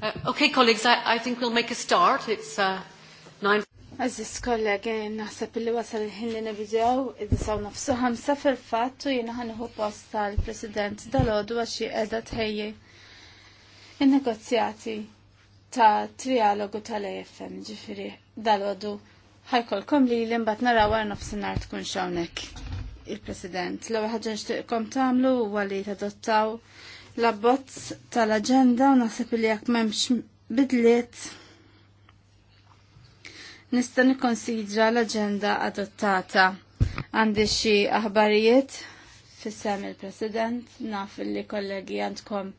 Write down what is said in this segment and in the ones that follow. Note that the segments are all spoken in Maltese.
Uh, okay, colleagues, I, I think we'll make a start. It's uh, nine. Aziz kollegi, naħseb li wasal il-ħin li nibdew id-disaw nafsu ħamsa fil fattu jina jiena ħanħu post tal-President Dalodu ħodu għaxi edha tħejji il-negozjati ta' trialogu tal-AFM ġifiri Dalodu. ħodu ħajkolkom li l-imbat naraw għar nofsinar tkun xawnek il-President. L-għu ħagġan xtiqkom tamlu u għalli tadottaw l-abbozz tal-agenda u naħseb li jekk m'hemmx bidliet nista' nikkonsidra l-agenda adottata. Għandi xi aħbarijiet fissem il-President naf li kollegi għandkom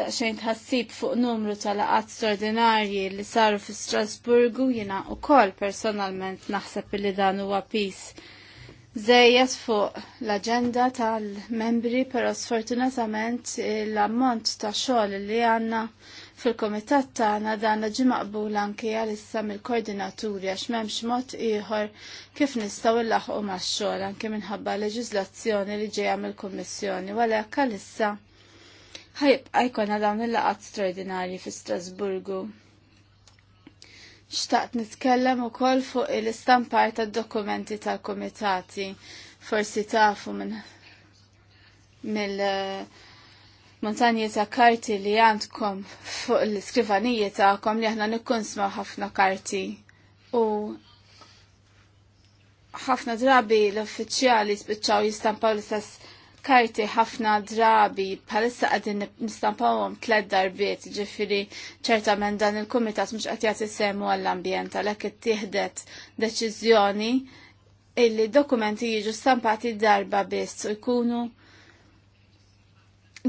daqxajn tħassib fuq numru tal-laqat straordinarji li saru fi Strasburgu jina u kol personalment naħseb li dan huwa peace Zejjed fuq l-agenda tal-membri, pero sfortunatament l-ammont ta' xogħol li għanna fil-komitat tagħna dan ġi maqbul anke għalissa mill-koordinaturi għax m'hemmx mod ieħor kif nistgħu nlaħqu max-xogħol anke minħabba leġiżlazzjoni li ġejja mill-Kummissjoni għalhekk għalissa ħajbqa' jkollna dawn il-laqgħat straordinarji fi Strasburgu xtaqt nitkellem u koll fuq il-istampar ta' dokumenti tal komitati forsi tafu minn mill eh, montanji ta' karti li għandkom fuq l iskrivanijiet ta'kom li aħna nikkunsma' smaw ħafna karti u ħafna drabi l-uffiċjali spiċċaw jistampaw l-istess karti ħafna drabi palissa għadin nistampawom tled darbiet ġifiri ċertament dan il komitas mux għatjati semu għall-ambjent għalek it-tihdet deċizjoni illi dokumenti jiġu stampati darba biss u jkunu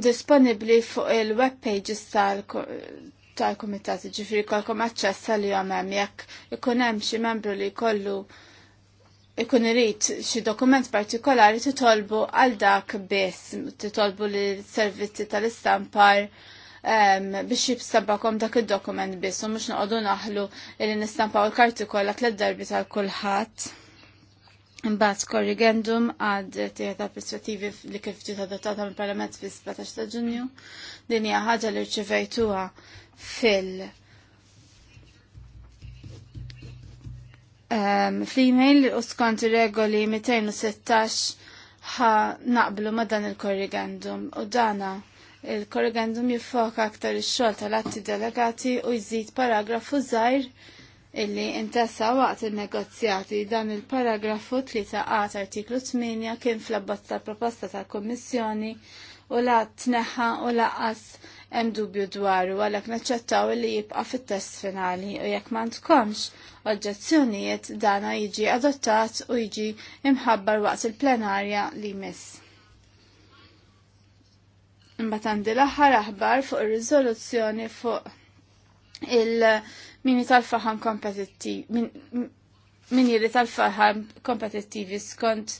disponibli fuq il-web pages tal komitas ġifiri kolkom għacċess għal-jom jekk ikun hemm xi membru li kollu ikun irid xi dokument partikolari titolbu għal dak biss, titolbu li servizzi tal-istampar biex jibstabakom dak id-dokument biss u mhux noqogħdu naħlu li nistampaw il-karti kollha tliet darbi tal kulħadd. Imbagħad korrigendum għad tieħda perspettivi li kif ġiet dotata mill-Parlament fis-17 ta' Ġunju. Din hija ħaġa li rċivejtuha fil- fl-email u skont regoli 216 ħa naqblu ma dan il-korrigendum u dana il-korrigendum jiffoka aktar ix-xogħol tal-atti delegati u jżid paragrafu żgħir illi intessa waqt il-negozjati dan il-paragrafu 3a artiklu 8 kien fl-abbozz tal-proposta tal-Kommissjoni u la tneħħa u laqas hemm dubju dwaru għalhekk naċċettaw li jibqa' fit-test finali u jekk m'għandkomx oġġezzjonijiet dana jiġi adottat u jiġi imħabbar waqt il-plenarja li jmiss. Imbagħad għandi l-aħħar aħbar fuq ir-riżoluzzjoni fuq il-mini tal-faħam kompetittiv minjiri tal-faħam kompetittivi skont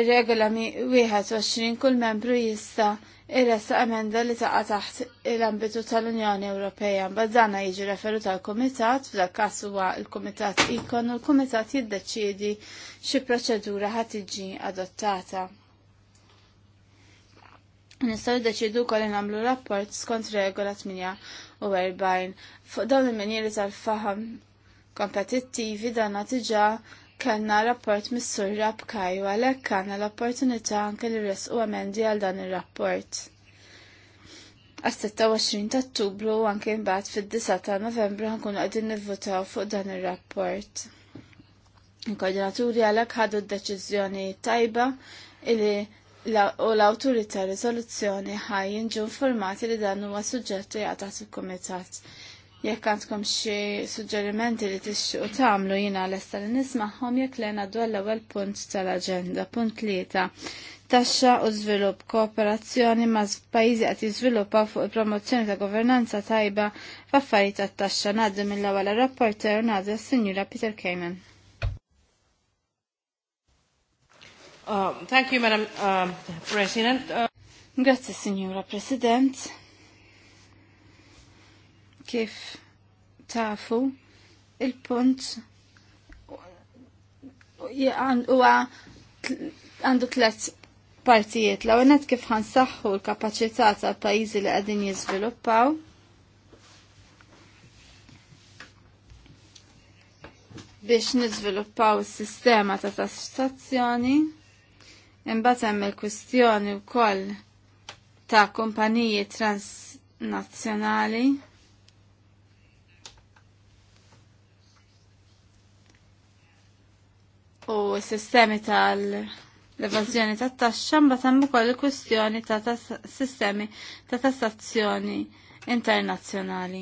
ir-regola 21 kull membru jista' Il-resta emenda li taqa taħt l-ambitu tal-Unjoni Ewropea bazzana jiġi referu tal-Komitat, f'dak kas huwa l-Komitat ikon u l-Komitat jiddeċiedi xi proċedura ħad tiġi adottata. Nistgħu jiddeċidu wkoll nagħmlu rapport skont regola 48 fuq dawn il-menieri tal-faham kompetittivi dan diġà kellna rapport mis-sur Rab u għalhekk għandna l-opportunità anke li resqu emendi għal dan ir-rapport għas-26 ta' Ottubru u anke mbagħad fid-9 ta' Novembru nkunu qegħdin nivvotaw fuq dan ir-rapport. Il-koordinaturi għalhekk ħadu d-deċiżjoni tajba illi u l-awtorità riżoluzzjoni ħajjin ġu informati li dan huwa suġġett li kumitat Jekk għandkom xi suġġerimenti li tixtiequ tagħmlu jiena lesta li nisma'hom jekk lena dwar l-ewwel punt tal-aġenda, punt tlieta taxxa u żvilupp kooperazzjoni ma' pajjiżi qed jiżviluppaw fuq il-promozzjoni ta' governanza tajba f'affarijiet tat-taxxa ngħaddi mill-ewwel rapporter u ngħaddi s-Sinjura Peter Kamen. Uh, thank you, Madam uh, President. Uh... Grazie, Signora President. Kif tafu il-punt huwa għandu tlet partijiet. L-għonet kif ħansaħħu l-kapacità tal pajjiżi li qegħdin jiżviluppaw. biex niżviluppaw is-sistema ta' tassazzjoni. imbatem hemm il-kwistjoni wkoll ta' kumpaniji transnazzjonali. u s-sistemi tal-evazzjoni tat taxxa mbagħad hemm ukoll il-kwistjoni ta' sistemi ta' tassazzjoni internazzjonali.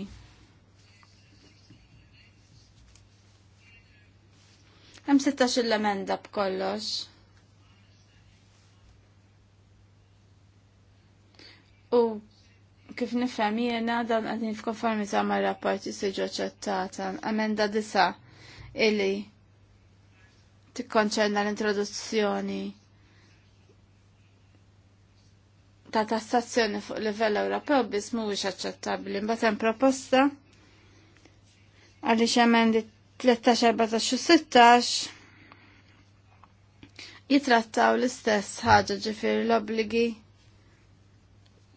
Hemm 16 l-emenda b'kollox. U kif nifhem jiena dan qegħdin f'konformità mar-rapporti siġu ċettata. Emenda disa' illi tikkonċerna l-introduzzjoni ta' tassazzjoni fuq livell Ewropew biss mhuwiex aċċettabbli. Imbagħad hemm proposta għaliex emendi 13 14 16 jitrattaw l-istess ħaġa ġifieri l-obbligi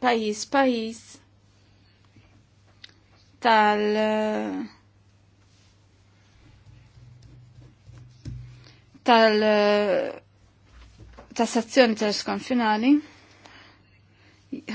pajjiż pajjiż tal- uh, tal tassazzjoni transkonfinali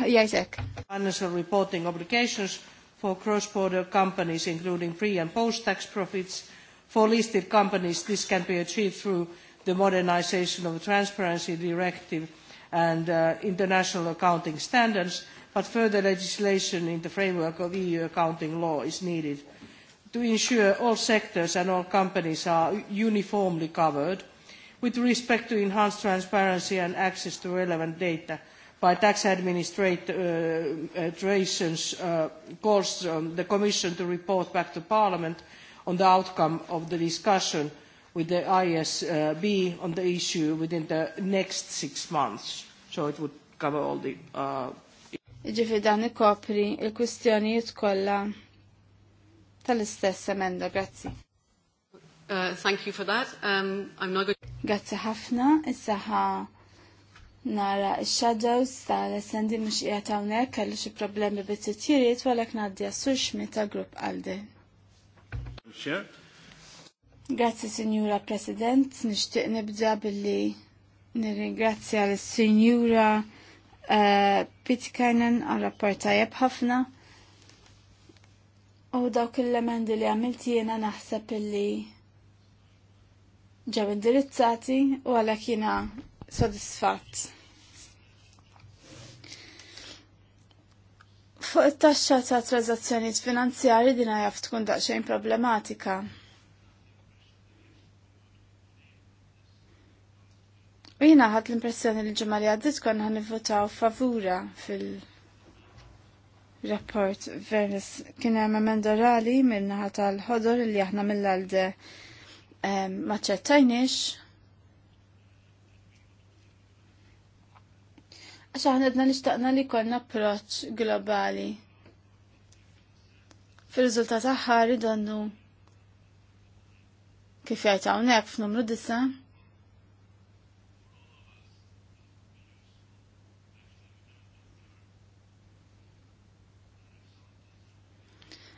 jajtek. Financial reporting obligations for cross-border companies including pre- and post-tax profits. For listed companies this can be achieved through the modernization of the Transparency Directive and uh, international accounting standards, but further legislation in the framework of EU accounting law is needed to ensure all sectors and all companies are uniformly covered with respect to enhanced transparency and access to relevant data by tax uh, administrations uh, calls um, the Commission to report back to Parliament on the outcome of the discussion with the ISB on the issue within the next six months. So it would cover all the... Uh... il-kwistjonijiet kollha tal-istess emenda. Grazzi. Uh, thank you for that. Um, I'm not going Grazzi ħafna. Issa ħa nara x-shadows tal-essendi mux unek, kallu xie problemi bit-titjiriet walek naddi għassur xmita grupp għaldi. Sure. Grazzi, Signora President. Nishtiq nibda billi nirringrazzja l-Signora uh, Pitkanen għal rapport tajab ħafna. U daw il-lemendi li għamilt jiena naħseb illi ġew indirizzati u għalhekk jiena sodisfatt. Fuq it-taxxa ta' tranzazzjonijiet finanzjarji din jaf tkun daqsxejn problematika. U jiena ħadd l-impressjoni li ġimgħa li għaddit konna ħanivvotaw favura fil- rapport Vernis kien hemm emenda rali minnaħa tal-ħodor li aħna mill-għalde ma ċettajniex. Għax aħna għedna li xtaqna li konna approċ globali. Fil-riżultat aħħar idonnu kif jgħid hawnhekk f'numru disa'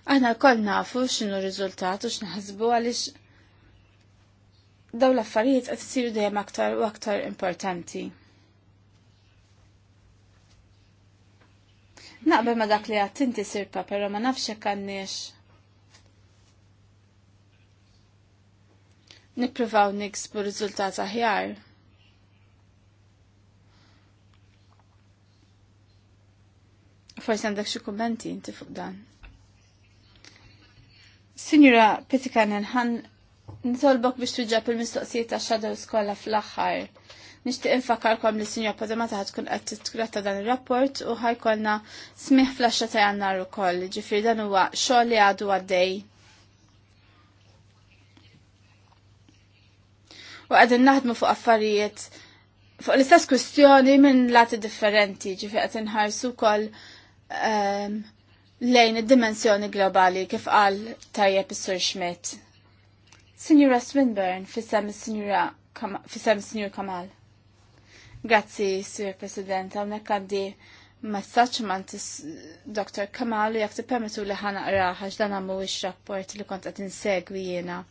Aħna kol nafu x'inhu rizultat u x'naħsbu għaliex daw l-affarijiet qed isiru dejjem aktar u aktar importanti. Naqbel ma dak li għat inti sirpa, pero ma nafx jekk Nipruvaw Nippruvaw niksbu rizultat aħjar. Forsi għandek xi kummenti inti fuq dan. Signora Petikanen, ħan nitolbok biex tuġġab il-mistoqsijiet ta' Shadow Skola fl-axħar. Nishtiq infakarkom li Signora Podemata ħatkun qed titratta dan ir-rapport u ħajkolna smih flaxxa ta' jannar ukoll, ġifieri dan huwa xogħol li għadu għaddej. U għadin naħdmu fuq affarijiet fuq l-istess kwestjoni minn lati differenti, ġifieri qed inħarsu wkoll ehm, lejn id-dimensjoni globali kif qal tajjeb is-Sur Schmidt. Sinjura Swinburne fissem is-Sinjura fissem is-Sinjur Kamal. Grazzi, Sir President, hawnhekk għandi messaċ man Dr. Kamal jek permetu li ħana raħax dan għamu ix rapport li kont għat insegwi jena.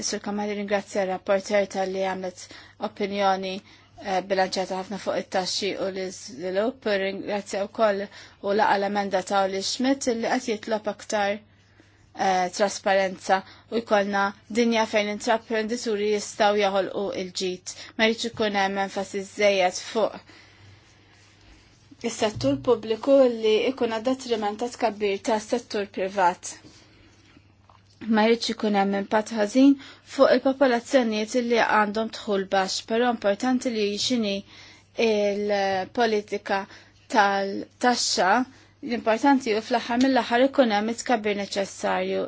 sur Kamal ringrazzja rapporter tal-li għamlet opinjoni Eh, bilanċata ħafna fuq it-taxxi u l-iżvilupp, ringrazzja wkoll u laqa l-emenda ta' li Schmidt li qed jitlob aktar eh, trasparenza u jkollna dinja fejn intraprendituri jistgħu jaħolqu il-ġit. Ma jridx ikun hemm enfasi żejjed fuq is-settur pubbliku li jkun għad detriment kabbir tkabbir ta' settur privat ma jridx ikun hemm impatt ħażin fuq il-popolazzjonijiet li għandhom dħul baxx, però importanti li xini il-politika tal-taxxa l-importanti u fl-aħħar mill-aħħar ikun hemm it-kabir neċessarju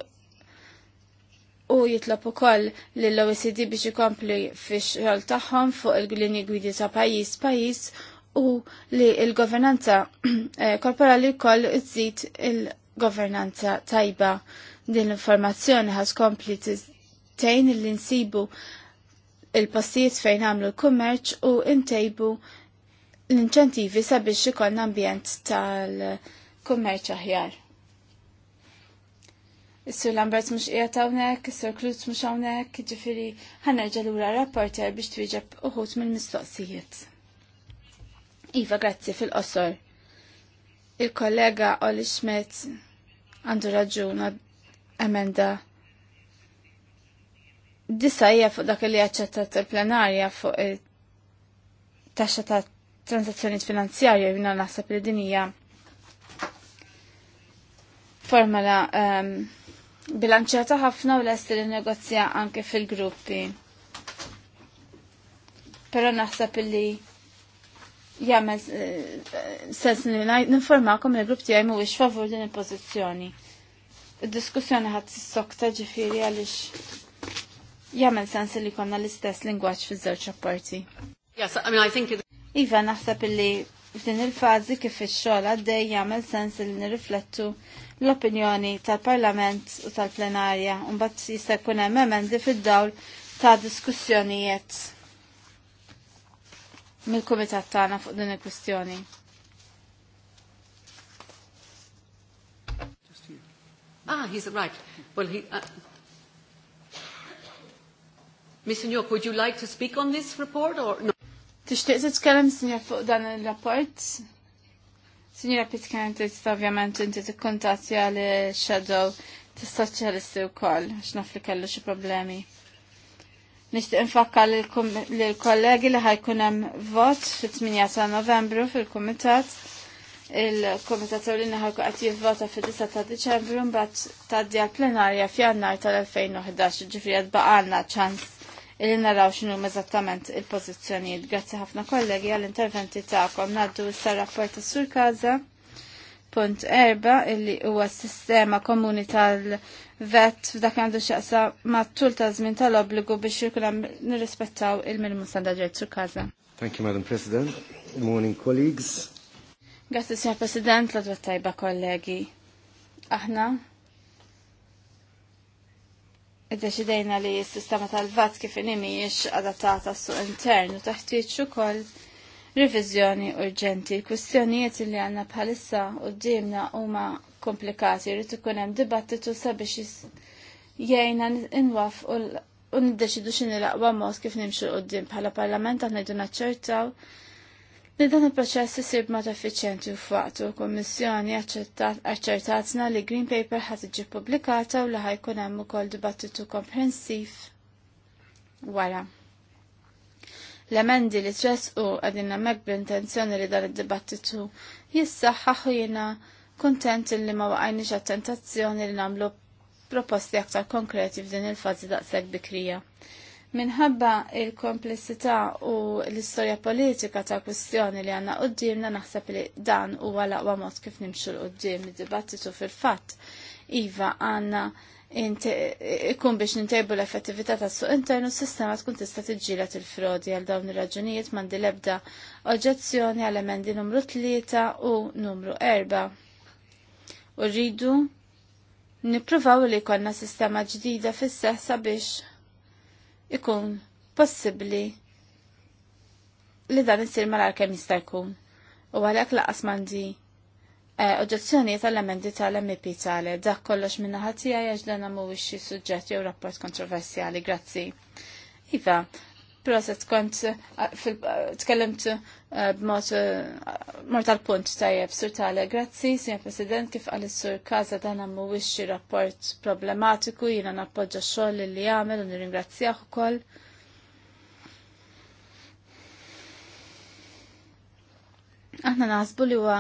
u jitlob ukoll lill oecd biex ikompli fix-xogħol tagħhom fuq il-glini gwidi ta' pajjiż pajjiż u li l-governanza eh, korporali wkoll iżid il-governanza tajba Din l-informazzjoni ħas kompli tejn li nsibu il-postijiet fejn għamlu l-kummerċ u intejbu l-inċentivi sabiex ikollna ambjent tal-kummerċ aħjar. Is-sur Lambert mhux qiegħed hawnhekk, is-sur Klutz mhux hawnhekk, ġifiri ħanerġa' lura rapporter biex twieġeb uħud mill-mistoqsijiet. Iva, grazzi fil-qosor. Il-kollega Oli Schmidt għandu raġun emenda disajja fuq dak li għacċettat il-plenarja fuq il-taxxa ta' transazzjoni finanzjarja jibna naħseb li dinija formala um, ehm, bilanċata ħafna u l-est li negozja anke fil-gruppi. Pero naħseb li jagħmel eh, sens n li il grupp tiegħi mhuwiex favur din il-pożizzjoni. Id-diskussjoni ħadd s-sokta ġifieri għaliex jagħmel sens li konna l-istess lingwaġġ fiż-żewġ rapporti. Yes, I mean I think it... Iva naħseb illi f'din il-fażi kif ix-xogħol għaddej jagħmel sens li nirriflettu l-opinjoni tal-Parlament u tal-Plenarja u mbagħad jista' jkun hemm emendi fid-dawl ta' diskussjonijiet mill-kumitat tagħna fuq din il-kwistjoni. Ah, he's right. Well, he... Uh, Ms. Njok, would you like to speak on this report or no? Tixtieq titkellem sinjor fuq dan il-rapport? Sinjora Pitkan, tista ovvjament inti tikkuntattja li shadow tas-soċjalisti wkoll għax naf kellu xi problemi. Nixtieq infakka lill kollegi li ħajkun hemm vot fit-8 ta' Novembru fil-Kumitat il-Komitat Ewlieni ħalku qed jivvota fid-9 ta' Diċembru mbagħad tgħaddi plenarja f'Jannar tal-2011, ġifri qed baqalna ċans illi naraw x'inhu eżattament il-pożizzjonijiet. Grazzi ħafna kollegi għall-interventi tagħkom ngħaddu issa rapport tas-Sur Kaza. Punt erba illi huwa s-sistema komuni tal-vet f'dak għandu xaqsa mat-tul ta' żmien tal-obbligu biex jirkun nirrispettaw il-minimum standard sur Kaza. Thank you, Madam President. Good morning, colleagues. Grazzi, Sr. President, l tajba kollegi. Aħna id-deċidejna li s-sistema tal-vat kif inimiex adattata su internu u taħtieġ ukoll riviżjoni urġenti. Kwistjonijiet li għandna bħalissa qudiemna huma komplikati, jrid ikun hemm dibattitu sabiex jgħinna inwaf u niddeċidu x'inhi l-aqwa mod kif nimxu quddiem bħala parlament aħna jdu naċċertaw Li dan il-proċess isib mod effiċjenti u f'waqtu, kummissjoni aċċertatna li Green Paper ħad iġi pubblikata u li ħajkun hemm ukoll dibattitu komprensiv wara. L-emendi li tresqu għadin hemmhekk bl-intenzjoni li dan id-dibattitu jissaħħaħ u jiena kuntent li ma waqajniex attentazzjoni li nagħmlu proposti aktar konkreti f'din il-fażi daqshekk bikrija. Minħabba il-komplessità u l-istorja politika ta' kwestjoni li għanna qoddimna naħseb li dan u u mod kif nimxu l-qoddim id-dibattitu fil-fatt. Iva għanna ikun biex nintejbu l-effettività tas suq internu s-sistema tkun tista' tiġġieled il-frodi għal dawn ir-raġunijiet m'għandi l-ebda oġġezzjoni għal emendi numru 3 u numru 4. U rridu nippruvaw li konna sistema ġdida fis-seħsa biex ikun possibbli li dan isir malar kemm jista' jkun. U għalhekk laqas m'għandi eh, oġġezzjoni tal-emendi tal-MP tale dak kollox minna ħatija għax dan mhuwiex xi suġġett jew rapport kontroversjali, grazzi. Iva, Pero se tkont uh, uh, tkellimt uh, b'mod mor tal-punt tajjeb sur tale. Grazzi, Signor President, kif għal sur kaza dan mhuwiex xi rapport problematiku, jiena nappoġġa xogħol li jagħmel u nirringrazzjah ukoll. Aħna naħsbu li huwa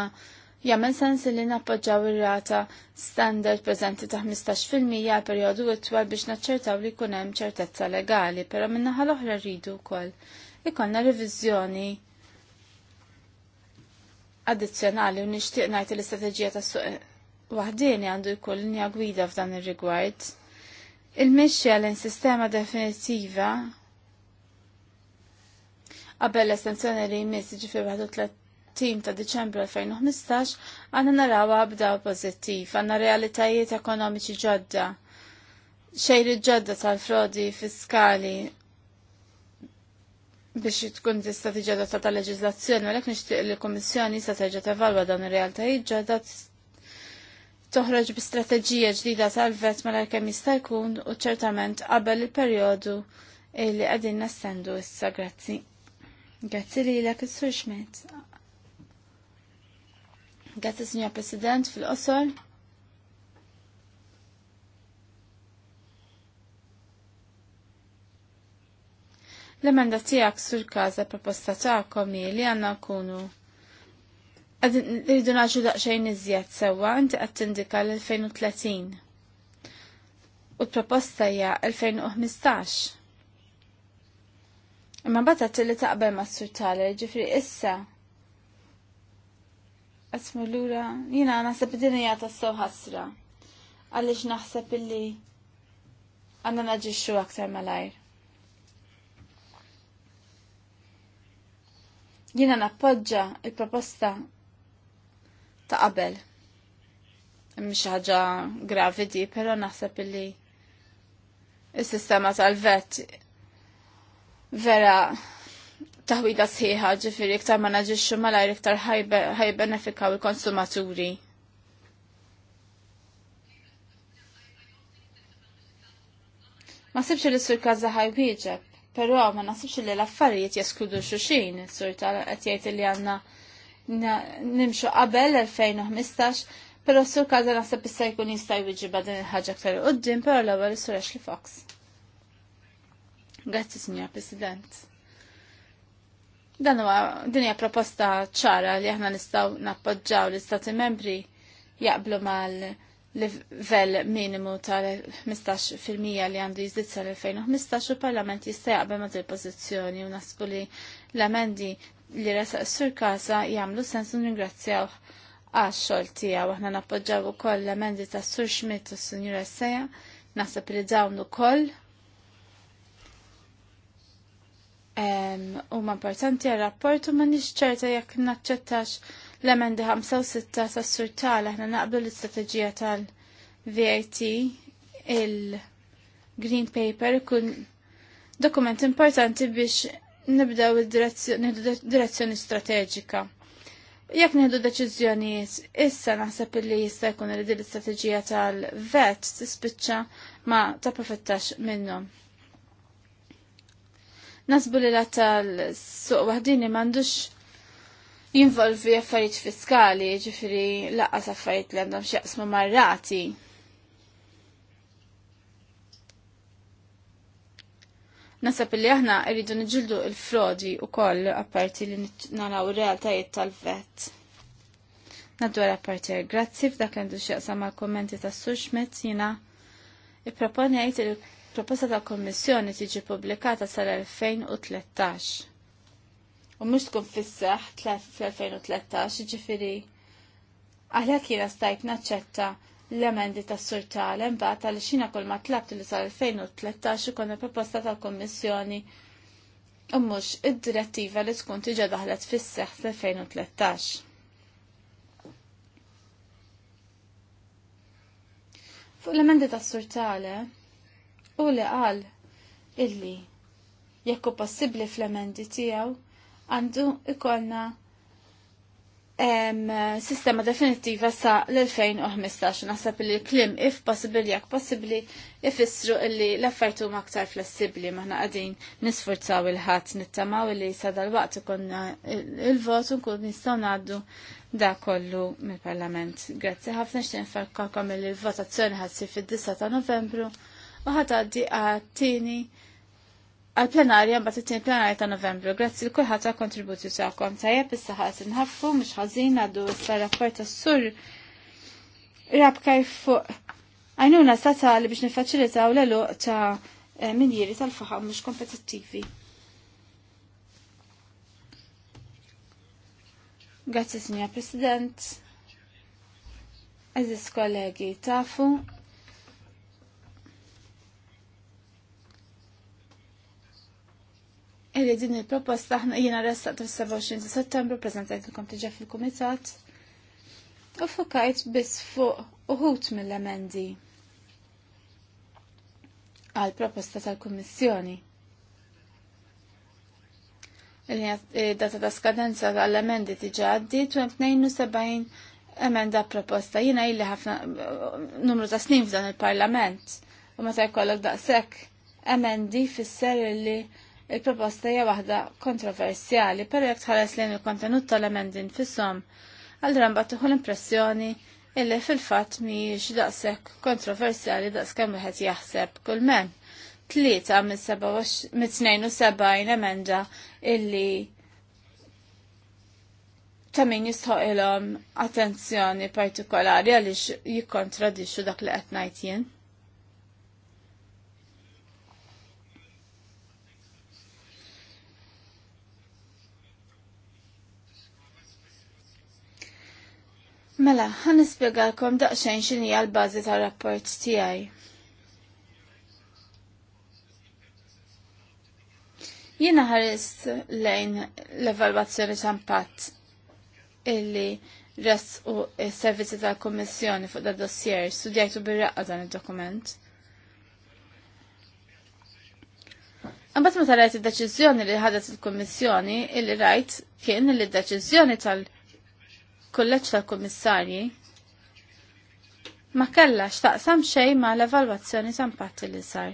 jamen sens li nappoġġaw ir-rata standard preżenti ta' 15% għal perjodu itwal biex naċċertaw li jkun hemm ċertezza legali, però min-naħa l-oħra rridu wkoll ikollna riviżjoni addizzjonali u nixtieq ngħid l-istrateġija ta' suq waħdini għandu jkun linja gwida f'dan ir-rigward. Il-mixja għal sistema definitiva qabel l-estenzjoni li jmiss ġifir tim ta' Diċembru 2015 għanna narawa b'da pozittiv, għanna realitajiet ekonomiċi ġodda, xejri ġodda tal-frodi fiskali biex tkun tista' tiġġodda ta' tal-leġiżlazzjoni, għalhekk nixtieq li l-Kummissjoni sa terġa' tevalwa dawn ir-realtajiet ġodda toħroġ bi strateġija ġdida tal-vet mal-kemm mela jista' jkun u ċertament qabel il-perjodu li qegħdin nestendu issa grazzi. Grazzi lilek is-Sur Schmidt Grazzi, Signor President, fil-qosor. L-emenda tijak sur kaza proposta mi li għanna kunu. Rridu naġu daqxajn iżjed sewa, inti għat tindika l-2030. U t proposta hija 2015. Imma bata li taqbel ma' sur tal ġifri issa Għasmu l-ura, jina naħseb id-dinja ta' sew ħasra. Għalix naħseb illi għanna naġiċu aktar malajr. Jina nappoġġa il-proposta ta' qabel. Mhix ħaġa gravidi, però naħseb illi il sistema tal-vet vera taħwida sħiħa ġifiri iktar ma naġiċu mala iktar benefikaw il-konsumaturi. Ma sibx li sur kazza ħajbieġeb, pero ma nasibx li l-affarijiet jaskludu xuxin, sur ta' għatjajt li għanna nimxu qabel 2015, pero sur kazza nasib issa jkun jistaj wieġiba din il-ħagġa ktar u pero l-għal sur Ashley Fox. Grazie, signor President. Dan huwa din hija proposta ċara li aħna nistgħu nappoġġaw l-istati membri jaqblu mal livell minimu tal-15% li għandu jizdit sal-2015 u parlament jista' jaqbel ma' il-pożizzjoni u nasbu li l-amendi li resaq sur kasa jagħmlu sens u ningrazzjaw għax-xogħol tiegħu aħna nappoġġaw ukoll l-amendi tas Sur Schmidt u s-Sinjura Seja naħseb li dawn ukoll u ma importanti għal-rapport u ma nixċerta jekk naċċettax l-emendi 56 ta' surtal aħna naqblu l-istrateġija tal-VAT il-Green Paper kun dokument importanti biex nibdaw il-direzzjoni strateġika. Jekk nieħdu deċiżjonijiet, issa naħseb li jista' jkun li din l-istrateġija tal-vet tispiċċa ma ta' profittax minnhom. Nasbu li tal-suq wahdini mandux jinvolvi affarijiet fiskali, ġifiri laqqas affarijiet li għandhom xieqsmu marrati. Nasab li aħna rridu nġildu il-frodi u koll apparti li naraw realtajiet tal-vet. Naddu għal apparti grazzi f'dak għandu xieqsam għal kommenti tas-sur jina i-proponjajt il- il-proposta ta' kommissjoni tiġi publikata sal-2013. U mux tkun fissaħ fl-2013, ġifiri. għalek kiena stajt naċċetta l-emendi ta' surtale, mbagħad għal xina kol ma tlabt li sal-2013 ikun proposta tal-Kommissjoni u mhux id-direttiva li tkun tiġa daħlet fis-seħħ fl-2013. Fuq l-emendi ta' surtale, u li qal illi jekk hu possibbli fl-emendi tiegħu għandu ikollna sistema definittiva sa l-2015 naħseb li klim if possibli jak possibli ifissru illi l maktar aktar flessibli maħna għadin nisfurzaw il-ħat nittamaw illi sa dal-waqt ikonna il votu unkun nistaw naddu da kollu mill-parlament. Grazzi ħafna xtin farkakom il-votazzjoni ħassi fid-9 ta' novembru u għaddi għat-tieni għal-plenarja mbagħad it-tieni plenarja ta' Novembru. Grazzi l kulħadd ta' kontributju tagħkom. Tajjeb issa ħadd inħaffu mhux ħażin għaddu issa rapport tas-sur rabkaj fuq għajnuna li biex u l-eluq ta' eh, minjiri tal-faħam mhux kompetittivi. Grazzi signor President. Aziz kollegi, tafu Illi din il-proposta ħna jina resta t 27 settembru, prezentajt l-kom tiġa fil-komitat u fukajt bis fuq uħut mill-emendi għal proposta tal komissjoni Il-data eh, ta' skadenza għall-emendi t-ġa għaddi 72 emenda proposta. Jina illi ħafna eh, numru ta' snin f'dan il-Parlament u meta jkollok daqshekk emendi fisser li Il-proposta hija waħda kontroversjali, però jekk tħares lejn il-kontenut tal-emendin fissom, għal ramba tieħu l-impressjoni illi fil-fatt mhijiex daqshekk kontroversjali daqs kemm wieħed jaħseb kull men. Tlieta mit-72 emenda illi ta' min jistħoq attenzjoni partikolari għaliex jikkontradixxu dak li qed ngħid jien. Mela, ħan nispjegalkom daqsxejn x'inhi l-bażi tar-rapport tiegħi. Jiena ħarist lejn l-evalwazzjoni ta' impatt illi res u s-servizzi tal kummissjoni fuq da' dossier studjajtu bir-raqqa dan id-dokument. Għambat ma tarajt id-deċizjoni li ħadet il kummissjoni illi rajt kien li d-deċizjoni tal- kolleġġ tal-Kummissarji ma kellax taqsam xejn ma l-evalwazzjoni ta' impatti li sar.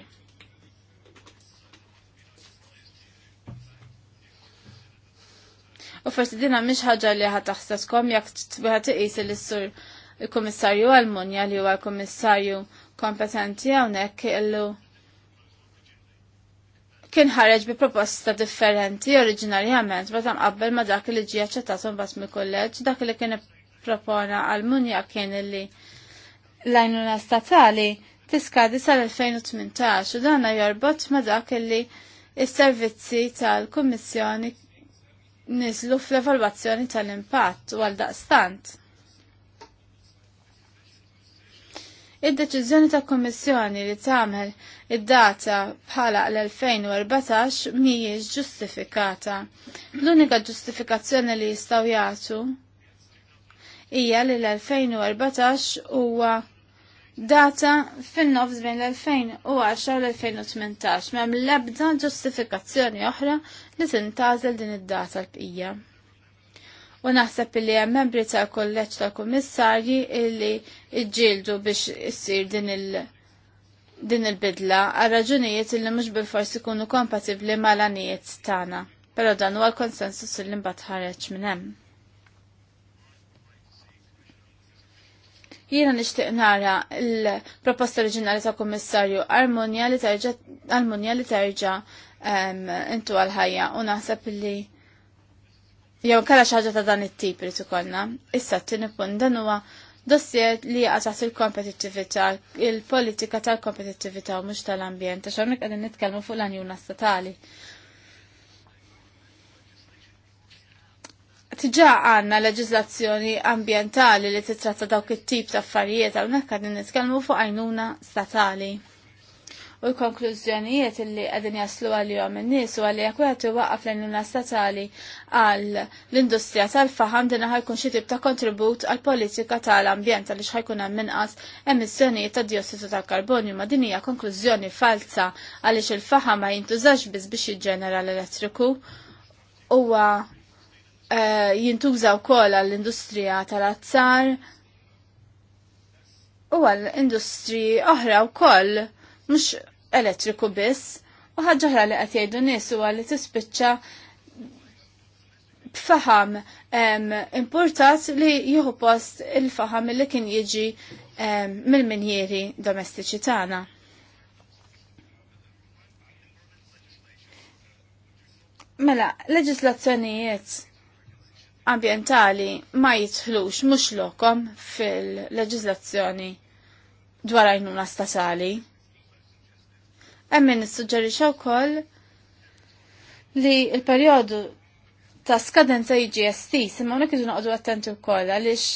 U forsi dina miex ħaġa li ħad taħsaskom jekk wieħed iqis li sur il-Kummissarju Al-Munja li huwa l-Kummissarju kompetenti hawnhekk illu kien ħareġ bi proposta differenti oriġinarjament meta qabbel ma dak li ġie aċċettatu imbagħad mill-kulleġġ dak li kien ippropona għal Munja kien li l-għajnuna statali tiskadi sal-2018 u dana jorbot ma dak li s-servizzi tal-Kummissjoni nizlu fl-evalwazzjoni tal-impatt u għal daqstant. Id-deċiżjoni ta' kommissjoni li tagħmel id-data bħala l-2014 mhijiex ġustifikata. L-unika ġustifikazzjoni li jistgħu jagħtu hija li l-2014 huwa data fin-nofs bejn l-2010 l-2018 m'hemm l-ebda ġustifikazzjoni oħra li tintażel din id-data l-bqija u naħseb li hemm membri ta' kolleġġ ta' kummissarji illi iġġieldu biex issir din il- din il-bidla għal raġunijiet illi mhux bil-forsi jkunu kompatibbli mal-għanijiet tagħna. Però dan huwa l-konsensus illi mbagħad ħareġ minn hemm. Jiena nixtieq nara l-proposta oriġinali ta' Kummissarju Armonja li terġa' Armonja li terġa' intu għal-ħajja u naħseb illi jew kalla xi ħaġa ta' dan it-tip li ikollna. Issa t-tieni punt dan huwa dossier li għasas il-kompetittività, il-politika tal kompetittivita u mhux tal-ambjent, għax hawnhekk għadin nitkellmu fuq l-anjuna statali. Tġa għanna leġizlazzjoni ambientali li titratta dawk it-tip ta' affarijiet hawnhekk nitkelmu nitkellmu fuq għajnuna statali u l-konklużjonijiet li għadin jaslu għal-jom n-nis u għalli għakwet waqqaf l-għajnuna statali għal l-industrija tal-faham dinna ħajkun xie tip ta' kontribut għal politika tal-ambjent għalli ħajkun hemm emissjoni emissjonijiet ta' diossidu ta' karbonju ma' din hija konklużjoni falsa għaliex il-faham ma jintużax biss biex jiġġenera l-elettriku huwa eh, jintuża wkoll għall-industrija tal-azzar u għall-industri oħra wkoll mux elettriku biss u ħagġaħra li qed jgħidu nies huwa li tispiċċa b'faham importat li jieħu post il-faham li kien jiġi mill-minjeri domestiċi tagħna. Mela, leġislazzjonijiet ambientali ma jitħlux mhux lokom fil-leġislazzjoni dwar għajnuna statali. Emmin nissuġġerixxa wkoll li l-perjodu ta' skadenza jiġi estis, imma hawnhekk idu noqogħdu attenti wkoll għaliex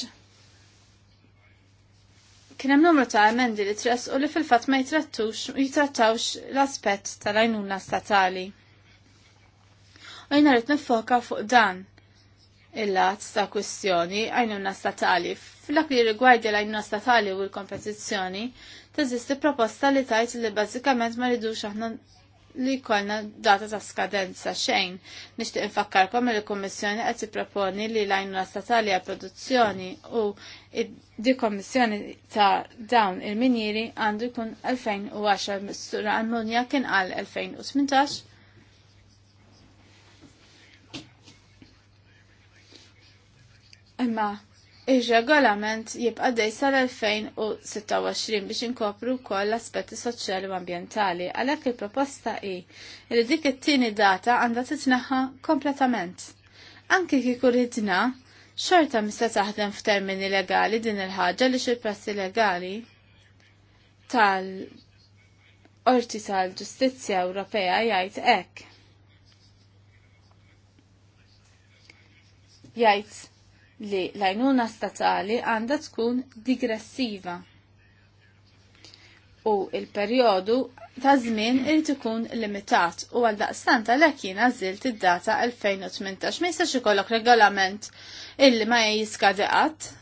kien hemm numru ta' emendi li u li fil-fatt ma jitrattux jitrattawx l-aspett tal-għajnuna statali. U jien rrid nifoka fuq dan il-lat ta' kwistjoni għajnuna statali. Fil-lak li rigwajdi l-għajnuna statali u l-kompetizzjoni, teżisti proposta li tajt li bażikament ma ridux aħna li jkollna data ta' skadenza xejn. Nixtieq infakkarkom li l kommissjoni qed tipproponi li l la statali għal produzzjoni u di kommissjoni ta' dawn il-minjiri għandu jkun 2010 mistura għal-munja kien għal 2018 Imma Ir-regolament jibqa' dej sal-2026 biex inkopru wkoll l-aspetti soċjali u ambjentali, għalhekk il-proposta hi li dik it-tieni data għandha titneħħa kompletament. Anki kieku ridna, xorta mista taħdem f'termini legali din il-ħaġa li xil-prassi legali tal-Orti tal-Ġustizzja Ewropea jgħid hekk. Jgħid li l-għajnuna statali għandha tkun digressiva u il-perjodu ta' żmien il ikun limitat u għal daqstant għalhekk jien għażilt id-data 2018 ma jistax ikollok regolament illi ma jiskadi qatt.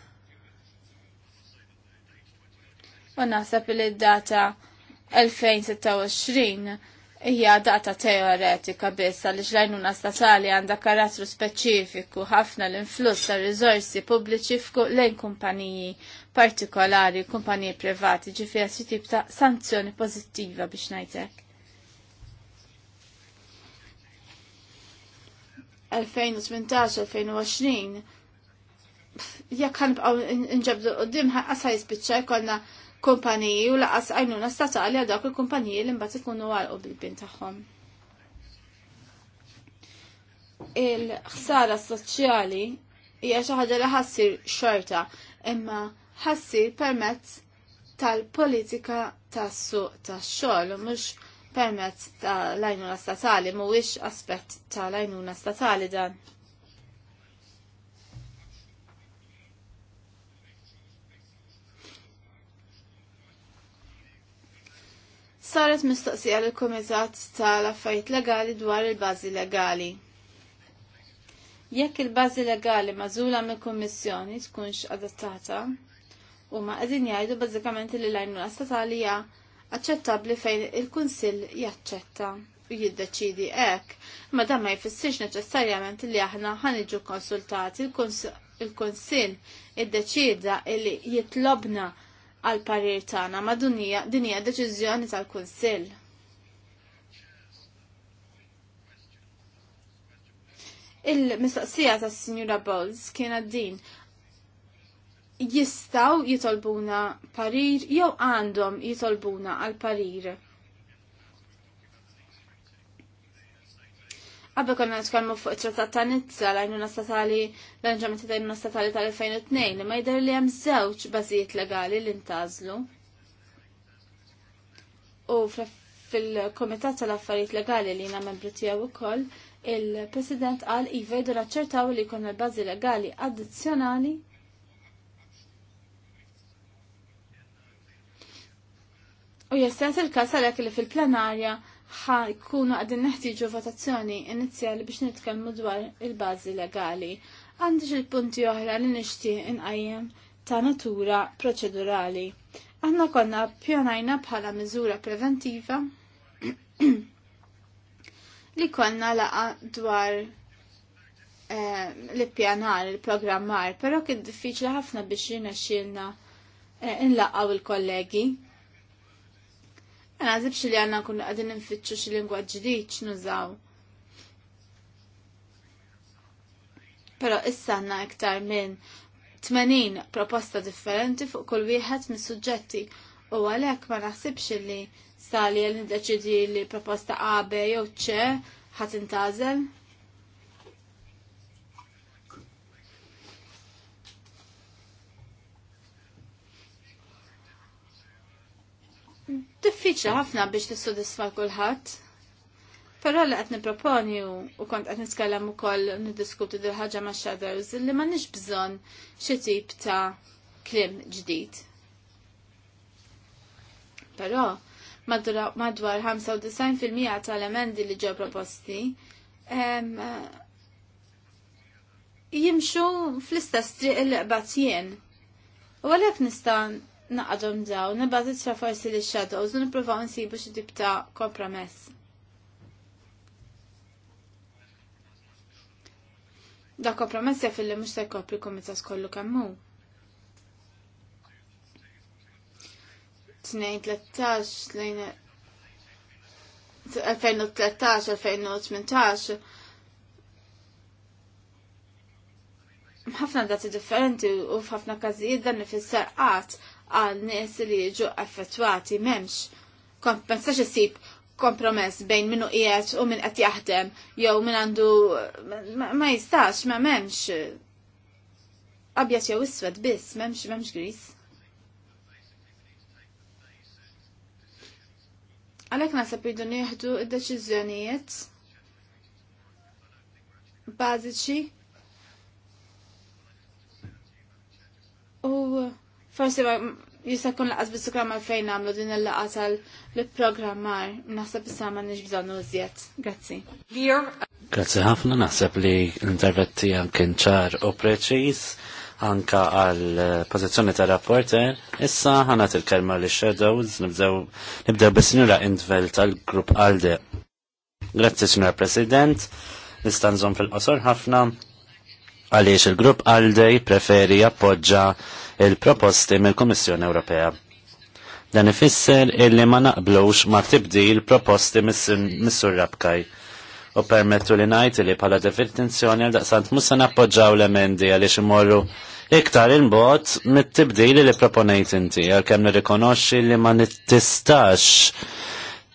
U naħseb li d-data 2026 hija data teoretika biss li l-għajnuna statali għandha karattru speċifiku ħafna l-influss ta' riżorsi pubbliċi lejn kumpaniji partikolari, kumpaniji privati, ġifieri si tip ta' sanzjoni pożittiva biex ngħidlek. 2018-2020 jekk ħanibqgħu nġebdu qudiem ħaqqa sa jispiċċa jkollna kumpaniji u laqas għajnuna statali għal dawk il-kumpaniji li mbagħad ikunu għalqu bil-bin tagħhom. Il-ħsara soċjali hija xi ħaġa li ħassir xorta, imma ħassir permezz tal-politika tas-suq tax-xogħol u mhux permezz tal-għajnuna statali mhuwiex aspett tal-għajnuna statali dan. saret mistoqsija l kumitat tal-affarijiet legali dwar il-bażi legali. Jekk il-bażi legali mażula mill-Kummissjoni tkunx adattata, huma qegħdin jgħidu bażikament li l għajnu statali hija aċċettabbli fejn il-Kunsill jaċċetta u jiddeċidi hekk, ma dan ma jfissirx neċessarjament li aħna ħaniġu konsultati il-Kunsill iddeċida li jitlobna għal parir tagħna ma' dunija dinija deċiżjoni tal-Kunsill. Il-mistaqsija tas Sinjura Bowles kienet din jistaw jitolbuna parir jew għandhom jitolbuna għal parir. Għabba konna nitkellmu fuq it-trattat ta' Nizza l-għajnuna statali l-arranġamenti ta' għajnuna statali tal-2002 li ma jidher li hemm żewġ bażijiet legali li ntażlu. U fil-Komitat tal-Affarijiet Legali li jina membri tiegħu wkoll, il-President qal iva jdu naċċertaw li jkun l bażi legali addizzjonali U jessens il-kas għalek li fil-plenarja ħa jkunu għadin neħtieġu votazzjoni inizjali biex nitkellmu dwar il-bażi legali. Għandi xi punti oħra li nixtieq inqajjem ta' natura proċedurali. Aħna konna pjonajna bħala miżura preventiva li konna laqa dwar eh, li l-pjanar, il-programmar, però kien diffiċli ħafna biex jinaxxilna eh, inlaqaw il-kollegi Ma naħsibx li għanna kun għadin nfittxu xi lingwa ġdid nużaw. Però issa għandna iktar minn 80 proposta differenti fuq kull wieħed mis-suġġetti u għalhekk ma naħsibx li sali għal niddeċidi li proposta A, B jew C ħatintażel. diffiċli ħafna biex tissodisfa kulħadd. Però li qed niproponi u kont qed niskellem ukoll niddiskuti dil ħaġa ma' shadows li m'għandniex bżonn xi tip ta' klim ġdid. Però madwar 95% tal-emendi li ġew proposti jimxu fl-istess triq il-qbad jien. U għalhekk nista' naqadhom dawn, nibgħat itra forsi li shadows u nippruvaw nsibu xi tip ta' kompromess. Da kompromess jaf li mhux se jkopri kumitas skollu kemm hu. Tnejn tlettax lejn 2013-2018 ħafna dati differenti u f'ħafna każijiet dan ifisser qatt għal nies li ġu effettuati memx. kompensax jisib kompromess bejn minnu qiegħed u min qed jaħdem jew min għandu ma jistax ma memx abjad jew iswed biss memx memx gris. Għalek naħseb irdu nieħdu id deċiżjonijiet bażiċi u forsi jista' jkun laqas bis mal fejn nagħmlu din il-laqgħa tal-programmar naħseb issa ma nix bżonnu użjed. Grazzi. Grazzi ħafna naħseb li l intervetti tiegħek kien ċar u preċiż anka għal eh, pożizzjoni ta' rapporter. Issa ħanat il-kelma li shadows nibdew nibdew bis-sinjura Intvel tal-grupp Alde. Grazzi Sinjura President, nistanżom fil-qosor ħafna għaliex il-grupp Alde preferi appoġġa il-proposti mill-Kummissjoni Ewropea. Dan ifisser illi ma naqblux ma tibdil proposti mis-sur Rabkaj u permettu li najt li pala definizzjoni għal daqsant musa nappoġġaw l-emendi għaliex imorru iktar il-bot mit-tibdili li proponajt inti għal-kem nirrikonoxxi li ma nittistax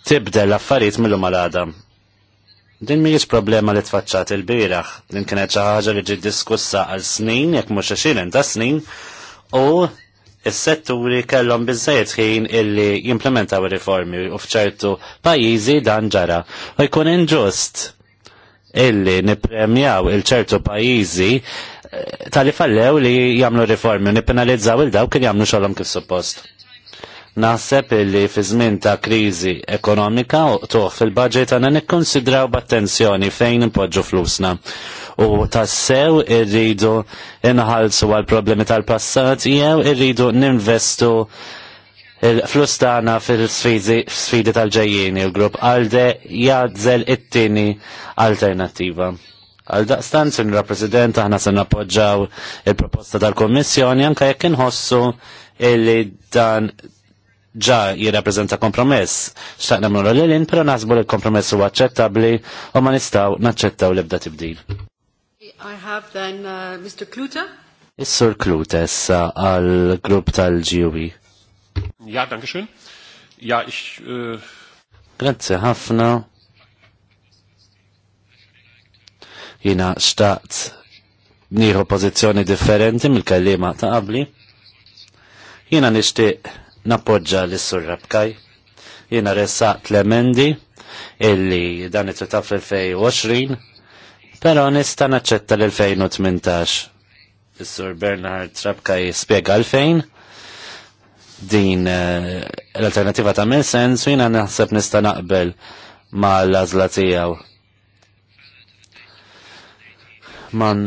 tibdel affarijiet mill mal-għadam. Din mhijiex problema li tfaċċat il biraħ din kienet xi ħaġa li ġid diskussa għal snin jekk mhux xilin ta' snin u s setturi kellhom biżejjed ħin illi jimplementaw ir-riformi u f'ċertu pajjiżi dan ġara. U jkun inġust illi nippremjaw il-ċertu pajjiżi eh, tal fallew li jagħmlu riformi u nippenalizzaw il-dawk li jagħmlu xogħolhom kif suppost. Naħseb illi fi żmien ta' kriżi ekonomika toħ fil-budget għandna nikkonsidraw b'attenzjoni fejn impoġġu flusna. U tassew irridu inħalsu għal problemi tal-passat jew irridu ninvestu il-flus tagħna fil-sfidi tal-ġejjieni il-grupp għalde jadżel it-tieni alternattiva. Għal daqstan, Sinra President, aħna se nappoġġaw il-proposta tal-Kommissjoni anke jekk inħossu illi dan ġa jirrapprezenta kompromess. Xtaqna mnur l-lin, pero nasbu li kompromess huwa aċċettabli u ma nistaw naċċettaw l-ebda tibdil. I have then uh, Mr. Kluta. Is-sur Kluta issa għal grupp tal-GUB. Ja, danke schön. Ja, ix... Uh... Äh, Grazie ħafna. Jina xtaqt nieħu pożizzjoni differenti mill-kellima ta' qabli. Jina nixtieq nappoġġa l sur Rabkaj. Jiena ressaqt l-emendi illi dan it taf l-2020, pero nista naċċetta l-2018. Is-sur Bernard Rabkaj spiega l-fejn din eh, l-alternativa ta' minn sens jiena naħseb nista naqbel ma l-azla tiegħu man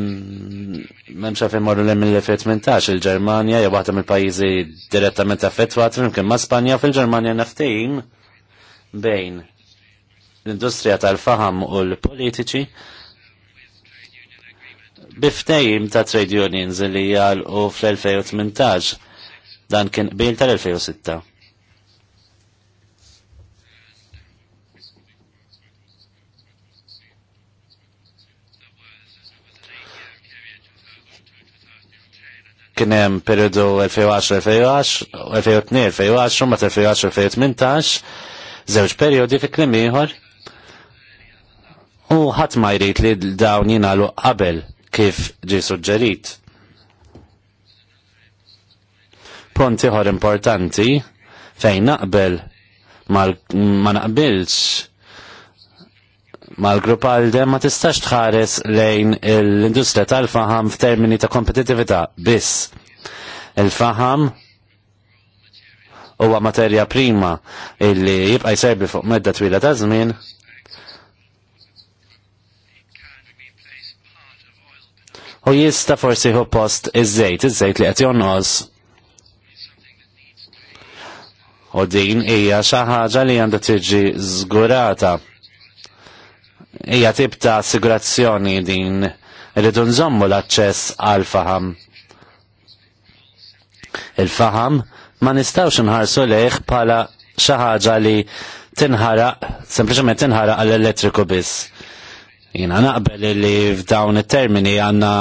memx għafin marru l mill-2018 il jew jabata mill pajizi direttament affettwat minn ma' Spanja fil ġermania naftejn bejn l-industrija tal-faham u l-politiċi biftejim ta' trade unions li jgħal u fl-2018 dan kien bil tal-2006 kienem periodu 2010 2010 ma 2010-2018 zewġ periodi fi klim ieħor u ħadd ma jrid li dawn jingħalu qabel kif ġi suġġerit. Punt ieħor importanti fejn naqbel ma naqbilx mal-grupp għalde ma tistax tħares lejn l-industrija tal-faham f'termini ta' kompetitività biss. Il-faham huwa materja prima illi jibqa' jsejbi fuq medda twila ta' żmien u jista forsi hu post iż-żejt, iż-żejt li qed jonqos. U din hija xi ħaġa li għandha tiġi żgurata hija tip ta' assigurazzjoni din irridu nżommu l-aċċess għal faham. Il-faham ma nistawx nħarsu leħ bħala xi ħaġa li tinħaraq, sempliċement tinħaraq għall elettriku biss. Jina naqbel li f'dawn it-termini għanna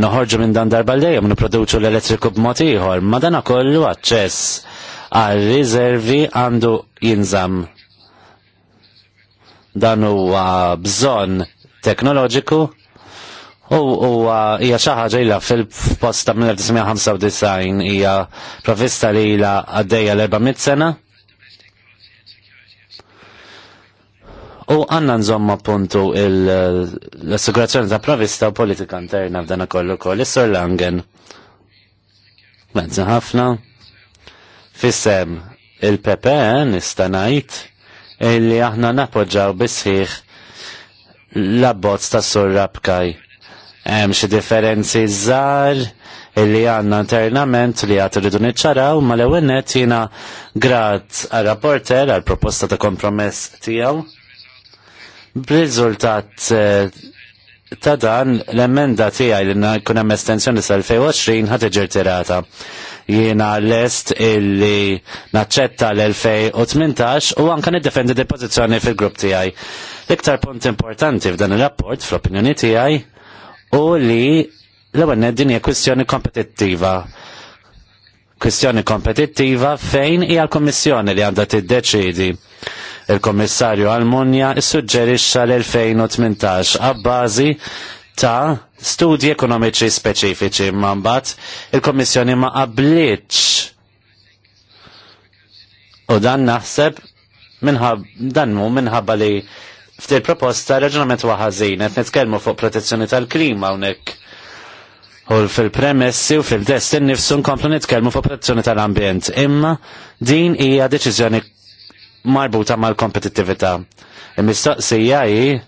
noħorġu minn dan darba l-dejjem niproduċu l-elettriku b'mod ieħor, ma dan kollu aċċess għal riservi għandu jinżamm Dan huwa bżonn teknoloġiku u huwa hija xi ħaġa ilha fil-post ta' 1995 hija provista li ilha għaddejja l-400 sena. U għanna nżomma puntu l-assigurazzjoni ta' provista u politika interna f'dan ukoll ukoll is sur Langen. Mezza ħafna. Fissem il-PPN istanajt li aħna napoġġaw bisħiħ l-abbozz ta' sur rabkaj. Hemm xi differenzi żgħar illi għandna internament li għad rridu niċċaraw ma l-ewwel net jiena grat għar-rapporter għall-proposta ta' kompromess tiegħu. B'riżultat eh, ta' dan l-emenda tiegħi li jkun hemm estensjoni sal-2020 ħadd iġir tirata jiena lest illi naċċetta l-2018 u anka niddefendi di pozizjoni fil-grupp tiegħi. L-iktar punt importanti f'dan ir-rapport fl-opinjoni tiegħi u li l-ewwel din hija kwistjoni kompetittiva kwistjoni kompetittiva fejn hija l-Kommissjoni li għandha tiddeċidi. Il-Kommissarju Almunja issuġġerixxa l-2018 għabbażi ta' studji ekonomiċi speċifiċi mambat il-Komissjoni ma qabliċ. U dan naħseb dan mu minħabba li ftil proposta raġunament waħazin, qed nitkellmu fuq protezzjoni tal-klima hawnhekk. U fil-premessi u fil destin nifsu nkomplu nitkellmu fuq protezzjoni tal-ambjent. Imma din hija deċiżjoni marbuta mal-kompetittività. Il-mistoqsija hi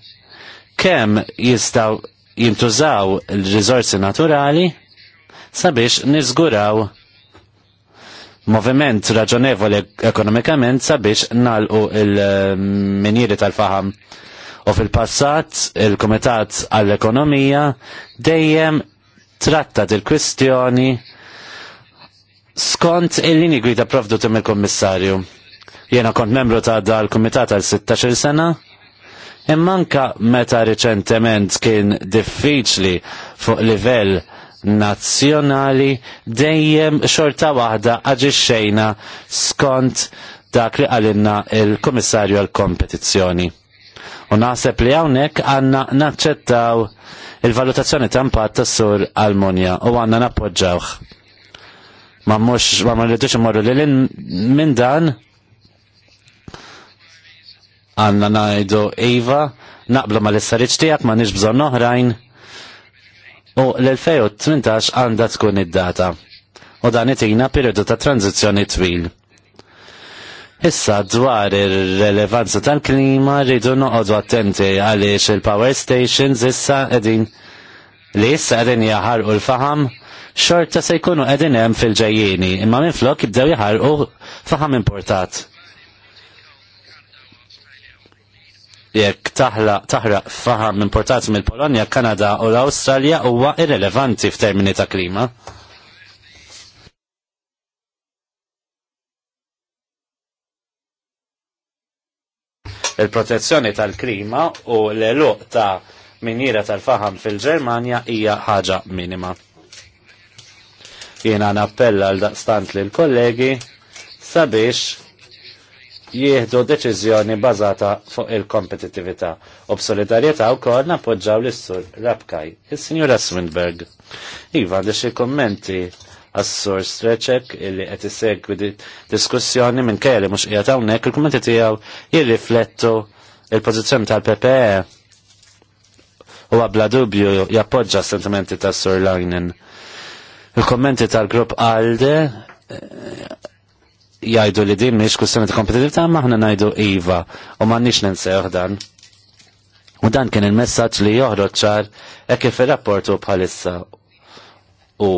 kemm jistgħu jintużaw il-rizorsi naturali sabiex nizguraw moviment raġonevoli ekonomikament sabiex nalqu il-minjiri tal-faham. U fil-passat, il-Komitat għall-Ekonomija dejjem trattat il-kwistjoni skont il-lini gwida provdu tim il-Kommissarju. Jena kont membru ta' dal-Komitat għal 16 sena immanka meta reċentement kien diffiċli fuq livell nazzjonali dejjem xorta waħda aġixxejna skont dak li għalinna il-Komissarju għal-Kompetizzjoni. U naħseb li hawnhekk għandna naċċettaw il-valutazzjoni ta' impatt tas-sur Almonja u għandna nappoġġawh. Ma mhux ma rridux imorru lil minn dan għanna najdu Iva, naqblu ma l-issariċ tijak ma nix bżon oħrajn. U l-2018 għanda tkun id-data. U dan it it-tina periodu ta' tranzizjoni twil. Issa dwar ir-relevanza tal-klima rridu noqogħdu attenti għaliex il-power stations issa qegħdin li issa jaħar u l-faham xorta se jkunu qegħdin hemm fil-ġejjieni, imma minflok jibdew jaħarqu faham importat jekk taħraq faham importati mill polonja Kanada u l-Awstralja huwa irrelevanti f'termini ta' klima. Il-protezzjoni tal-klima u l-eluq ta' minjira tal-faham fil-Ġermanja hija ħaġa minima. Jiena nappella għal daqstant lill kollegi sabiex jieħdu deċiżjoni bazata fuq il-kompetitività u b'solidarjetà wkoll nappoġġaw l-istur Rabkaj, il-Sinjura Swinberg. Iva għandi xi kummenti għas-sur Streċek illi qed isegwi diskussjoni minn kelli mhux qiegħed hawnhekk il-kummenti tiegħu jirriflettu il-pożizzjoni tal-PPE u bla dubju jappoġġa sentimenti tas-Sur Lajnen. Il-kommenti tal-grupp Alde jajdu li din miex kussjoni ta' kompetitività maħna najdu IVA u ma' nix nenseħ dan. U dan kien il-messagġ li joħroġ ċar e kif il rapportu bħalissa u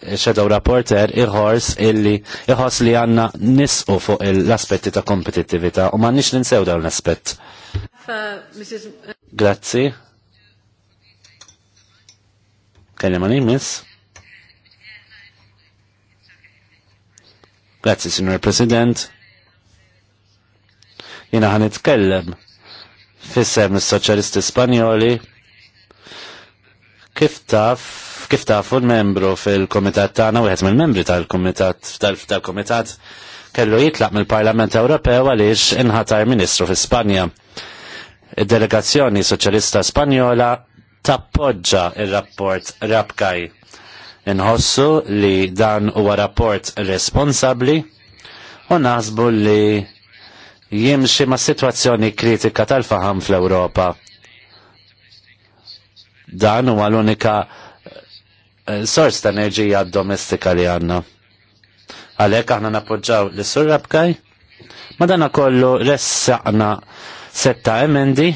xedaw rapporter iħors illi iħors li għanna nisqu fuq l-aspetti ta' kompetitivita u ma' nix ninsew dawn l-aspett. Grazzi. Kelli ma' nimis. Grazzi, Signor President. Jina għan itkellem fissem il-Soċjalisti Spanjoli kif taf kif taf l-membru fil-komitat tagħna wieħed mill-membri tal-komitat tal-komitat kellu jitlaq mill-Parlament Ewropew għaliex inħatar Ministru fi Spanja. Id-delegazzjoni Soċjalista Spanjola tappoġġa il rapport Rabkaj Inħossu li dan huwa rapport responsabli u naħsbu li jimxi ma' situazzjoni kritika tal-faham fl-Europa. Dan huwa l-unika eh, sors ta' enerġija domestika li għanna. Għalek aħna napoġġaw li surrabkaj, ma dana kollu ressaqna setta emendi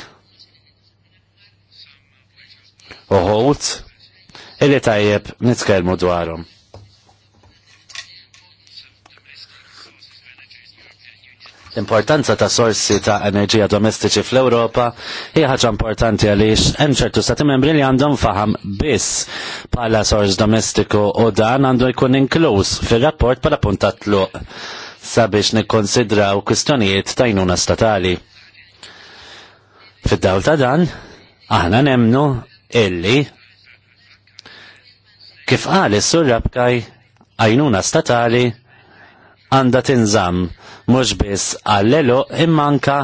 uħut illi tajjeb nitkellmu dwarhom. L-importanza ta' sorsi ta' enerġija domestiċi fl-Ewropa hija ħaġa importanti għaliex hemm ċertu stati membri li għandhom faham biss bħala sors domestiku u dan għandu jkun inkluż fir-rapport bħala punta tluq sabiex nikkonsidraw kwistjonijiet ta' jnuna statali. Fid-dawl ta' dan, aħna nemnu illi Kif għal is-sur Rabkaj għajnuna statali għanda tinżam mhux biss għall-elu imma anka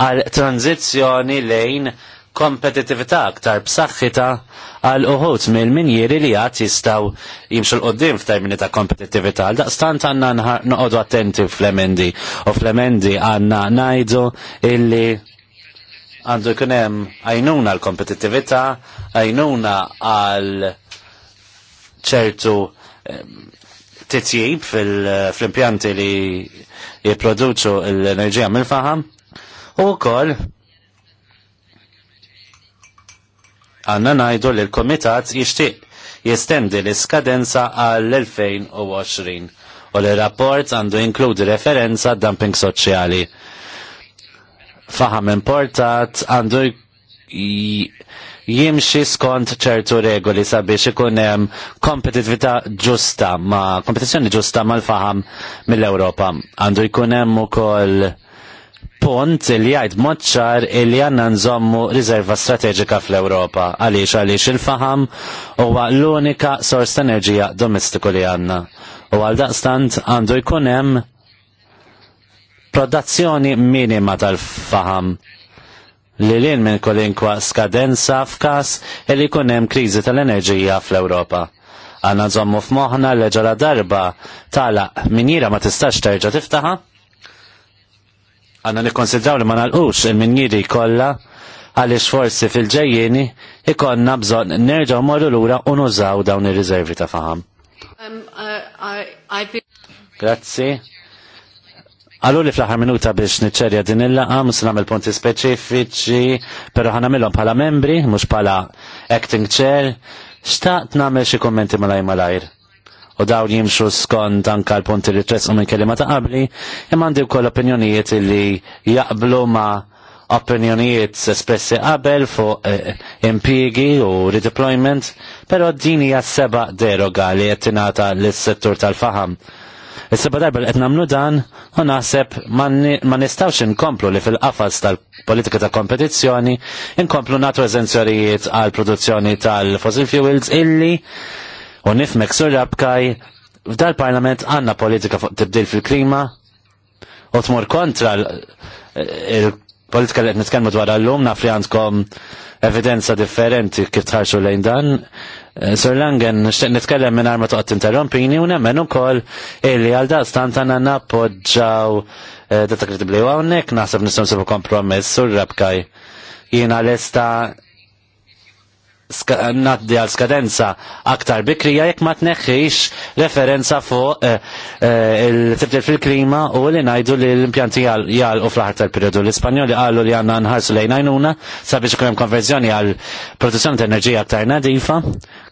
għal tranzizjoni lejn kompetitività aktar b'saħħita għal uħut mill-minjiri li għat jistaw jimxu l-qoddim f'termini ta' kompetitività. Għal daqstant għanna noqodu attenti f'Lemendi u flemendi emendi għanna najdu illi għandu kunem għajnuna l-kompetitività, għajnuna għal ċertu ehm, titjib fil-impjanti eh, li jiproduċu l-enerġija mill-faham u kol għanna najdu li l-komitat jishtiq jestendi l-iskadenza għal-2020 u li rapport għandu inkludi referenza dumping soċjali. Faham importat għandu jimxi skont ċertu regoli sabiex ikun hemm kompetitività ġusta ma' kompetizzjoni ġusta mal-faham mill-Ewropa. Għandu jkun hemm ukoll punt li jgħid moċċar li għanna nżommu riserva strateġika fl-Ewropa għaliex għaliex il-faham huwa l-unika sors ta' enerġija domestiku li għanna. U għal daqstant għandu jkun hemm produzzjoni minima tal-faham li lin minn kolinkwa skadenza f'kas li kunem krizi tal-enerġija fl-Europa. Għanna nżommu f'moħna l ġara darba tala minjira ma tistax terġa tiftaħa? Għanna nikkonsidraw li ma nalqux il-minjiri kolla għalix forsi fil ġejjini ikonna bżon nerġaw morru l-ura unużaw dawn ir-riservi ta' faham. Um, uh, I, Grazzi. Allu li fl-ħar minuta biex niċċerja din il-laqa, mus punti speċifiċi, pero ħana millom pala membri, mux pala acting chair, xtaqt namel xie kommenti malaj malajr. U dawn jimxu skont anka l-punti li tressu minn kelima ta' qabli, imma għandi wkoll opinjonijiet li jaqblu ma' opinjonijiet espressi qabel fuq eh, impiegi u redeployment, pero din hija seba deroga li qed tingħata lis-settur tal-faham Is-seba darba li qed nagħmlu dan u naħseb ma nistgħux inkomplu li fil-qafas tal-politika ta' kompetizzjoni inkomplu nagħtu eżenzjonijiet għal produzzjoni tal-fossil fuels illi u nifmek sur rabkaj f'dal-parlament għandna politika fuq tibdil fil-klima u tmur kontra il-politika li qed nitkellmu dwar llum naf li għandkom evidenza differenti kif tħarxu lejn dan Eh, Sir Langen, nishtiq nitkellem minn arma toqgħod interrompini u nemmen ukoll illi għal daqstant għandna nappoġġaw eh, data kredibli u hawnhekk naħseb nistgħu nsibu kompromiss sur rabkaj. Jiena lesta naddi għal skadenza aktar bikrija jekk ma tneħħix referenza fuq eh, eh, il-tibdil fil-klima u li najdu li l-impjanti jgħal u fl-ħar tal-periodu. L-Ispanjoli għallu li għanna nħarsu lejn għajnuna sabiex kunem konverzjoni għal produzzjoni ta' enerġija aktar nadifa,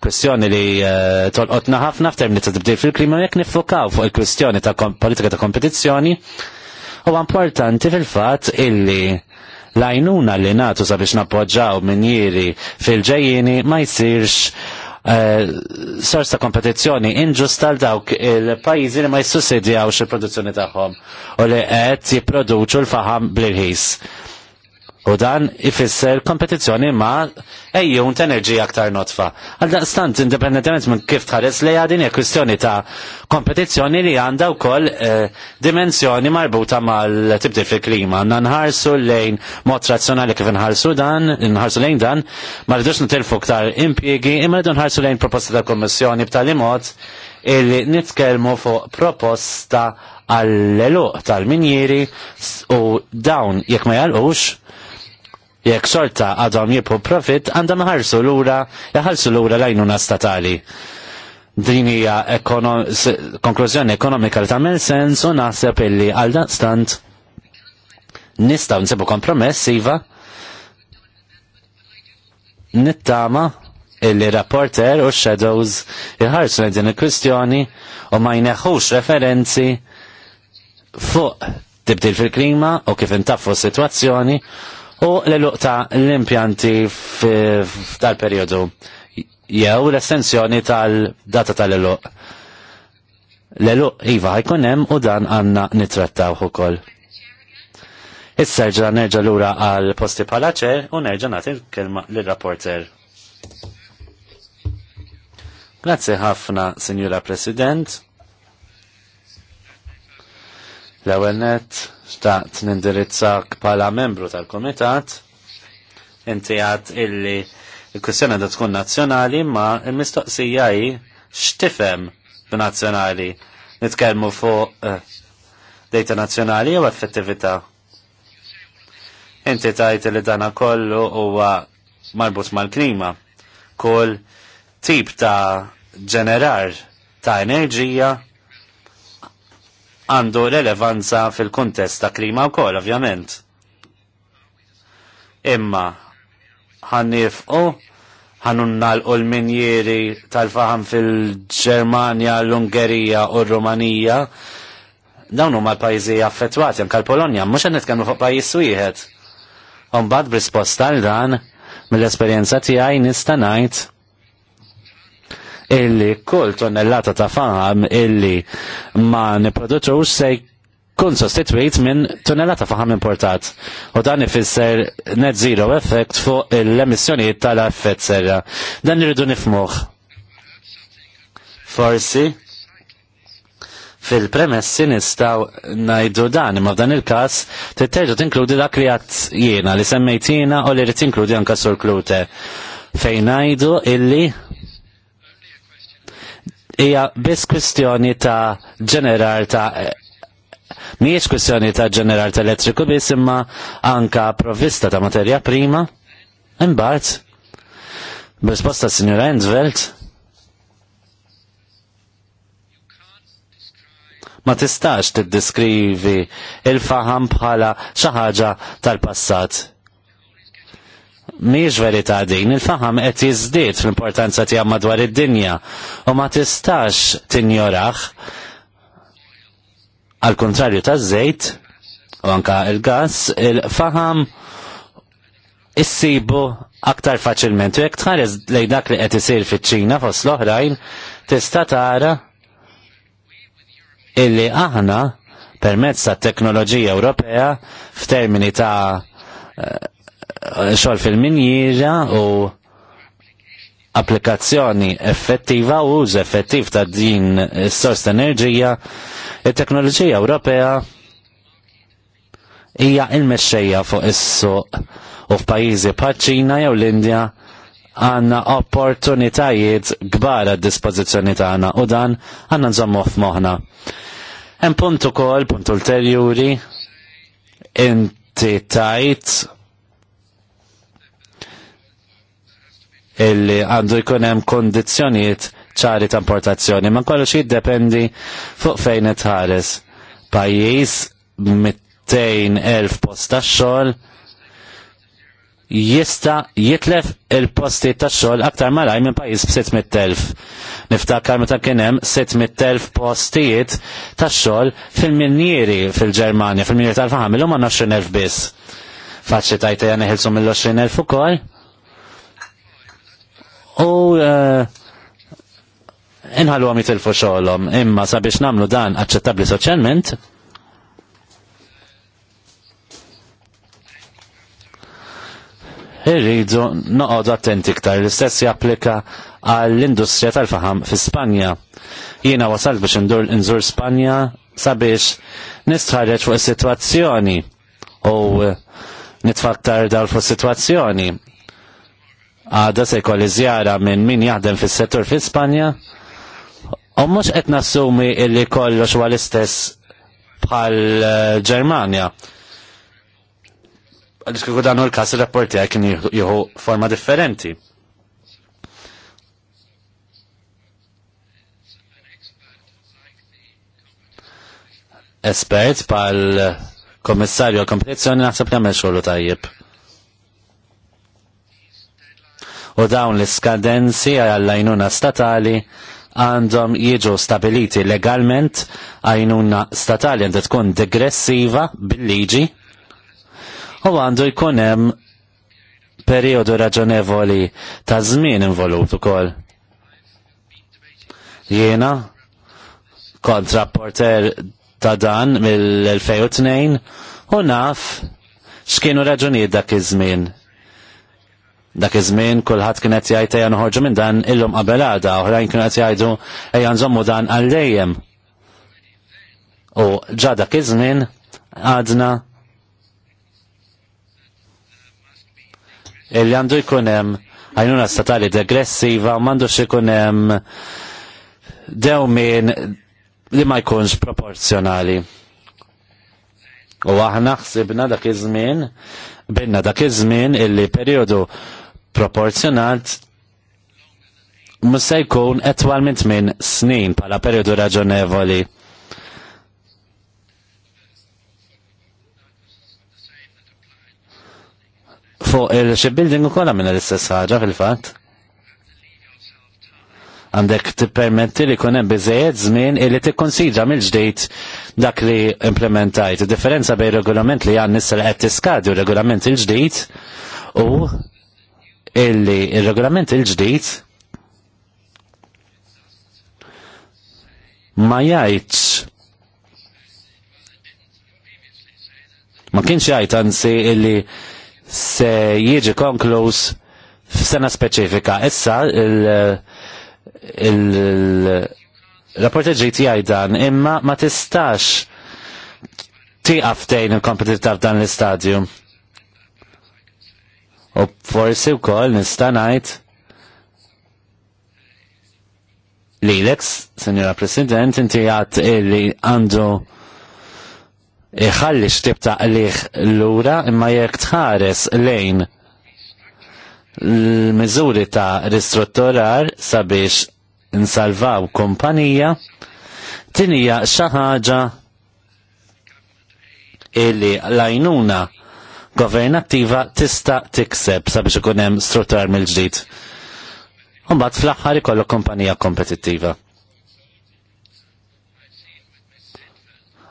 kwestjoni li eh, tolqotna ħafna f'termini ta' tibdil fil-klima jekk nifokaw fuq il-kwestjoni ta' politika ta' kompetizzjoni. U importanti fil-fat illi Lajnuna li natu sabiex nappoġġaw minjiri fil-ġejjini ma jsirx uh, ta' kompetizzjoni inġusta l dawk il-pajjiżi li ma jissussidjawx il-produzzjoni tagħhom u li qed jipproduċu l-faħam bl-irħis U dan ifisser kompetizzjoni ma' ejjun ta' enerġija aktar notfa. Għalda stant, indipendentement minn kif tħares li għadin hija kwistjoni ta' kompetizzjoni li għandha wkoll koll eh, dimensjoni marbuta mal-tibdil fil-klima. Għandna nħarsu lejn mod razzjonali kif nħarsu dan, nħarsu lejn dan, ma rridux nitilfu ktar impjiegi, imma rridu nħarsu lejn proposta ta' kommissjoni b'tali mod illi nitkellmu fuq proposta għall-eluq tal-minjiri u dawn jekk ma jalqux jekk sorta għadhom jibħu profit għandhom ħarsu lura jaħarsu lura lajnuna statali. Din hija konklużjoni ekonomika li tagħmel sens u naħseb illi għal stant nistgħu nsibu kompromess iva nittama illi rapporter u shadows iħarsu din il-kwistjoni u ma jneħħux referenzi fuq tibdil fil-klima u kif intaffu s-situazzjoni u l-luqta l-impjanti tal-periodu jew l-estensjoni tal-data tal-eluq. L-eluq iva ħajkun hemm u dan għandna nittrattaw ukoll. Is-serġa nerġa' lura għal posti bħala u nerġa' nagħti l-kelma l rapporter Grazzi ħafna, Sinjura President. L-ewenet xtaqt nindirizzak pala membru tal-komitat, inti għad illi il kussjoni da tkun nazzjonali, ma il-mistoqsija hi x'tifhem b'nazzjonali nitkellmu fuq eh, dejta nazzjonali jew effettività. Inti tajt li dana kollu huwa marbut mal-klima. Kull tip ta' ġenerar ta' enerġija għandu relevanza fil-kontest ta' klima u kol, ovvjament. Imma, ħannifqu, ħanunnal u l-minjeri tal-faham fil ġermania l-Ungerija u l-Rumanija, dawn huma l-pajjiżi affettwati anke l-Polonja, mhux qed nitkellmu fuq pajjiż wieħed. Imbagħad b'risposta għal dan mill-esperjenza tiegħi nista' ngħid illi kull tonnellata ta' faħam illi ma niproduċux se kun sostituit minn tonnellata faħam importat. U dan ifisser net zero effekt fuq l-emissjonijiet tal-effett serra. Dan irridu nifmuħ. Forsi, fil-premessi nistaw najdu dan, imma f'dan il-kas titterġu tinkludi dak li għat jiena li semmejtina u li rrit tinkludi anka sur klute. Fejn najdu illi hija biss kwistjoni ta' ġenerar ta' mhijiex kwistjoni ta' ġenerar ta' elettriku biss imma anka provvista ta' materja prima. Imbagħad b'risposta Sinjura Endvelt ma tistax tiddeskrivi il-faham bħala xi ħaġa tal-passat miex verità din, il-faham qed jiżdied fl-importanza tiegħu madwar id-dinja u ma tistax tinjoraħ għal kontrarju taż-żejt u anka il gass il-faham issibu aktar faċilment u jekk tħares lej dak li qed isir fiċ-Ċina fost l-oħrajn tista' tara illi aħna permezz tat teknoloġija Ewropea f'termini ta' xogħol fil-minjira u applikazzjoni effettiva u uż effettiv ta' din is-sors ta' enerġija, it-teknoloġija Ewropea hija il-mexxejja fuq is-suq u f'pajjiżi bħal Ċina jew l-Indja għanna opportunitajiet kbar għad dispożizzjoni tagħna u dan għanna nżommu f'moħħna. Hemm punt ukoll, punt ulterjuri, inti tajt illi għandu jkun hemm ċari ta' importazzjoni, ma kollox jiddependi fuq fejn itħares. Pajjiż mittejn elf post ta' xogħol jista jitlef il-posti ta' xogħol aktar malaj minn pajjiż 600000 Niftakar meta kien hemm 600,000 postijiet ta' xogħol fil minjeri fil-Ġermanja, fil minjeri tal-faħam, illum ma' 20,000 biss. Faċċi tajtajan neħilsu mill-20,000 ukoll u eh, inħallu għam jitilfu xoħlom, imma sabiex namlu dan aċċettabli soċjalment irridu noqogħdu attenti iktar l-istess japplika għall-industrija tal-faham fi Spanja. Jiena wasalt biex ndur nżur Spanja sabiex nistħarreġ fuq is-sitwazzjoni u eh, nitfattar dal fuq is-sitwazzjoni għada se jkolli żjara minn min jaħdem fis-settur fi Spanja. U mhux qed nassumi illi kollox huwa l-istess bħal eh, Ġermanja. Għaliex kieku dan l-każ ir-rapporti kien jieħu forma differenti. Espert pal komissarju kompetizzjoni naħseb li għamel xogħlu tajjeb. u dawn l-iskadenzi għall-għajnuna statali għandhom jiġu stabiliti legalment għajnuna statali għandha tkun degressiva bil-liġi u għandu jkun hemm periodu raġonevoli ta' żmien involut ukoll. Jiena kontra porter ta' dan mill-2002 u naf x'kienu raġunijiet dak iż-żmien. Dak iż-żmien kulħadd kien qed jgħid ejja noħorġu minn dan illum qabel għada, oħrajn kienu qed jgħidu ejja nżommu dan għal-dejjem. U ġa dak iż-żmien għadna illi għandu jkun hemm għajnuna statali degressiva u m'għandux ikun hemm dewmien li ma jkunx proporzjonali. U aħna ħsibna dak iż-żmien, binna dak iż-żmien illi perjodu proporzjonat musa jkun etwalment minn snin pala periodu raġonevoli. Fuq il-shipbuilding u kolla minn l-istess ħaġa fil-fatt. Għandek t-permetti li kunem bizzejed zmin illi t-konsidra mill-ġdejt dak li implementajt. Differenza bej regolament li għan nissa għed t skadju regolament il-ġdejt u illi il-regolament il-ġdid ma jgħidx ma kienx jgħid anzi illi se jiġi konklus f'sena speċifika. Issa il-rapport il, il, il dan imma ma tistax tiqaf tejn il-kompetitiv dan l-istadju u forsi wkoll nista' ngħid lilek, senjora President, inti għat illi għandu iħalli xtib liħ l-ura imma jekk tħares lejn l-mizuri ta' ristrutturar sabiex nsalvaw kumpanija tinija xaħġa illi lajnuna governattiva tista tikseb sabiex ikun hemm struttur mill-ġdid. Mbagħad fl-aħħar ikollok kumpanija kompetittiva.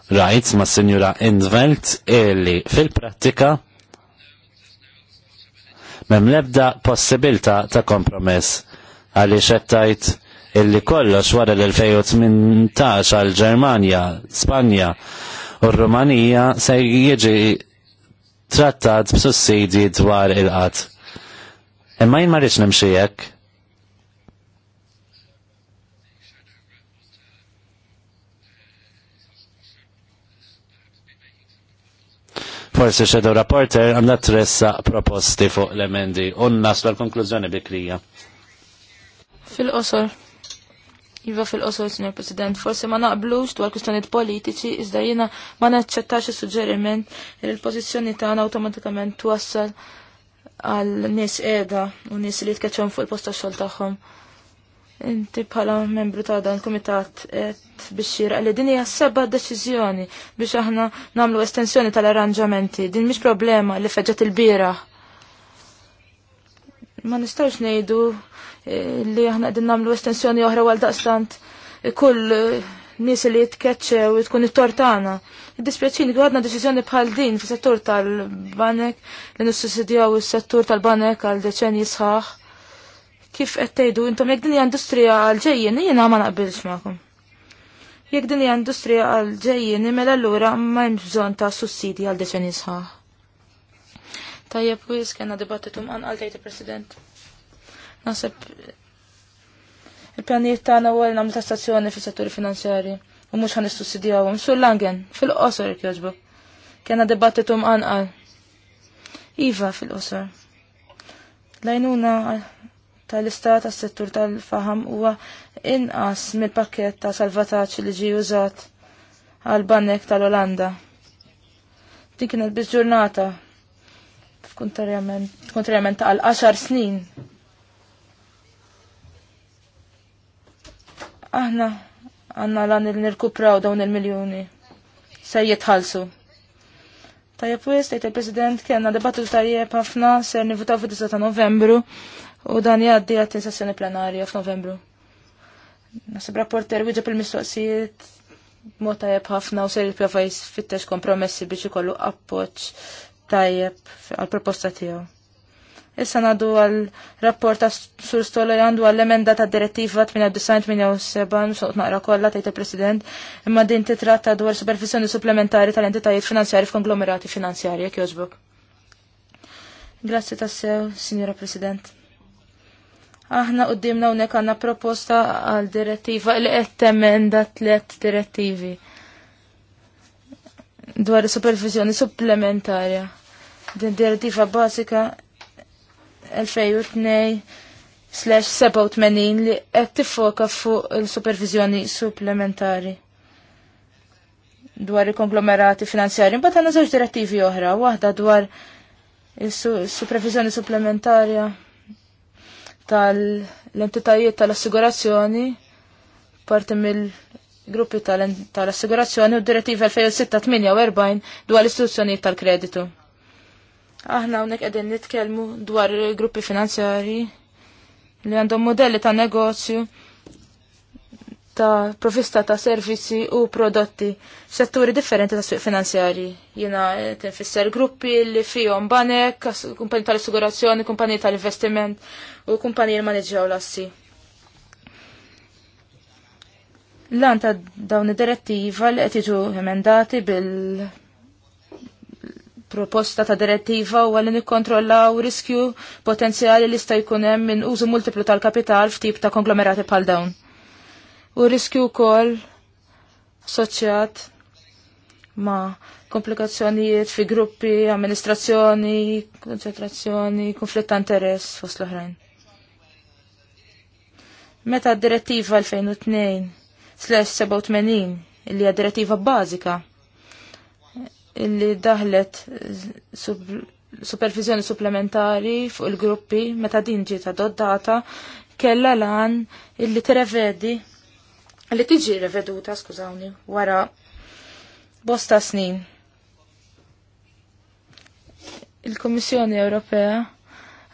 Rajt ma' Sinjura Invelt illi fil-prattika mem lebda possibilta ta' kompromess għaliex qed tgħid illi kollox wara l-2018 għal Ġermanja, Spanja u r-Rumanija se jiġi trattat b'sussidi dwar il-qat. Imma jien ma rridx nimxi hekk. Forsi xedew rapporter għandha tressa proposti fuq l-emendi u naslu l-konklużjoni bikrija. Fil-qosor. Iva fil qosol Signor President, forse ma naqblux dwar kustjoniet politiċi, iżda jiena ma naċċettax is-suġġeriment li l-pożizzjoni tagħna awtomatikament twassal għal nies qiegħda u nies li jitkeċċhom fuq il posta tax-xogħol tagħhom. Inti bħala membru ta' dan kumitat qed biex jirqa li din hija seba' deċiżjoni biex aħna nagħmlu estensjoni tal-arranġamenti. Din mhix problema li feġġet il-bieraħ Ma nistax nejdu eh, li aħna qegħdin nagħmlu estensjoni oħra għal daqstant eh, kull eh, nis li jitkeċċew jitkun it-tortana. Dispjaċini għadna deċiżjoni bħal din fis-settur tal-banek li nissussidjaw is-settur tal-banek għal deċen sħaħ. Kif qed tgħidu intom jekk din industrija għal ġejjin jiena ma naqbilx magħkom. Jekk din hija industrija għal ġejjin l mela allura ma hemm bżonn ta' sussidji għal deċenji sħaħ. Tajjeb u jiskena dibattitu mqanqal għaltajt il-President. Nasib il-pjanijiet tagħna u għalna ta' stazzjoni fis-setturi finanzjari u mhux ħan istussidjawhom. Sur Langen, fil-qosor jogħġbu. Kena dibattitu mqanqal. Iva fil-qosor. Lajnuna tal-istat tas-settur tal-faham huwa inqas mill-pakket ta' salvataġġ li ġie użat għal bannek tal-Olanda. Dik kienet biss ġurnata kontrarjament għal 10 snin. Aħna għanna lan il-nirkupraw dawn il-miljoni. Se jitħalsu. Tajab u jistajt il-President kena debattu tajjeb ħafna ser nivutaw fid ta' novembru u dan jgħaddi għattin sessjoni plenarja f'novembru. Nasib rapporter wieġeb il-mistoqsijiet mota tajjeb ħafna u ser il-pjavajs fit-tex kompromessi biex ikollu appoċ tajjeb għal-proposta tiegħu. Issa nadu għal-rapport ta' Sur għandu għall-emenda ta' direttiva 98-97, soqt naqra kollha tgħid il-President, imma din titratta dwar superfissjoni supplementari tal-entitajiet finanzjari f'konglomerati finanzjari, jekk jogħġbok. Grazzi tassew, Signora President. Aħna qudiemna hawnhekk għandna proposta għal direttiva li qed temenda tliet direttivi dwar supervizjoni supplementarja. Din direttiva basika 2002/87 li qed tiffoka fuq il-supervizjoni supplementari dwar il-konglomerati finanzjari. Mbagħad għandna żewġ direttivi oħra, waħda dwar il-supervizjoni supplementarja tal-entitajiet tal-assigurazzjoni parti mill gruppi tal-assigurazzjoni u direttiva 2006-48 dwar l-istituzzjonijiet tal-kreditu. Aħna hawnhekk qegħdin nitkellmu dwar gruppi finanzjari li għandhom modelli ta' negozju ta' provista ta' servizzi u prodotti setturi differenti ta' suq finanzjari. Jina tenfisser gruppi li fihom banek, kumpani tal-assigurazzjoni, kumpani tal-investiment u kumpani l-maneġġaw l-assi. Lan ta' dawn id-direttiva li qed jiġu emendati bil proposta ta' direttiva u għalli nikkontrollaw riskju potenzjali li sta' hemm minn użu multiplu tal-kapital f'tip ta' konglomerati pal dawn. U riskju kol soċjat ma' komplikazzjonijiet fi gruppi, amministrazzjoni, konċentrazzjoni, konflitt ta' interess fost l-oħrajn. Meta d-direttiva 2002 87 illi hija direttiva bażika illi daħlet supervizjoni supplementari fuq il-gruppi meta din ġiet adottata kella lan illi trevedi li tiġi reveduta, skużawni, wara bosta snin. Il-Kommissjoni Ewropea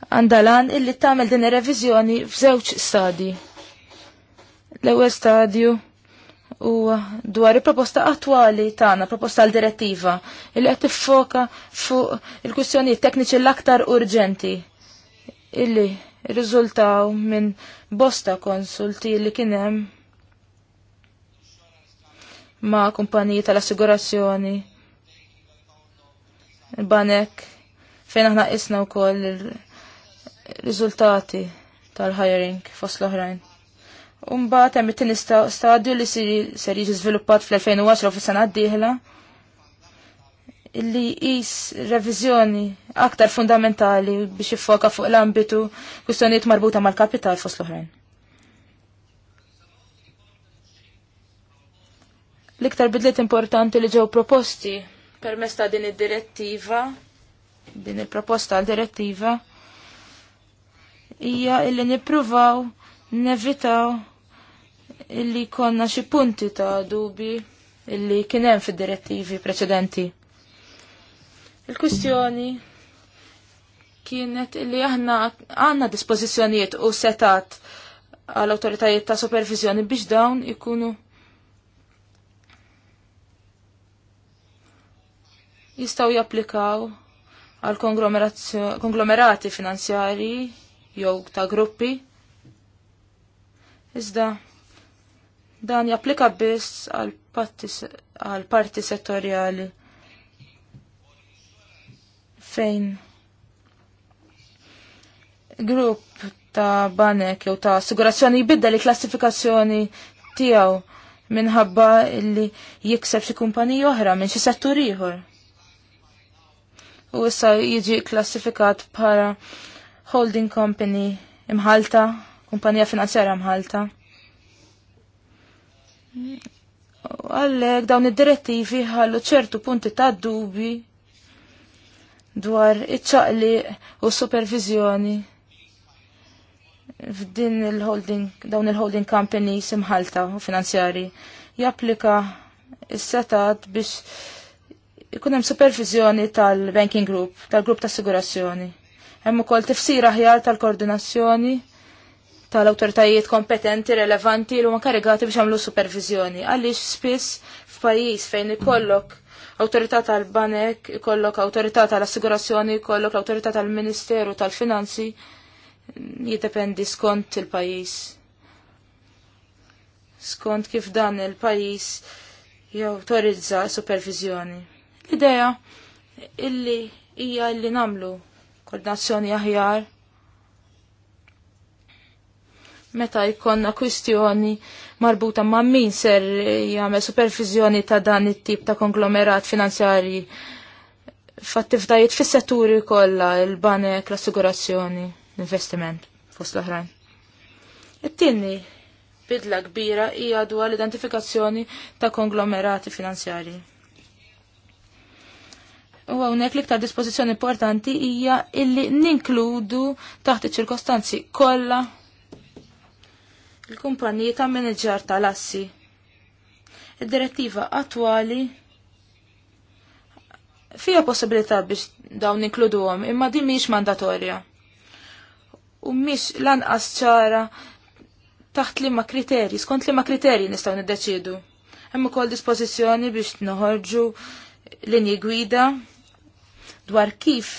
għandalan illi tagħmel din ir-reviżjoni f'żewġ stadji. L-ewwel stadju u dwar il-proposta attwali tagħna, proposta għal direttiva li qed tiffoka fuq il-kwistjonijiet tekniċi l-aktar urġenti illi rriżultaw minn bosta konsulti li kien hemm ma' kumpaniji tal-assigurazzjoni banek fejn aħna isna wkoll ir-riżultati tal-hiring fost l-oħrajn. Umba hemm it stadju li ser jiġi żviluppat fl-2010 fis-sena d-dieħla illi jis reviżjoni aktar fundamentali biex jiffoka fuq l-ambitu kwistjonijiet marbuta mal-kapital fost l-oħrajn. L-iktar bidliet importanti li ġew proposti permess ta' din id-direttiva, din il-proposta għal-direttiva, hija illi nippruvaw nevitaw illi konna xi punti ta' dubi illi kien hemm fid-direttivi preċedenti. Il-kwistjoni kienet illi aħna għandna dispożizzjonijiet u setat għal awtoritajiet ta' supervizjoni biex dawn ikunu jistaw japplikaw għal konglomerati finanzjari jew ta' gruppi. Iżda, Dan japplika biss għal parti settorjali fejn grupp ta' banek jew ta' assigurazzjoni jibidda li klassifikazzjoni tiegħu minħabba li jikseb xi kumpaniji oħra minn xi settur ieħor. U issa jiġi klassifikat bħala holding company imħalta, kumpanija finanzjera imħalta. Għallek dawn id-direttivi ħallu ċertu punti ta' dubi dwar iċċaqli u supervizjoni f'din il-holding, dawn il-holding company simħalta u finanzjari japplika s-setat biex ikun hemm supervizjoni tal-banking group, tal-grupp ta' assigurazzjoni. Hemm ukoll tifsira ħjar tal-koordinazzjoni tal-autoritajiet kompetenti, relevanti l huma karigati biex għamlu supervizjoni. Għaliex spiss f'pajjiż fejn ikollok autorità tal-banek, ikollok autorità tal-assigurazzjoni, ikollok autorità tal-ministeru tal-finanzi, jitependi skont il-pajjiż. Skont kif dan il-pajjiż jawtorizza supervizjoni. L-idea illi hija illi namlu koordinazzjoni aħjar meta jkonna kwistjoni marbuta ma' min ser jagħmel supervizjoni ta' dan it-tip ta' konglomerat finanzjarji f'attivitajiet fis-setturi kollha il-banek, l-assigurazzjoni, l-investiment fost l-oħrajn. it tini bidla kbira hija dwar l-identifikazzjoni ta' konglomerati finanzjarji. U hawnhekk l-iktar dispożizzjoni importanti hija illi ninkludu taħt iċ-ċirkostanzi kollha il kumpanji ta' manager tal-assi. Id-direttiva attwali fija possibilità biex dawn inkluduhom, imma din mhix mandatorja. U mhix lanqas ċara taħt liema kriterji, skont liema kriterji nistgħu niddeċiedu. Hemm ukoll dispożizzjoni biex noħorġu linji gwida dwar kif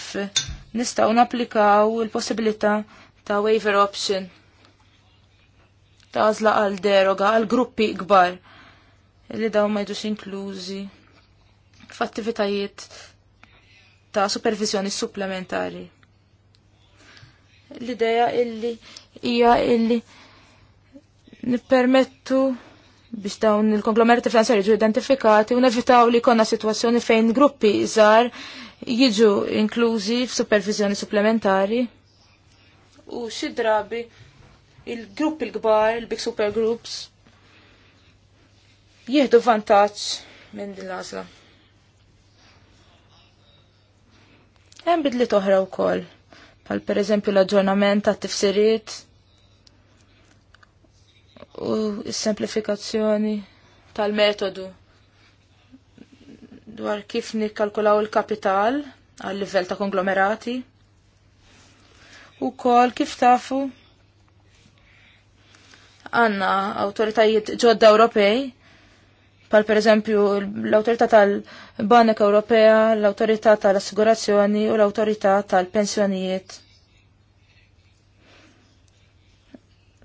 nistgħu napplikaw il-possibilità ta' waiver option ta' għażla għal deroga għal gruppi kbar li dawn ma jdux inklużi f'attivitajiet ta' supervizjoni supplementari. L-ideja illi hija illi nippermettu biex dawn il-konglomerati finanzjari ġu identifikati u nevitaw li konna situazzjoni fejn gruppi żgħar jiġu inklużi f'supervizjoni supplementari u xi drabi il-grupp il-kbar, il-big super groups, jieħdu vantaġġ minn din l-għażla. Hemm bidli toħra wkoll, per pereżempju l-aġġornament ta' tifsiriet u s-semplifikazzjoni tal-metodu dwar kif nikkalkulaw il-kapital għal livell ta' konglomerati u kol kif tafu għanna autoritajiet ġodda Ewropej, pal per eżempju l-autorità tal-Banek Ewropea, l-autorità tal-assigurazzjoni u l-autorità tal-pensjonijiet.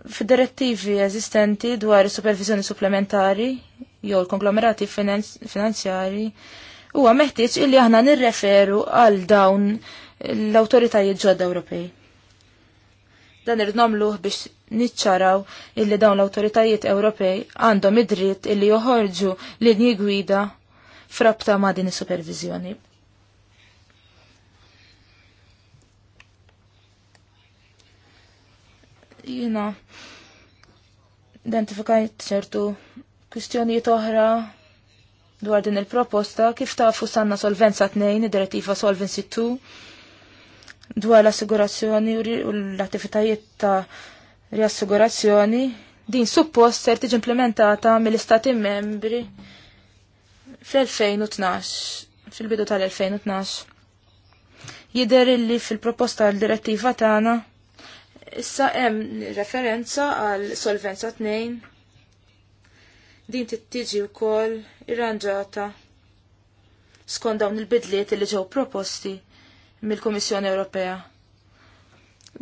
Fid-direttivi eżistenti dwar supervizjoni supplementari jew l-konglomerati finanzjari huwa meħtieġ illi aħna nirreferu għal dawn l-awtoritajiet ġodda Ewropej. Dan irid biex niċċaraw illi dawn l-awtoritajiet Ewropej għandhom id-dritt illi joħorġu linji gwida frabta ma' din is-supervizjoni. Jina identifikajt ċertu kwistjonijiet oħra dwar din il-proposta kif tafu sanna solvenza 2, id-direttiva Solvency 2, dwar l-assigurazzjoni u l-attivitajiet ta' riassigurazzjoni din suppost ser tiġi implementata mill-istati membri fl-2012, fil-bidu tal-2012. Jider illi fil-proposta l-direttiva tagħna issa hemm referenza għal solvenza 2 din tittiġi wkoll irranġata skont dawn il-bidliet li ġew proposti mill-Kummissjoni Ewropea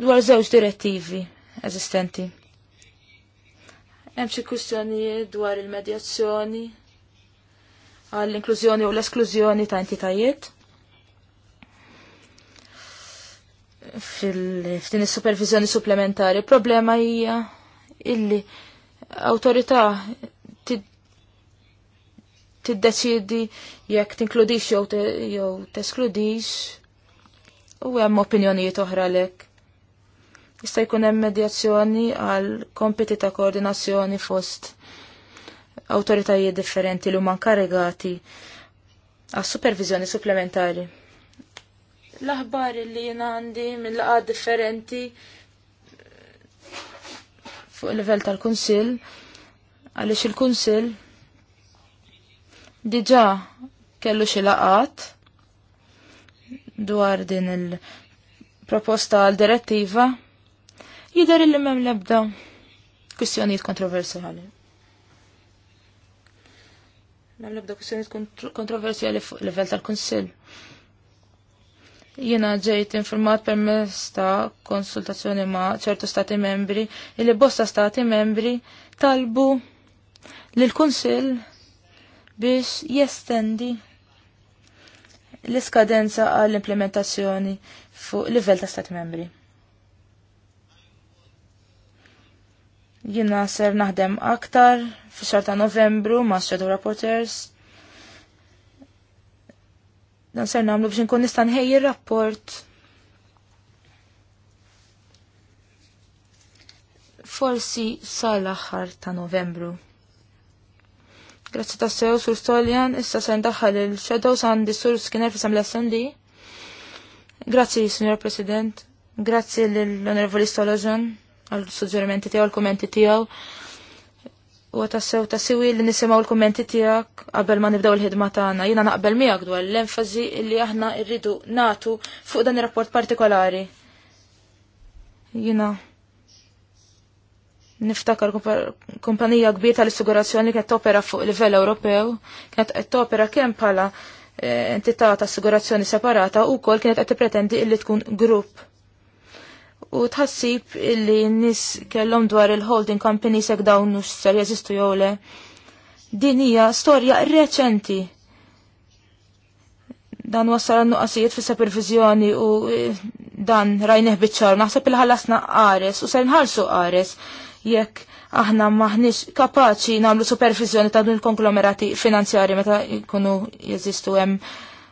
dwar żewġ direttivi eżistenti. Hemm xi kwistjonijiet dwar il-medjazzjoni għall-inklużjoni u l-esklużjoni ta' entitajiet. F'din is-supervizjoni supplementari, problema hija illi awtorità tiddeċidi jekk tinkludix jew teskludix u hemm opinjonijiet oħra lek. Jista' jkun hemm medjazzjoni għal kompiti ta' koordinazzjoni fost awtoritajiet differenti li huma nkarigati għas supervizjoni supplementari. L-aħbar li jien għandi minn laqgħat differenti fuq il-livell tal-Kunsill għaliex il-Kunsill diġà kellu xi laqgħat dwar din il-proposta għal direttiva il li mem lebda kwistjonijiet kontroversjali. Mem lebda kwistjonijiet kontroversjali fuq livell tal-Kunsill. Jiena ġejt informat permezz ta' konsultazzjoni ma' ċertu stati membri li bosta stati membri talbu l-Kunsill biex jestendi l-iskadenza għall-implementazzjoni fuq livell ta' Stati membri. Jina ser naħdem aktar fix-xar ta' Novembru ma' Shadow Reporters. Dan ser namlu biex nkun ħej il rapport forsi sal-aħħar ta' Novembru. Grazzi ta' sew, sur Stoljan, issa sen daħħal il-Shadows għandi sur skiner fissam l-SND. Grazzi, Signor President. Grazzi l-Onorevoli Stolajan għal-suġġerimenti tiegħu, għal-kommenti tiegħu. U tassew siwi li nisimaw l-kommenti tijak qabel ma nibdaw il-ħidma tagħna. Jiena naqbel miegħek dwar l-enfasi li aħna rridu natu fuq dan ir-rapport partikolari. Jiena Niftakar kumpanija kbir tal-assigurazzjoni kienet opera fuq livell Ewropew, kienet qed opera kemm bħala eh, entità ta' assigurazzjoni separata u kol kienet qed pretendi illi tkun grupp. U tħassib illi nis kellhom dwar il-holding company sek dawn nux ser jeżistu jew le. Din hija storja reċenti. Dan wassal nuqqasijiet fi supervizjoni u eh, dan rajneħ biċċar naħseb il-ħallasna qares u ser nħallsu qares jekk aħna maħniex kapaċi nagħmlu supervizjoni ta' dun konglomerati finanzjari meta jkunu jeżistu hemm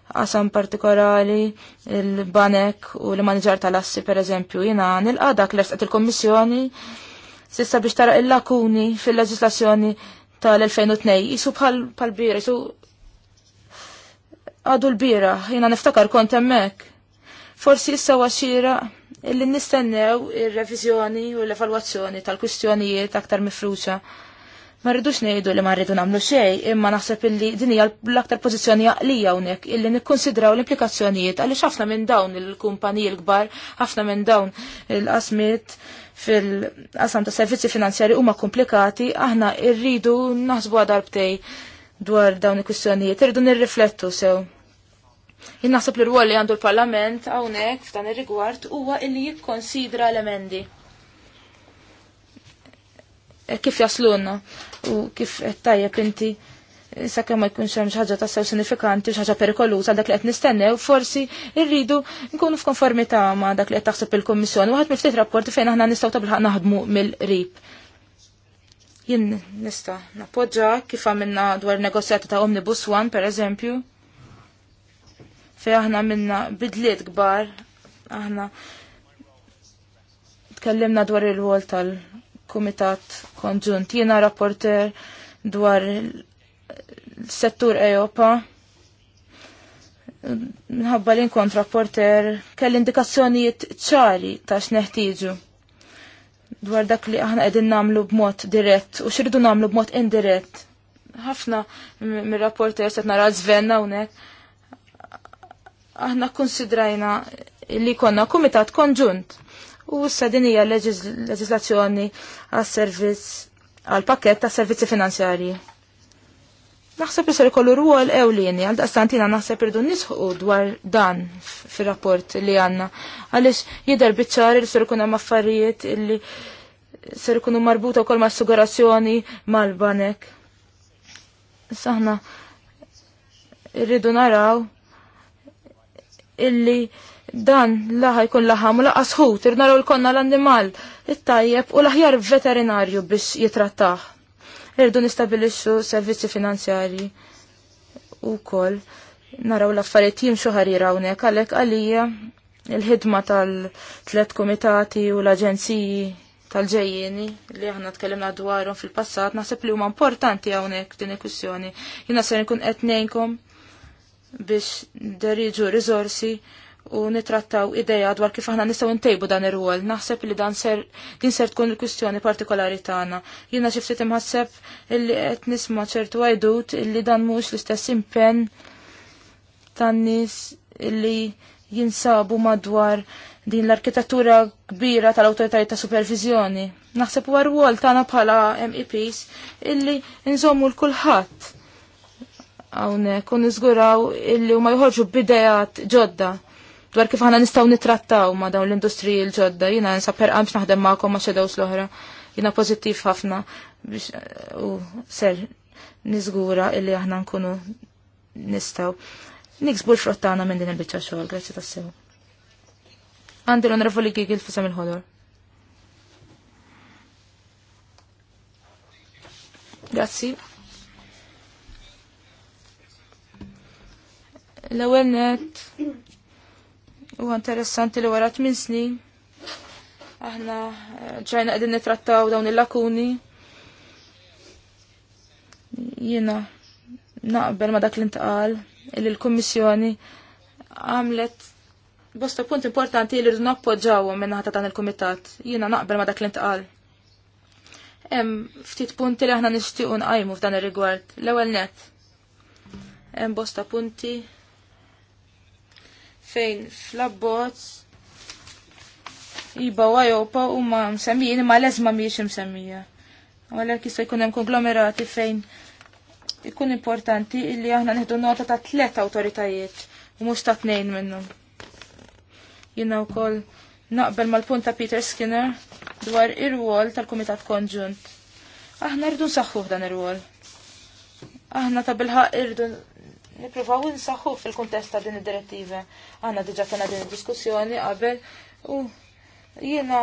qasam partikolari, il-banek u l manġar tal-assi per eżempju jina nilqa dak l il-kommissjoni sissa biex tara il-lakuni fil-leġislazzjoni tal-2002 jisu bħal bira jisu għadu l-bira jina niftakar kont emmek forsi issa waxira illi nistennew ir-reviżjoni u l-evalwazzjoni tal-kwistjonijiet aktar mifruxa. Ma rridux ngħidu li ma rridu nagħmlu xejn, imma naħseb illi din hija l-aktar pożizzjoni għaqlija hawnhekk illi nikkonsidraw l-implikazzjonijiet għaliex ħafna minn dawn il-kumpaniji l-kbar, ħafna minn dawn il-qasmiet fil-qasam ta' servizzi finanzjari huma komplikati, aħna rridu naħsbu għadarbtej dwar dawn il-kwistjonijiet, irridu nirriflettu sew. So. Jien naħseb li rwol li għandu l-Parlament hawnhekk f'dan ir-rigward huwa illi jikkonsidra l-emendi. E kif jaslunna u kif qed tajjeb inti e, sakemm ma jkunx hemm xi ħaġa tassew sinifikanti, xi ħaġa perikoluża dak li qed nistennew, forsi rridu nkunu f'konformità ma' dak li qed taħseb il-Kummissjoni. Waħed miftit rapporti fejn aħna nistgħu tabilħaq naħdmu mill rib Jien nista' nappoġġa kif għamilna dwar negozjati ta' Omnibus One, per eżempju, fej aħna minna bidliet kbar, aħna tkellimna dwar il-wol tal-Kumitat Konġunt. Jiena rapporter dwar settur Ejopa. Minħabba li nkont rapporter kell indikazzjonijiet ċari ta' x'neħtieġu dwar dak li aħna qegħdin nagħmlu b'mod dirett u x'ridu nagħmlu b'mod indirett. Ħafna mir-rapporter se nara żvenna hawnhekk aħna konsidrajna li konna kumitat konġunt u issa din l leġislazzjoni għas-servizz għal pakket ta' servizzi finanzjari. Naħseb li ser ikollu rwol ewlieni għal daqstantina naħseb irdu nisħu dwar dan fir-rapport li għandna għaliex jidher biċċari li ser ikun hemm affarijiet li ser ikunu marbuta wkoll ma' assigurazzjoni mal-banek. Saħna irridu naraw illi dan laħa jkun laħam u laqas hu, tirnaru l-konna l-annimal it-tajjeb u l-aħjar veterinarju biex jitrattaħ. Irdu nistabilixxu servizzi finanzjari u kol naraw l-affarijiet jimxu ħarira hawnhekk għalhekk għalija il-ħidma tal-tlet komitati u l-aġenziji tal-ġejjeni li aħna tkellimna dwarhom fil-passat naħseb li huma importanti hawnhekk din il-kwissjoni. Jiena se nkun qed biex deriġu rizorsi u nitrattaw ideja dwar kif aħna nistgħu ntejbu dan ir-rwol. Naħseb li dan ser din ser tkun il-kwistjoni partikolari tagħna. Jiena xi ftit imħasseb illi qed nisma' ċertu għajdut illi dan mhux l-istess impenn tan-nies illi jinsabu madwar din l-arkitettura kbira tal awtoritajiet ta' supervizjoni. Naħseb huwa rwol tagħna bħala MEPs illi nżommu l-kulħadd hawnhekk u niżguraw illi huma jħorġu bidejat ġodda dwar kif aħna nistgħu nitrattaw ma' dawn l-industriji l-ġodda. Jina nsab ħerqan biex naħdem magħkom ma' xedews l-oħra. Jiena pożittiv ħafna biex eh, u ser niżgura illi aħna nkunu nistgħu niksbu l-frott minn din il-biċċa xogħol. Grazzi tassew. Għandi l-onorevoli Gigil fissam il-ħodor. Grazzi. L-ewwel u huwa interessanti li wara minn snin aħna eh, ġajna qegħdin nitrattaw dawn il-lakuni. Jiena naqbel ma dak li ntqal li l-Kummissjoni għamlet bosta punt importanti li rridu nappoġġawhom minn ħata dan il-Kumitat. Jiena naqbel ma dak li ntqal. Hemm ftit punti li aħna nixtiequ nqajmu f'dan ir-rigward. L-ewwel net. Hemm bosta punti fejn flabbots iba u ajopa u ma msemmijin ma l miex msemmija. Għalek jista jkun hemm konglomerati fejn ikun importanti illi aħna neħdu nota ta' tlet autoritajiet u mhux ta' tnejn minnhom. Jiena wkoll naqbel mal-punt ta' Peter Skinner dwar ir-rwol tal-Kumitat Konġunt. Aħna rridu nsaħħuh dan ir-rwol. Aħna ta' bilħaq irdu nippruvaw insaħħu fil-kuntest ta' din id-direttiva. Għandna diġa' kena din id-diskussjoni qabel u jiena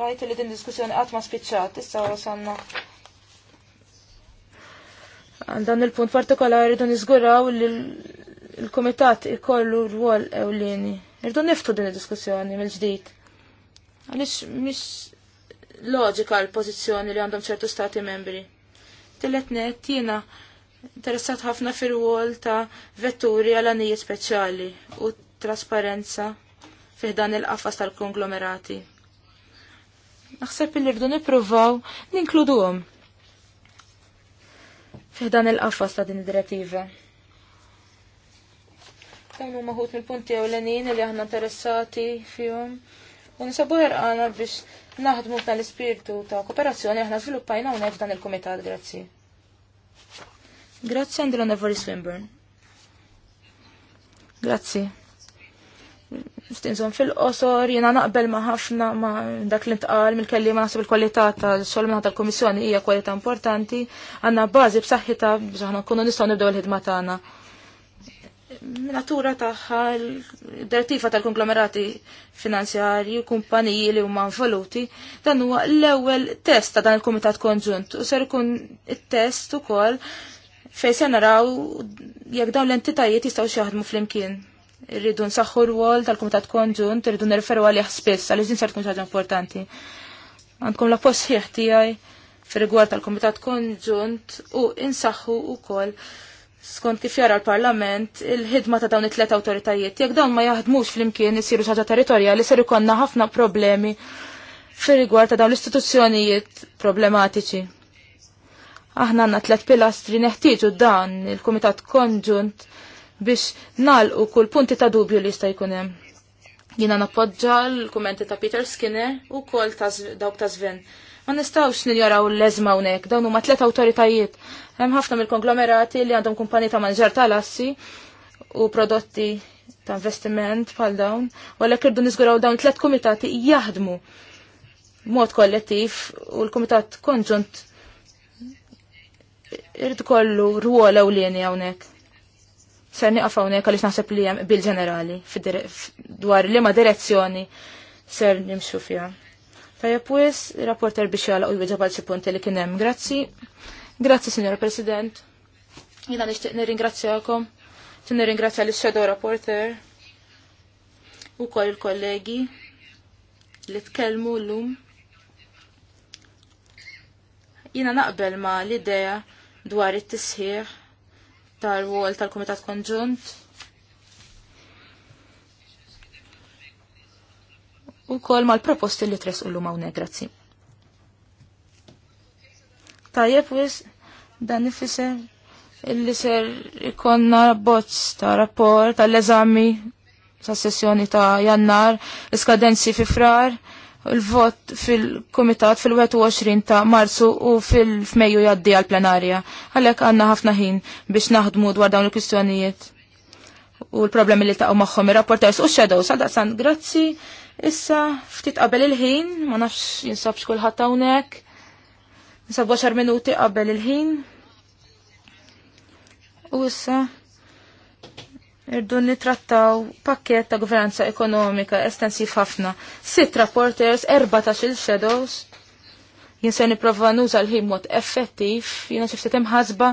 rajt li din diskussjoni qatt ma spiċċat, issa wasanna dan il-punt partikolari don izguraw li l-komitat ikollu rwol ewlieni. Irdu niftu din id-diskussjoni mill ġdijt Għaliex mhix loġika l-pożizzjoni li għandhom ċertu stati membri. Tillet net jiena interessat ħafna fil-wol ta' vetturi għal anijiet speċjali u trasparenza fiħdan il-qafas tal-konglomerati. Naħseb li rridu nippruvaw ninkluduhom fiħdan il-qafas ta' din id-direttiva. Dawn huma ħut mill-punti ewlenin li aħna interessati fihom u nisabu ħerqana biex naħdmu tal-ispirtu ta' kooperazzjoni aħna żviluppajna hawnhekk f'dan il-kumitat, grazzi. Grazzi għandu l Swinburne. Grazzi. Stinżon fil-qosor jena naqbel ma ħafna ma dak li ntqal mill-kelli ma naħseb il-kwalità tal-xogħol tal-Kummissjoni hija kwalità importanti, għandna bażi b'saħħitha biex aħna nkunu nistgħu nibdew il-ħidma tagħna. Natura tagħha d-direttiva tal-konglomerati finanzjarji u kumpaniji li huma involuti dan huwa l-ewwel test ta' dan il-Kumitat Konġunt u ser ikun it-test ukoll fej se naraw jekk dawn l-entitajiet jistgħu jaħdmu flimkien. Irridu nsaħħu rwol tal-Kumitat Konġunt, irridu nirreferu għalih spiss għaliex din sartkun xaġa ħaġa importanti. Għandkom la post ħieħ tiegħi fir-rigward tal-Kumitat Konġunt u insaħħu wkoll skont kif jara l-Parlament il-ħidma ta' dawn it-tlet awtoritajiet. Jekk dawn ma jaħdmux flimkien isiru ħaġa territorjali ser ikonna ħafna problemi fir-rigward ta' dawn l-istituzzjonijiet problematiċi Aħna għanna tlet pilastri neħtieġu dan il-Kumitat Konġunt biex nalqu kull punti ta' dubju li jista' jkun hemm. Jiena nappoġġa l-kumenti ta' Peter Skinner u kol ta' dawk ta' Sven. Ma nistawx ninjaraw l-leżma hawnhekk, dawn huma tliet awtoritajiet. Hemm ħafna mill-konglomerati li għandhom kumpani ta' manġar tal-assi u prodotti ta' investiment bħal dawn, u għalhekk irdu niżguraw dawn tliet kumitati jaħdmu mod kollettiv u l-kumitat konġunt irrid kollu ruol ewlieni hawnhekk. Ser nieqaf hawnhekk għaliex naħseb li hemm bil-ġenerali dwar li ma direzzjoni ser nimxu fiha. Tajjeb wis, rapporter biex jagħlaq u jweġa' xi punti li kien hemm. Grazzi. Grazzi, Signor President. Jiena nixtieq nirringrazzjakom. Nirringrazzja lis shadow Rapporter u koll il-kollegi li tkellmu l-lum. Jina naqbel ma l-ideja dwar it-tisħiħ tal-wol tal-Komitat Konġunt. U kol mal-proposti li tres ullu mawne, grazzi. Tajjeb wis dan ifisser illi ser ikonna bozz ta' rapport tal-eżami sa' sessjoni ta' jannar, l-skadenzi fi frar l-vot fil-komitat fil-21 ta' marzu u fil fmeju jaddi għal-plenarja. Għalek għanna ħafna ħin biex naħdmu dwar dawn il-kwistjonijiet u l-problemi li ta' u maħħom il-rapporters u shadow san, grazzi. Issa ftit qabel il-ħin, ma nafx jinsab xkulħat hawnhekk. Nsab 10 minuti qabel il-ħin. U issa Irdu nitrattaw pakket ta' gvernanza ekonomika estensiv ħafna. Sitt rapporters, xil shadows. Jien se nipprova nuża l-ħin mod effettiv, jiena xi ftit imħasba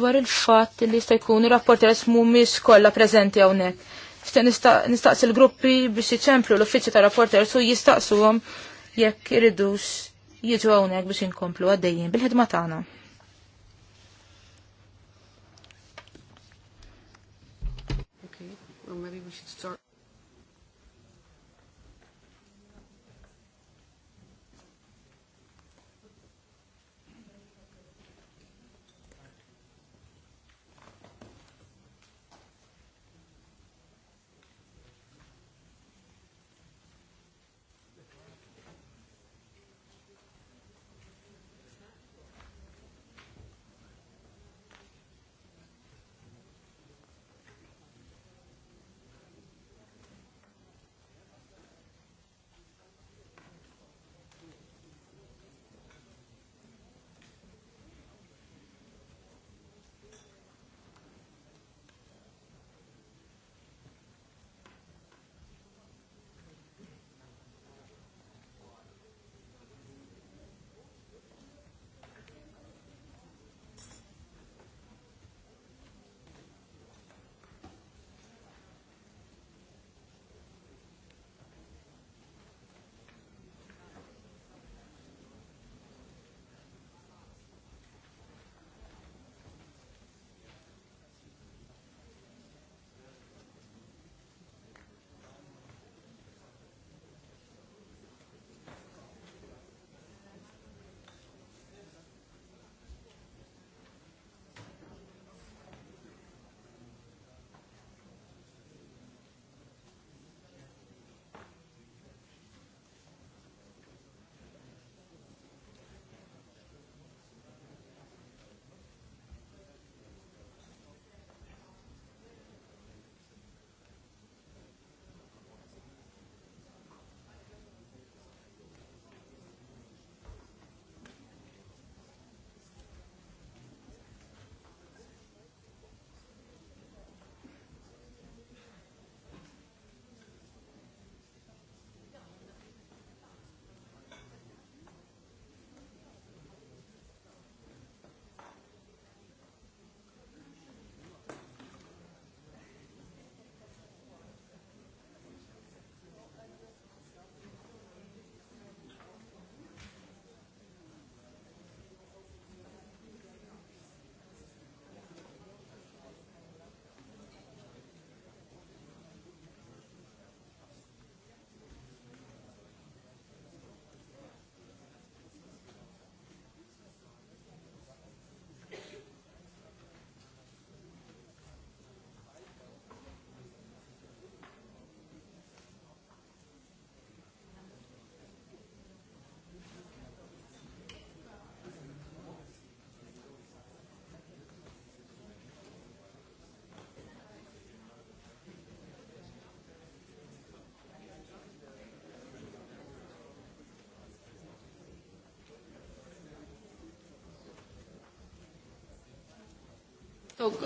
dwar il-fatt li jista' jkun rapporters mhumiex kollha preżenti hawnhekk. Nista' nistaqsi l-gruppi biex iċemplu l-uffiċċju ta' rapporters u jistaqsuhom jekk iridux jiġu hawnhekk biex inkomplu għaddejjin bil-ħidma tagħna. nicht zur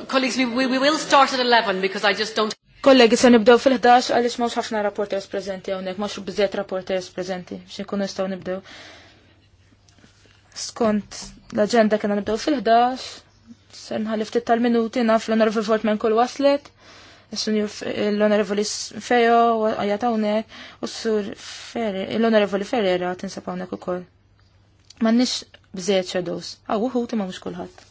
colleagues, we, will start at because I just don't... Kollegi, se nibdew fil-11 għalix mawx ħafna rapporters prezenti għonek, mawx bżiet rapporters prezenti, xie kunu jistaw nibdew. Skont l-agenda kena nibdew fil-11, sen ħaliftit tal-minuti naf l-onorevoli Fortman kol waslet, l-onorevoli Fejo għajat għonek, u s-sur l-onorevoli Ferrera tinsab għonek u kol. Mannix bżiet shadows, għaw uħu timma mux kullħat.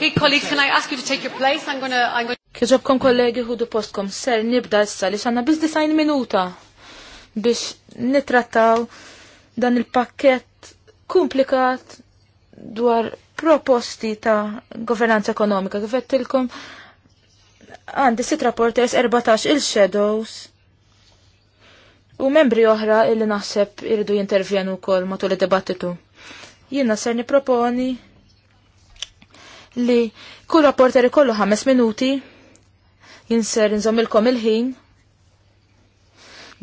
Okay, colleagues, can I ask you to take your place? I'm gonna... I'm gonna... Kħiġobkom kollegi hudu postkom, ser nibda issa li xanna biz disajn minuta biex nitrattaw dan il-pakket komplikat dwar proposti ta' governanza ekonomika. Għifettilkom għandi sit rapporters 14 il-shadows u membri oħra illi naħseb irridu jintervjenu kol matul id-debattitu. Jina ser niproponi proponi li kull rapporter ikollu ħames minuti jinser nżommilkom il-ħin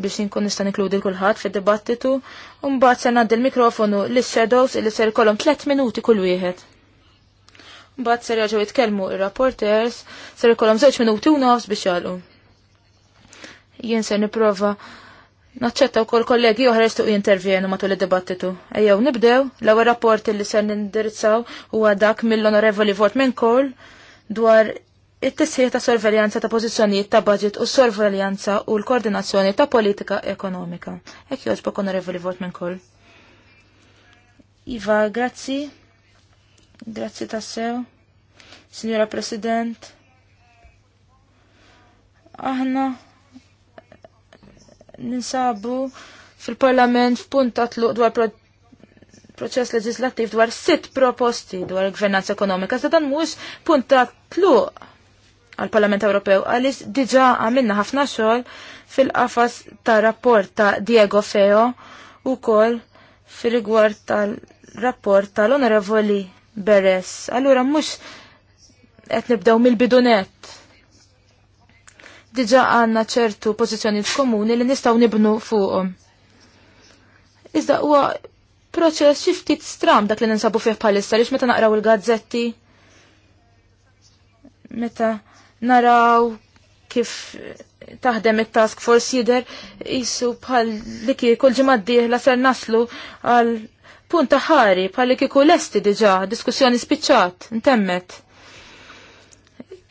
biex jinkun nista' nikludi kulħadd fid-dibattitu u mbagħad se ngħaddi l-mikrofonu lis-shadows li ser ikollhom tliet minuti kull wieħed. Mbagħad ser jaġgħu jitkellmu ir-rapporters ser ikollhom żewġ minuti u nofs biex jagħlqu. Jien se nipprova Naċċetta kol kollegi ħarestu u jintervjenu matul id-dibattitu. Ejjew nibdew l-ewwel rapport li se nindirizzaw huwa dak mill-Onorevoli minn kol dwar it-tisħiħ ta' sorveljanza ta' pożizzjonijiet ta' budget u sorveljanza u l-koordinazzjoni ta' politika ekonomika. Hekk jogħġbok Onorevoli minn kol. Iva, grazzi. Grazzi tassew. Signora President. Aħna ninsabu fil-parlament f'punta tluq dwar proċess leġislattiv dwar sitt proposti dwar gvernanza ekonomika. Sa dan mhux punta tluq għal-Parlament Ewropew għaliex diġà għamilna ħafna xogħol fil-qafas ta' rapport ta' Diego Feo u kol fil-rigward tal-rapport tal-Onorevoli Beres. Allura mhux qed nibdew mill-bidunet diġa għanna ċertu pozizjoni komuni li nistaw nibnu fuqhom. Iżda huwa proċess xi ftit stram dak li ninsabu fih bħalissa lix meta naqraw il-gazzetti. Meta naraw kif taħdem it-task force jider jisu bħal li kol ġimaddiħ la ser naslu għal punta ħari bħal li kieku lesti diġà diskussjoni spiċċat, intemmet.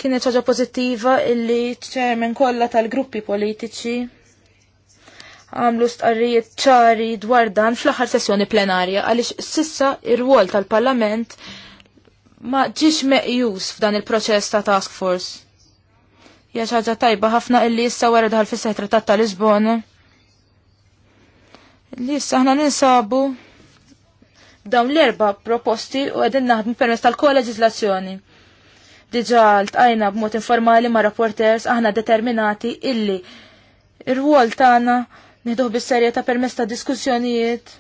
Kienet ħaġa pożittiva illi ċermen kollha tal-gruppi politiċi għamlu stqarrijiet ċari dwar dan fl-aħħar sessjoni plenarja għaliex sissa ir-rwol tal-Parlament ma ġiex meqjus f'dan il-proċess ta' task force. Ja ħaġa tajba ħafna illi issa wara daħal fis trattat ta' Lisbona. Li issa aħna ninsabu dawn l-erba' proposti u qegħdin naħdmu permezz tal-koleġislazzjoni. Diġa l-tqajna b'mod informali ma' rapporters aħna determinati illi ir-rwol tagħna nieħduh bis-serjetà permezz ta' diskussjonijiet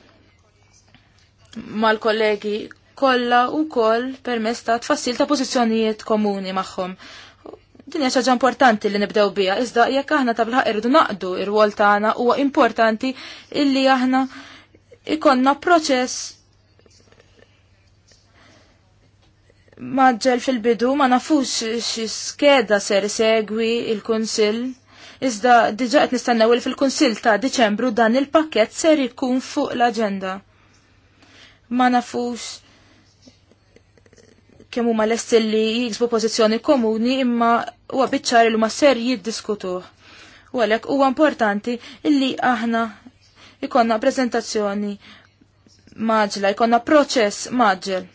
mal-kollegi kollha wkoll permezz ta' tfassil ta' pożizzjonijiet komuni magħhom din hija ħaġa importanti li nibdew biha, iżda jekk aħna tabla irdu naqdu ir wol tagħna huwa importanti illi aħna ikonna proċess maġġel fil-bidu ma nafux xi skeda ser segwi il-Kunsill. Iżda diġa qed nistennew il fil-Kunsill ta' Diċembru dan il-pakkett ser ikun fuq l-aġenda. Ma nafux kemm huma l li jiksbu pożizzjoni komuni imma huwa biċċar li huma ser jiddiskutuh. U għalhekk huwa importanti illi aħna ikonna prezentazzjoni maġla, ikonna proċess maġġel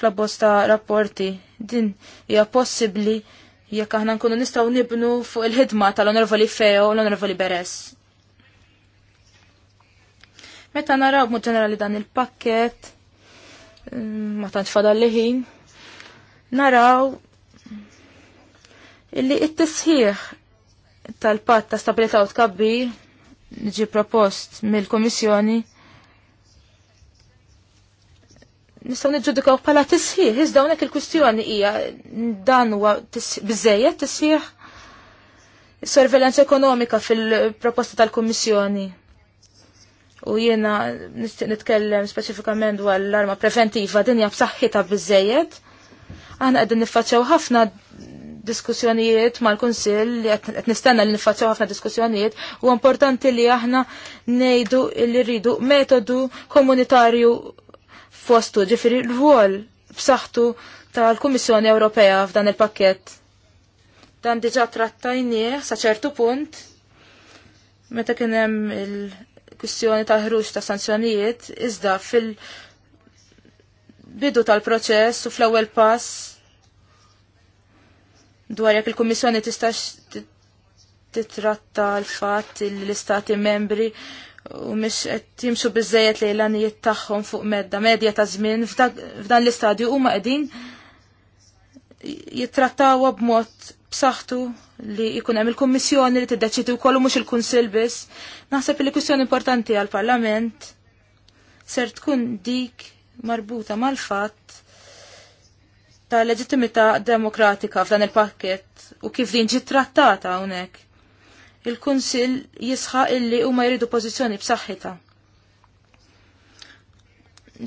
fl-abbosta rapporti. Din hija possibbli jekk aħna nkunu nistgħu nibnu fuq il-ħidma tal-Onorevoli Feo u l-Onorevoli Beres. Meta naraw b'mod ġenerali dan il-pakket, mm, ma tant fadal li ħin, naraw illi it-tisħiħ tal-patt ta' stabilità u tkabbir ġi propost mill-Komissjoni nistgħu niġġudikaw bħala tisħiħ, iżda hawnhekk il kustjoni hija dan huwa biżejjed tisħiħ sorvelenza ekonomika fil-proposta tal-Kummissjoni. U jiena nixtieq nitkellem speċifikament dwar l-arma preventiva dinja hija b'saħħitha biżejjed. Aħna qegħdin ħafna diskussjonijiet mal-Kunsill li qed nistenna li niffaċċjaw ħafna diskussjonijiet u importanti li aħna ngħidu li rridu metodu komunitarju postu, ġifiri l-rwol b'saħħtu tal-Kummissjoni Ewropea f'dan il-pakket. Dan diġa trattajnieh sa ċertu punt meta kien hemm il-kwistjoni tal-ħruġ ta' sanzjonijiet iżda fil-bidu tal-proċess u fl-ewwel pass dwar jekk il-Kummissjoni tista' titratta l-fatt li l-Istati membri u mish qed jimxu biżejjed għanijiet tagħhom fuq medda medja ta' żmien f'dan l-istadju huma qegħdin jittrattawha b'mod b'saħħtu li jkun hemm il-kummissjoni li tiddeċidi wkoll mhux il-kunsill biss. Naħseb li kwistjoni importanti għall-Parlament ser tkun dik marbuta mal-fatt ta' leġittimità demokratika f'dan il-pakket u kif din ġiet trattata hawnhekk il-Kunsill jisħa illi huma jridu pożizzjoni b'saħħitha.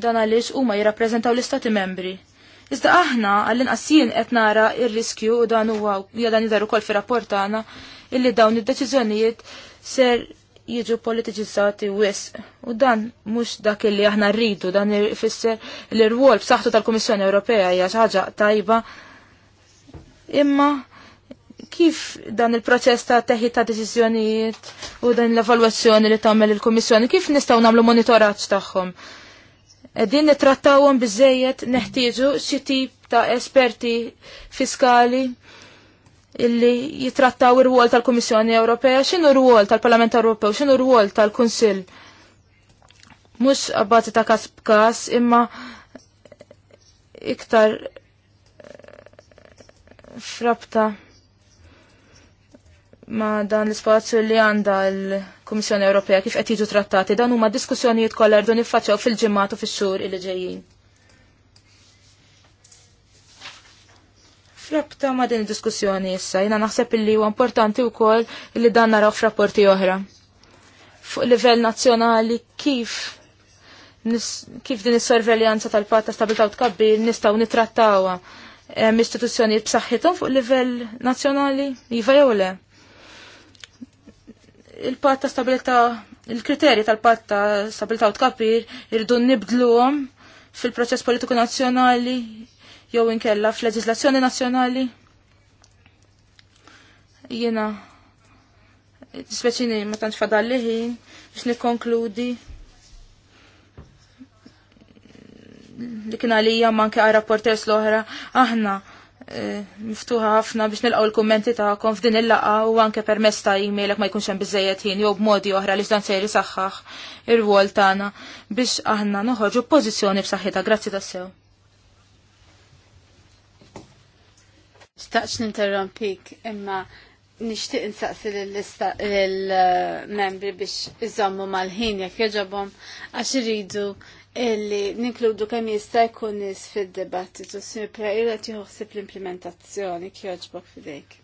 Dan għaliex huma jirrappreżentaw l-Istati membri. Iżda aħna għall-inqassin qed nara r-riskju u dan huwa ja dan jidher ukoll fir-rapport tagħna illi dawn id-deċiżjonijiet ser jiġu politiċizzati wisq. U dan mhux dak illi aħna rridu, dan ifisser l-irwol b'saħħtu tal-Kummissjoni Ewropea hija xi ħaġa tajba. Imma kif dan il-proċess ta' teħi ta' deċiżjonijiet u dan l-evalwazzjoni li tagħmel il-Kummissjoni, kif nistgħu nagħmlu monitoraġġ tagħhom? Qegħdin nittrattawhom biżejjed neħtieġu xi tip ta' esperti fiskali illi jitrattaw ir-rwol tal-Kummissjoni Ewropea, x'inhu r-rwol tal-Parlament Ewropew, x'inhu r-rwol tal-Kunsill. Mhux abbażi ta' każ b'każ imma iktar frabta ma dan l-ispazju li għanda l-Kummissjoni Ewropea kif qed jiġu trattati dan huma diskussjonijiet kollha rdu niffaċċjaw fil-ġimgħat u fix-xhur li ġejjin. Frabta ma din id-diskussjoni issa, jina naħseb illi huwa importanti wkoll li dan naraw f'rapporti oħra. Fuq livell nazzjonali kif kif din is-sorveljanza tal-patta stabilità u tkabbir nistgħu nitrattawha hemm istituzzjonijiet b'saħħithom fuq livell nazzjonali, iva jew le? il-patta stabilita, il-kriterji tal-patta stabilita u tkapir irridu nibdluhom fil-proċess politiku nazzjonali jew inkella fil-leġislazzjoni nazzjonali. Jiena speċini ma tantx fadalli ħin biex nikkonkludi li kien għalija manke għal rapporters l-oħra aħna Eh, miftuħa ħafna biex nilqgħu l-kummenti tagħkom f'din il-laqgħa u anke permess ta' emailek ma jkunx hemm biżejjed ħin jew b'modi oħra li dan se jrisaħħaħ ir-rwol tagħna biex aħna noħorġu pożizzjoni b'saħħitha. Grazzi tassew. Xtaqx ninterrompik imma nixtieq insaqsi lill-lista lill-membri biex iżommu mal-ħin jekk jogħġobhom għax iridu illi ninkludu kemm jista' jkun nies fid-dibattitu Sir Prejla tieħuħsib l-implementazzjoni jogħġbok fidejk.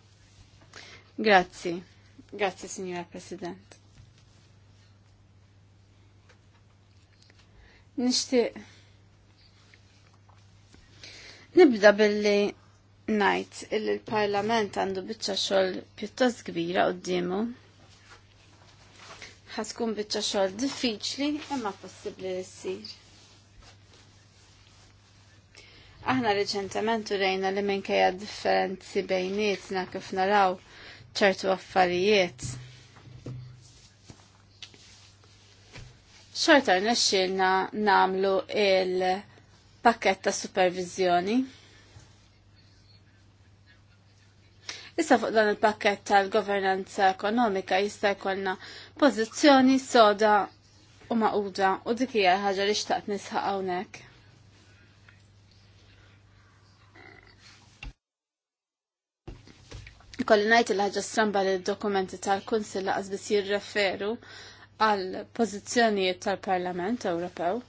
Grazzi. Grazzi, Signora President. Nixtieq Nibda billi ngħid illi l-Parlament għandu biċċa xogħol pjuttost kbira qudiemu ħaskun biċċa xogħol diffiċli imma possibbli li ssir. Aħna reċentament urejna li minkejja differenzi bejnietna kif naraw ċertu affarijiet. Xorta nesċilna namlu il-pakket ta' supervizjoni. Issa fuq dan il-pakket tal-governanza ekonomika jista' jkollna pożizzjoni soda u maquda u dik hija ħaġa li xtaqt nisħaq hawnhekk. Kolli najt il-ħagġa stramba li dokumenti tal-Kunsil laqas biss jirreferu għal pożizzjonijiet tal-Parlament Ewropew.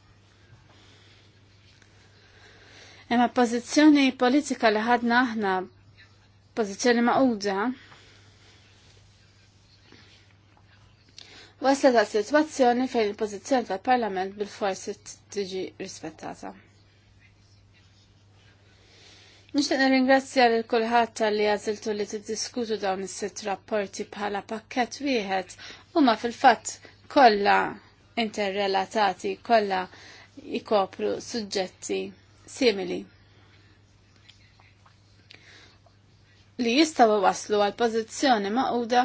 Imma pożizzjoni politika li ħadna aħna pożizzjoni maquda waslet ta' situazzjoni fejn il-pożizzjoni tal-Parlament bil-forsi tiġi rispettata. Nixtieq nirringrazzja lil kulħadd tal-li għaziltu li tiddiskutu dawn is-sitt rapporti bħala pakkett wieħed huma fil-fatt kollha interrelatati, kollha jkopru suġġetti simili. Li jistgħu waslu għal pożizzjoni maquda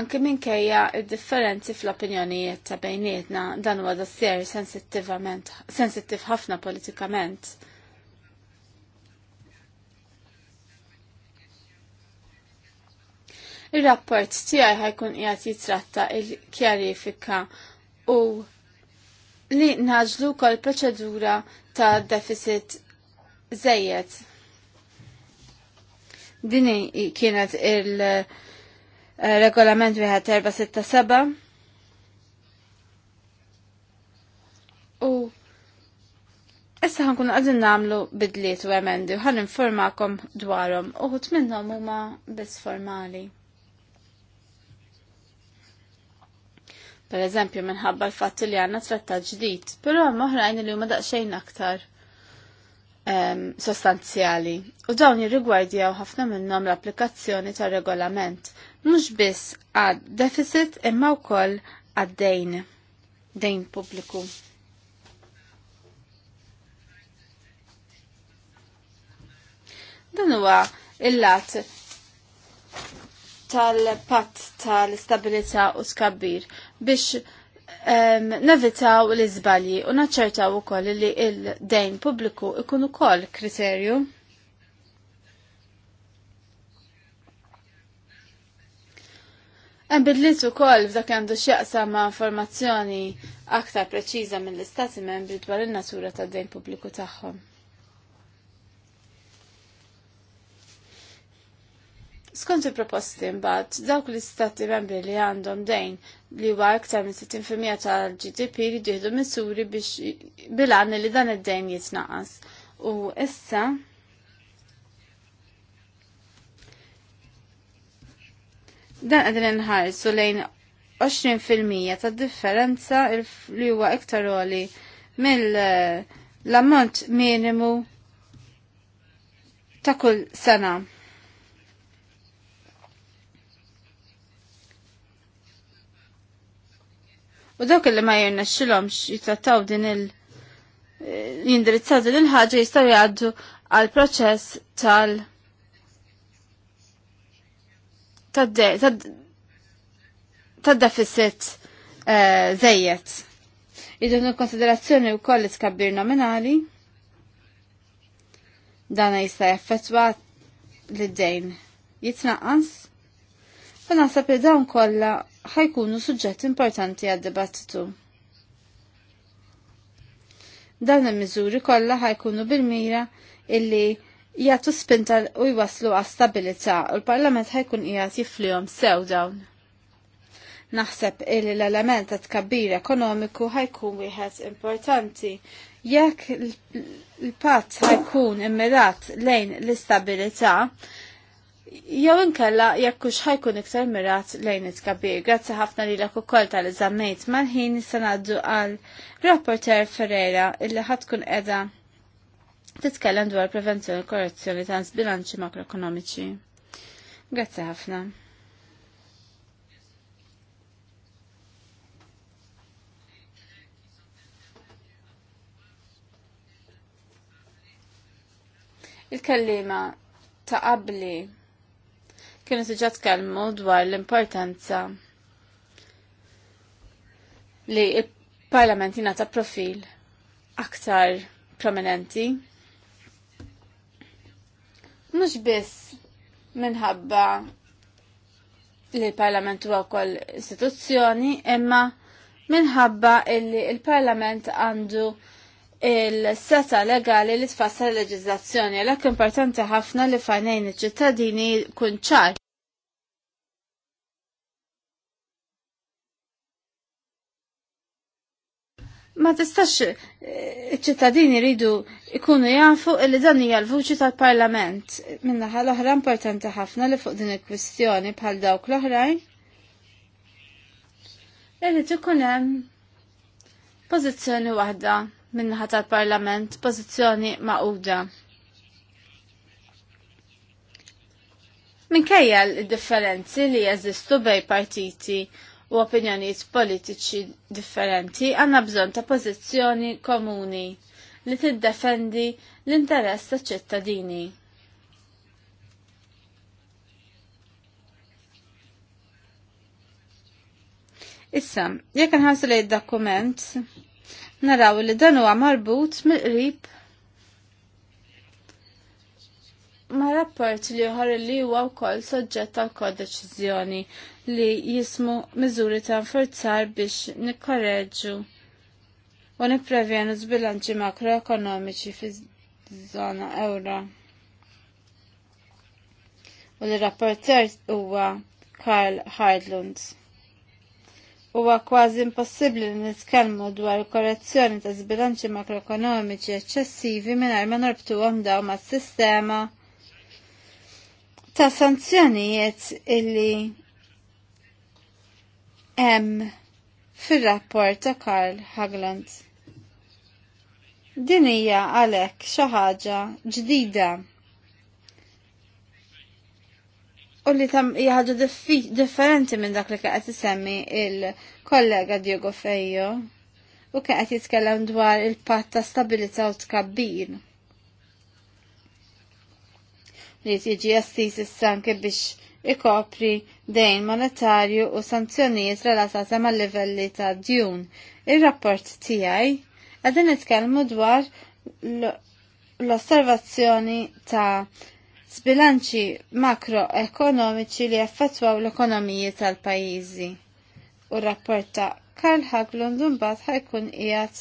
anke minkejja id-differenzi fl-opinjonijiet ta' bejnietna dan huwa dossier sensittiv ħafna politikament. Il-rapport tiegħi ħajkun qiegħed jitratta il-kjarifika u li naġlu kol proċedura ta' deficit zejjed. Dini kienet il-regolament 1467 u issa ħankun għadin namlu bidliet u emendi u ħan informakom dwarom uħut minnom huma bis formali. per eżempju minħabba l-fatt li għanna trattat ġdid, però hemm oħrajn li huma daqsxejn aktar um, sostanzjali. U dawn jirrigwardjaw ħafna minnhom l-applikazzjoni tar-regolament, mhux biss għad deficit imma wkoll għad dejn, dejn pubbliku. Dan huwa il-lat tal-patt tal-istabilità u tkabbir biex um, nevitaw l-izbalji u naċċertaw ukoll li il-dejn pubbliku ikun ukoll kriterju. Nbidlit u koll f'dak għandu xieqsa ma' informazzjoni aktar preċiża mill-istati membri dwar in-natura tad dejn pubbliku tagħhom. Skont il-proposti mbagħad dawk l-istati membri li għandhom dejn li huwa aktar minn 60% tal-GDP li ġieħdu misuri biex bilan li dan id-dejn jitnaqas. U issa dan qegħdin inħarsu lejn 20% ta' differenza li huwa iktar għoli mill ammont minimu ta' kull sena. U dawk li ma jirnexxilhomx jitrattaw din il- eh, jindirizzaw din il-ħaġa jistgħu jgħaddu għal proċess tal- tad-deficit eh, zejjed. Idu konsiderazzjoni u koll iskabbir nominali dana jista' jaffettwa lid-dejn jitnaqqas. Fa naħseb li dawn kollha ħajkunu suġġett importanti għad-dibattitu. Dawn il-miżuri kollha ħajkunu bil-mira illi jagħtu spinta u jwaslu għas stabilità u l-Parlament ħajkun qiegħed jiflihom sew dawn. Naħseb illi l-element ta' tkabbir ekonomiku ħajkun wieħed importanti jekk l-patt ħajkun immirat lejn l-istabilità jew inkella jekk hux ħajkun iktar mirat lejn it-kabir. Grazzi ħafna lilek ukoll tal-iżammejt mal-ħin issa ngħaddu għal rapporter Ferreira illi tkun qiegħda titkellem dwar prevenzjoni u korrezzjoni ta' sbilanċi makroekonomiċi. Grazzi ħafna. il-kellima ta' qabli kienu tiġa tkellmu dwar l-importanza li il-Parlament jingħata profil aktar prominenti. Mhux biss minħabba li l-Parlament huwa wkoll istituzzjoni, imma minħabba li l-Parlament għandu il-seta legali li tfassal leġizzazzjoni, l importanti ħafna li fanejn iċ-ċittadini kun ċar. Ma tistax eh, iċ-ċittadini ridu ikunu jafu li dan hija l-vuċi tal-Parlament. Minna l-oħra importanti ħafna li fuq din il-kwistjoni bħal dawk l-oħrajn. Irrid ikun hemm pożizzjoni waħda minnaħa tal-Parlament pożizzjoni maquda. Minkejja l-differenzi li jeżistu bej partiti u opinjonijiet politiċi differenti għanna bżon ta' pożizzjoni komuni li tiddefendi l-interess ta' ċittadini. Issa, jekk nħarsu lejn dokument naraw li dan huwa marbut mill-qrib ma' rapport li uħar li huwa wkoll soġġett għal kodeċiżjoni li jismu miżuri ta' forzar biex nikkorreġu u nipprevjenu zbilanċi makroekonomiċi fiż-żona ewra. U li rapporter huwa Karl Hardlund huwa kważi impossibbli li nitkellmu dwar korrezzjoni ta' sbilanċi makroekonomiċi eċċessivi mingħajr ma norbtuhom daw mas-sistema ta' sanzjonijiet illi hemm fir-rapport ta' Karl Hagland. Din hija għalhekk xi ħaġa ġdida u li tam jħadu differenti minn dak li kaqet isemmi il-kollega Diogo Fejjo, u kaqet jitkellem dwar il-patt ta' stabilità u tkabbir. Li tiġi assis s-sanke biex ikopri dejn monetarju u sanzjonijiet relatata mal livelli ta' djun. Il-rapport tiegħi qegħdin nitkellmu dwar l-osservazzjoni ta' sbilanċi makroekonomiċi li jaffettwaw l-ekonomiji tal-pajjiżi. U rapporta Karl Haglund mbagħad ħajkun qiegħed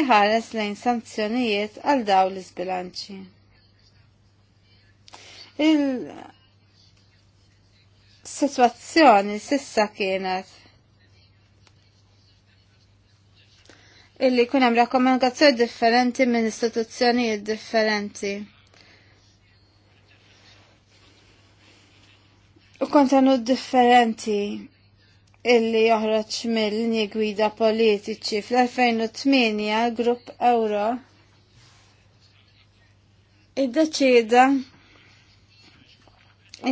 iħares lejn sanzjonijiet għal dawn l-isbilanċi. Il-sitwazzjoni sissa kienet illi kunem hemm differenti minn istituzzjonijiet differenti. u kontenut differenti illi joħroġ mill-linji gwida politiċi fl-2008 grupp Euro id-deċida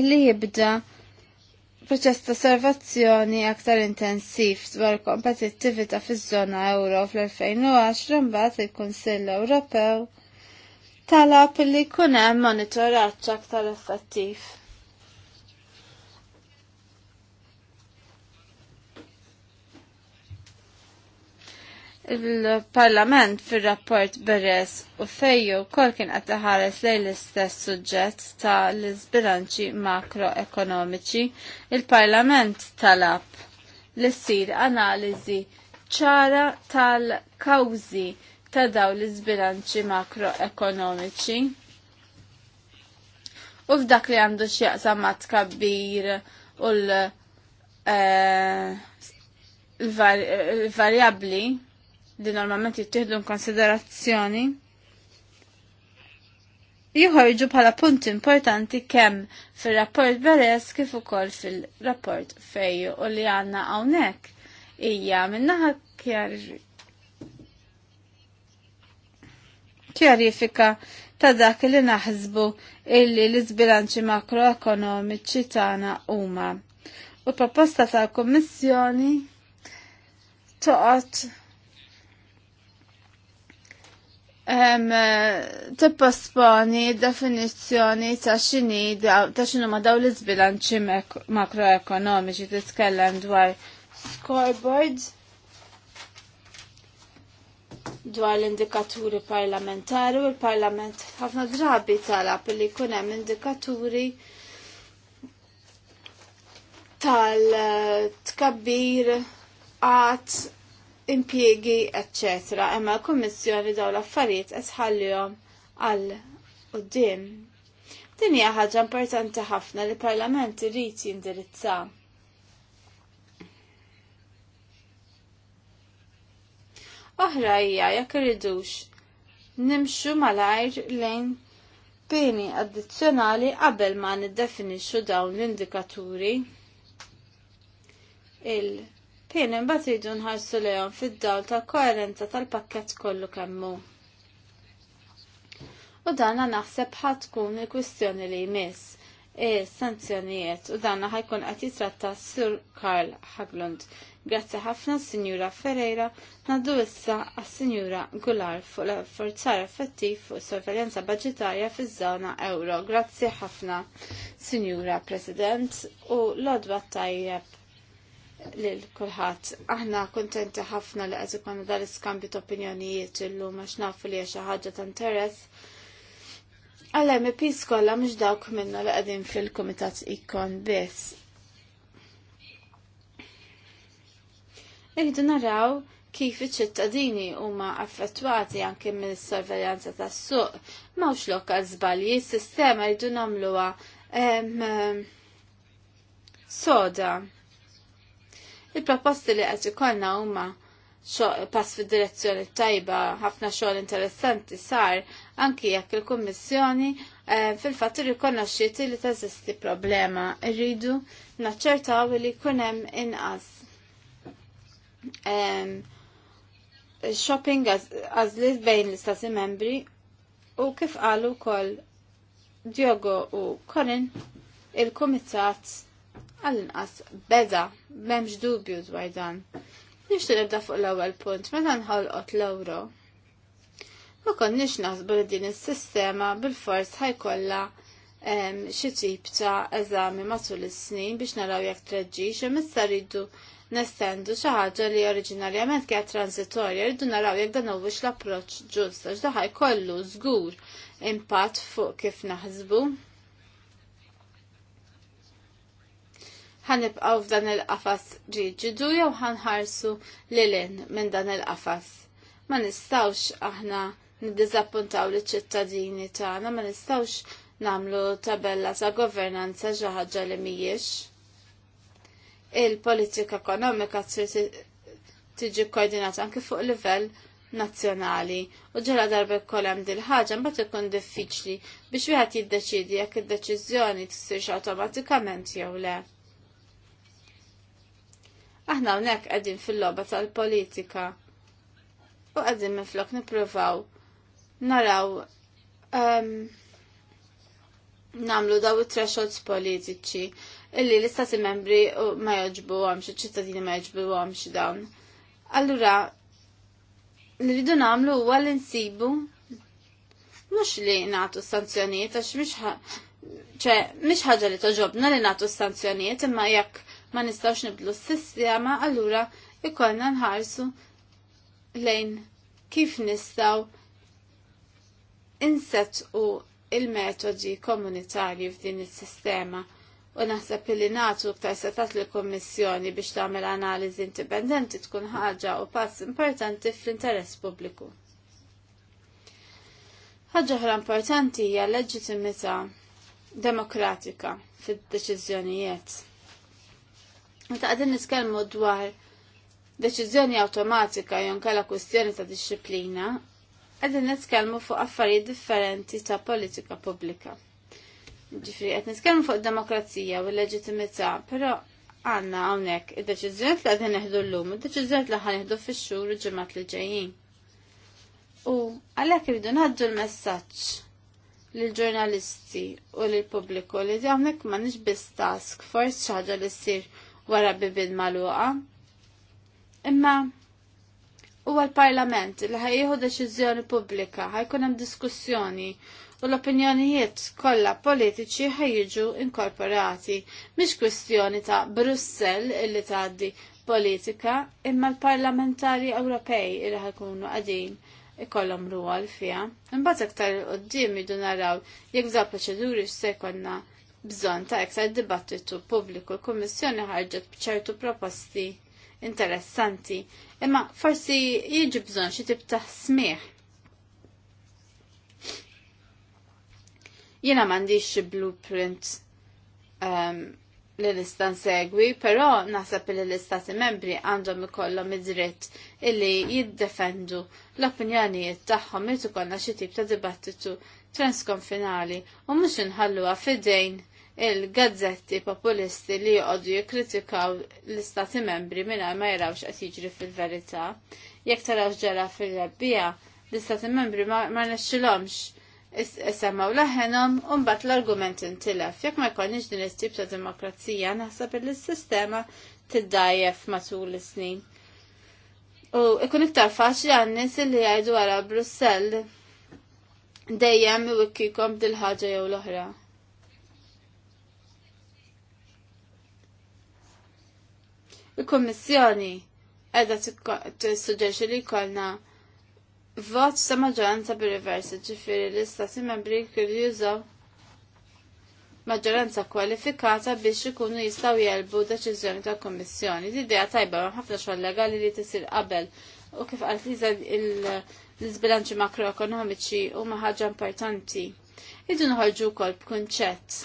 illi jibda proċess ta' servazzjoni aktar intensiv dwar kompetittività fiż-żona Euro fl-2010 mbagħad il-Kunsill Ewropew talab li jkun hemm aktar effettiv. Il-Parlament fil-rapport Beres u fejju kol kien qed iħares lejn l-istess suġġett ta' l-isbilanċi makroekonomiċi, il-Parlament talab li ssir analiżi ċara tal-kawżi ta' daw l-isbilanċi makroekonomiċi. U f'dak li għandu x'jaqsam ma' kabbir u eh, l-varjabli, li normalment jittieħdu konsiderazzjoni jħorġu bħala punti importanti kemm fil-rapport Beres kif ukoll fil-rapport Fejju u li għanna hawnhekk hija minnaħa kjarifika ta' dak li naħsbu illi l-izbilanċi makroekonomiċi tagħna huma. U proposta tal-Kummissjoni toqgħod Eh, tipposponi definizzjoni ta' xini ta' xinu ma' daw l-izbilanċi makroekonomiċi titkellem dwar scoreboard dwar l-indikaturi parlamentari u l-parlament ħafna drabi talab li jkun hemm indikaturi tal-tkabbir eh, għat impjiegi, eccetera, imma l-Kummissjoni daw l-affarijiet esħallihom għal qudiem. Din hija ħaġa importanti ħafna li l-Parlament irid jindirizza. Oħra hija jekk iridux nimxu malajr lejn pieni addizzjonali qabel ma niddefinixxu dawn l-indikaturi il- kien imbagħad iridu nħarsu lehom fid-dawl ta' koerenza tal-pakkett kollu kemmu. U dana naħseb ħadd tkun il-kwistjoni li jmiss sanzjonijiet u danna ħajkun qed jitratta Sur Karl Haglund. Grazzi ħafna Sinjura Ferreira, naddu issa għas-Sinjura Gular fuq l-forzar effettiv fuq sorveljanza budgetarja fiż-żona euro. Grazzi ħafna Sinjura President u l-odba tajjeb lil kulħadd. Aħna kuntenti ħafna li qed ikun dar iskambju ta' opinjonijiet illum għax nafu li hija xi ħaġa ta' interess. Għalla pis kollha mhux dawk minna li qegħdin fil-kumitat ikon biss. Iħdu naraw kif iċ-ċittadini huma affettwati anke mill-sorveljanza tas-suq m'hawnx lokal żbalji, s-sistema jdu nagħmluha soda. Il-proposti li qed ikollna huma pass fi direzzjoni tajba ħafna xogħol interessanti sar anki jekk il-Kummissjoni eh, fil-fatt irrikonoxxiet li teżisti problema. rridu naċċertaw li jkun hemm inqas shopping għażliet bejn l-istati membri u kif qalu wkoll Diogo u Corin il-Kumitat għal inqas beda, m'hemmx dubju dwar dan. Nixtieq nibda fuq l-ewwel punt meta nħolqot l-ewro. Ma konniex naħsbu li din is-sistema bil-fors ħajkollha xi tip ta' eżami matul is-snin biex naraw jekk treġġix imma issa rridu nestendu xi ħaġa li oriġinarjament kienet transitorja rridu naraw jekk dan huwiex l-approċċ ġust għax daħaj kollu żgur impatt fuq kif naħsbu ħanibqaw f'dan il-qafas ġiġidu jew ħanħarsu lilin minn dan il-qafas. Ma nistawx aħna niddiżappuntaw li ċittadini tagħna, ma nistawx namlu tabella ta' governanza xi ħaġa li mhijiex. Il-politika ekonomika tiġi koordinata anke fuq livell nazzjonali u ġela darba jkoll hemm dil ħaġa mbagħad ikun diffiċli biex wieħed jiddeċiedi jekk id-deċiżjoni tsirx awtomatikament jew le. Aħna hawnhekk qegħdin fil-logħba tal-politika u qegħdin minflok nippruvaw naraw um, namlu daw it-thresholds politiċi illi l-istati membri ma joġbu għamx, ċittadini ma joġbu għamx dawn. Allura, l-ridu namlu huwa li nsibu mux li natu sanzjoniet, għax mux ċe, ħagġa li toġobna li natu sanzjoniet, imma jekk ma nistawx nibdlu s-sistema, allura ikollna nħarsu lejn kif nistaw inset u il-metodi komunitarji f'din is-sistema u naħseb li nagħtu ktar setat li kummissjoni biex tagħmel analiżi indipendenti tkun ħaġa u pass importanti fl-interess pubbliku. Ħaġa oħra importanti hija l-leġittimità demokratika fid-deċiżjonijiet. Meta qegħdin nitkellmu dwar deċiżjoni awtomatika jew kella kwestjoni ta' disċiplina, qegħdin nitkellmu fuq affarijiet differenti ta' politika pubblika. Ġifri, qed nitkellmu fuq demokrazija u l-leġitimità, però għandna hawnhekk id-deċiżjonijiet li qegħdin neħdu llum, id-deċiżjonijiet li ħanieħdu fix-xhur u ġimgħat li ġejjin. U għalhekk irridu ngħaddu l-messaġġ l-ġurnalisti u l-pubbliku li għamnek ma nix biss task force ċaġa li s-sir wara bibin maluqa. Imma huwa l-Parlament li ħajjieħu deċiżjoni pubblika, ħajkun hemm diskussjoni u l-opinjonijiet kollha politiċi ħajjiġu inkorporati. Mhix kwestjoni ta' Brussell illi tgħaddi politika, imma l-parlamentari Ewropej illi ħajkunu qegħdin ikollhom ruol fiha. Imbagħad aktar il-qoddim jidu naraw jekk da proċeduri x'sekonna bżon ta' iktar dibattitu pubbliku l-Kummissjoni ħarġet bċertu proposti interessanti, imma forsi jiġi bżon xi tip ta' smieħ. Jiena m'għandix blueprint um, li l-istan segwi, però naħseb li l-istati membri għandhom ikollhom id-dritt illi jiddefendu l-opinjonijiet tagħhom li tkollna xi tip ta' dibattitu transkonfinali u mhux inħalluha fidejn il-gazzetti populisti li joqogħdu jikkritikaw l-istati membri mingħajr ma jarawx qed jiġri fil-verità. Jekk taraw ġara fil-rebbija, l-istati membri ma nexxilhomx isemmaw leħenhom u mbagħad l-argument intilef. Jekk ma jkollniex din it-tip ta' demokrazija, naħseb li s-sistema tiddajjef matul is-snin. U ikun iktar faċli għan-nies li jgħidu wara Brussell dejjem iwikkikom dil-ħaġa jew l-oħra. Il-Kommissjoni edha t-sugġerġi li kolna vot sa maġġoranza bil-reversi ġifiri l-istati membri kellu jużaw maġġoranza kwalifikata biex ikunu jistaw jelbu deċiżjoni ta' kommissjoni. L-idea tajba ma' ħafna xogħol legali li tisir qabel u kif qalt liża l-izbilanċi makroekonomiċi u ħaġa importanti. Idu nħorġu wkoll b'kunċett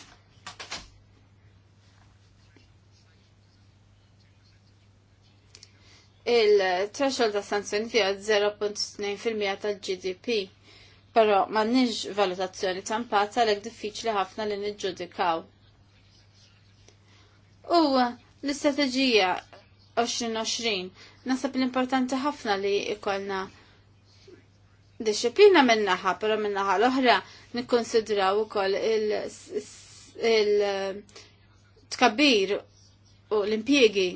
il-threshold ta' sanzjoni tiegħu 0.2% tal-GDP. Però m'għandniex valutazzjoni ta' impatt għalhekk diffiċli ħafna li niġġudikaw. U l-istrateġija 2020 nasab l-importanti ħafna li ikolna disċiplina minnaħa, pero minnaħa l-oħra nikkonsidraw ukoll il-tkabbir u l-impjegi.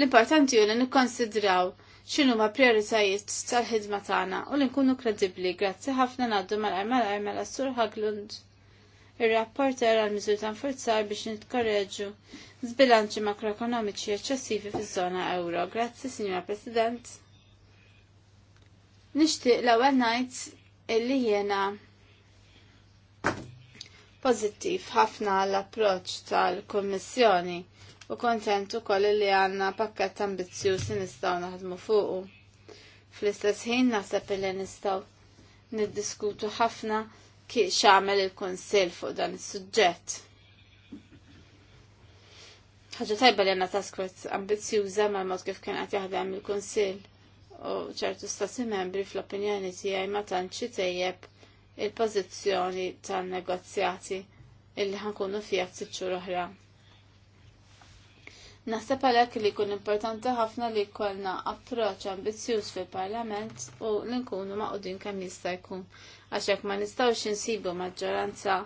L-importanti hu li nikkonsidraw xinu ma prioritajiet tal-ħidma tagħna u li nkunu kredibbli grazzi ħafna ngħaddu mal-għajmal għajmal mela għas-sur Haglund ir-rapporter għal miżur ta' nfurzar biex nitkorreġu zbilanċi makroekonomiċi eċċessivi fiż-żona euro. Grazzi, Signora President. Nixtieq l-ewwel ngħid illi jiena pożittiv ħafna għall approċċ tal-Kummissjoni u kontent koll li għandna pakkett ambizzjuż li nistgħu naħdmu fuqu. Fl-istess ħin naħseb li nistgħu niddiskutu ħafna kif x'għamel il-Kunsill fuq dan is-suġġett. Ħaġa tajba li għandna taskwet force ambizzjuża mal-mod kif kien qed jaħdem il-Kunsill u ċertu stati membri fl-opinjoni tiegħi ma tantx tejjeb il-pożizzjoni tan-negozjati illi ħankunu fija ftit xhur oħra. Naħseb għalhekk li jkun importanti ħafna li jkollna approċċ ambizzjuż fil-Parlament u li nkunu maqudin kemm jista' jkun għax hekk ma nistgħux insibu maġġoranza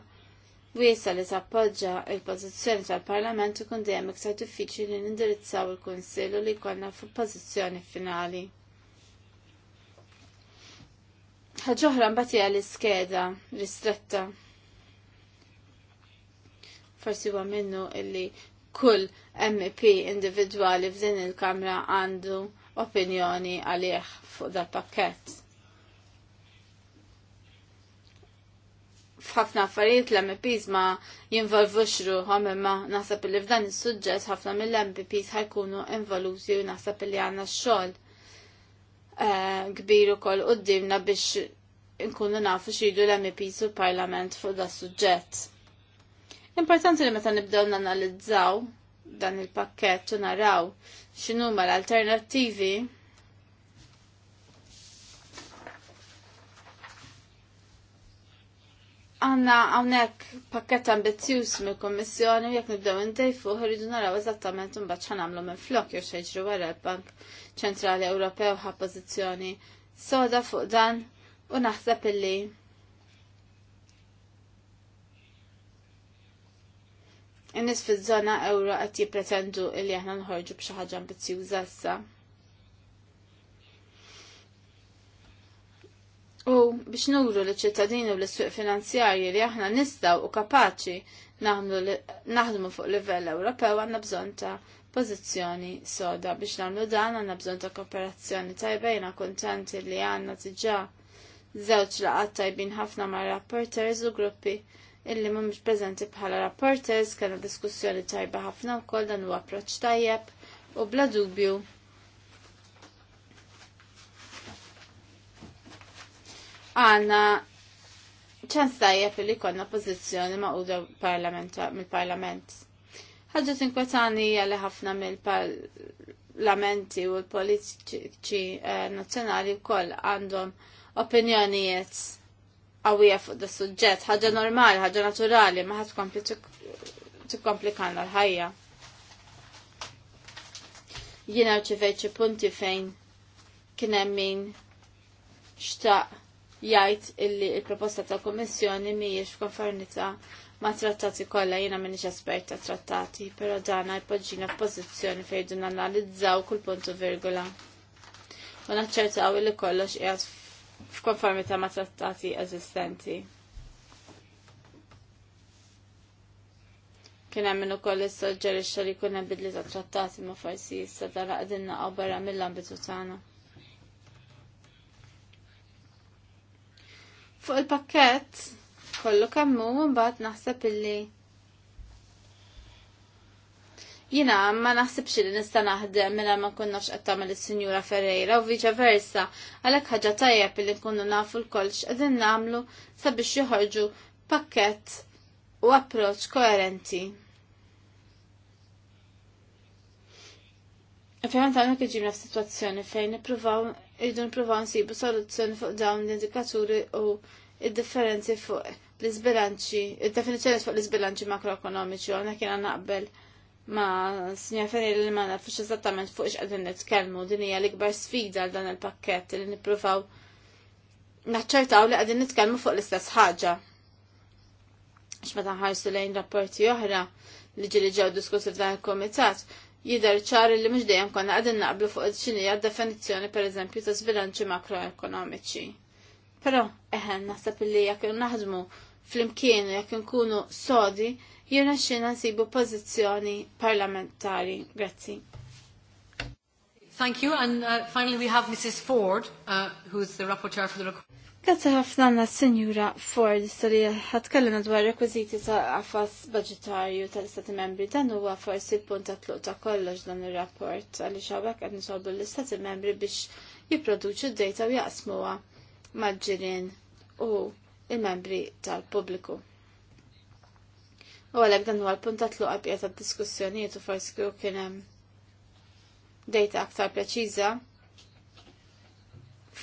wiesa li tappoġġa il-pożizzjoni tal-Parlament ikun dejjem iktar diffiċli li nindirizzaw il-Kunsill li jkollna fil-pożizzjoni finali. Ħaġa oħra mbagħad hija l-iskeda ristretta forsi huwa minnu illi kull MP individwali f'din il-Kamra għandu opinjoni għalih fuq da pakket. F'ħafna affarijiet l-MPs ma jinvolvux ruħom imma naħseb li f'dan is-suġġett ħafna mill-MPs ħajkunu involuti u naħseb li għandna x-xogħol eh, kbir ukoll qudiemna biex inkunu nafu x'jidu l-MPs u l-Parlament fuq da suġġett. Importanti li meta nibdew nanalizzaw dan il-pakket u naraw x'inhuma l-alternattivi għanna għawnek pakket ambizzjuż mill kommissjoni u jek nibdew ntejfu rridu naraw eżattament mbagħad x'għamlu minn flok jew xejġru wara l-Bank Ċentrali Ewropew ħa pożizzjoni soda fuq dan u naħseb illi in-nies fiż-żona ewro qed jippretendu li aħna nħorġu b'xi ħaġa ambizzjuża issa. U biex nuru li ċittadini u l suq finanzjarji li aħna nistaw u kapaċi naħdmu fuq livell Ewropew għandna bżonn ta' pożizzjoni soda biex nagħmlu dan għandna bżonn ta' kooperazzjoni tajbejna kontenti kuntenti li għandna diġà żewġ laqat tajbin ħafna ma' rapporters u gruppi illi mhumiex preżenti bħala rapporters kena diskussjoni tajba ħafna wkoll dan huwa approċċ tajjeb u bla dubju għanna ċans tajjeb illi konna pożizzjoni maquda mill-parlament. Ħaġa tinkwetani għalli ħafna mill-parlamenti u l-politiċi eh, nazzjonali wkoll għandhom opinjonijiet għawija fuq da suġġett, ħaġa normali, ħaġa naturali, ma ħadkompli tikkomplikanna l-ħajja. Jina rċivejt xi punti fejn kien hemm min xtaq jgħid illi il-proposta ta' mi mhijiex konformità ma' trattati kollha jiena m'iniex espert ta' trattati, però dana jpoġġina f'pożizzjoni fejn dun nanalizzaw kull puntu virgola. U naċċertaw li kollox qiegħed f'konformità ma' trattati eżistenti. Kien hemm min ukoll issoġġerixxa li jkun hemm bidli ta' trattati ma' forsi issa dara qegħdin naqgħu barra mill-ambitu tagħna. Fuq il-pakkett kollu kemm hu mbagħad naħseb illi Jina ma naħsibx li nista' naħdem mela ma kunnax qed tagħmel is-Sinjura Ferreira u viċa versa, għalhekk ħaġa tajjeb li nkunu nafu l kolx qegħdin nagħmlu sabiex joħorġu pakkett u approċċ koerenti. għanna kħiġim kien f'sitwazzjoni fejn nippruvaw irridu nippruvaw nsibu soluzzjoni fuq dawn l-indikaturi u id-differenzi fuq l-izbilanċi, id-definizzjoni fuq l-izbilanċi makroekonomiċi, kien għanna naqbel ma Sinja Ferri li ma nafux eżattament fuq x'qegħdin nitkellmu din hija l-ikbar sfida għal dan il-pakkett li nippruvaw naċċertaw li qegħdin nitkellmu fuq l-istess ħaġa. X'meta nħarsu lejn rapporti oħra li ġieli ġew diskussi f'dan il-kumitat, jidher ċar li mhux dejjem konna qegħdin naqblu fuq x'inhi definizzjoni pereżempju ta' sbilanċi makroekonomiċi. Però eħen naħseb li jekk naħdmu fl-imkien jekk nkunu sodi jiena xina nsibu pozizjoni parlamentari. Grazzi. Thank you, and uh, finally we have Mrs. Ford, uh, who's the rapporteur for the report. Grazie ħafna għanna Senjura Ford, s-sali ħatkallina dwar rekwiziti ta' għafas budgetarju tal-Istati membri, dan huwa forsi punt ta' tluq ta' kollox dan il-rapport għalli xawek għad nisolbu l-Istati membri biex jiproduċu d-data u jaqsmuwa maġġirin u il-membri tal-publiku. U għalek dan huwa l-punt ta' tluqa ta' diskussjonijiet u forsi kru kien hemm dejta aktar preċiża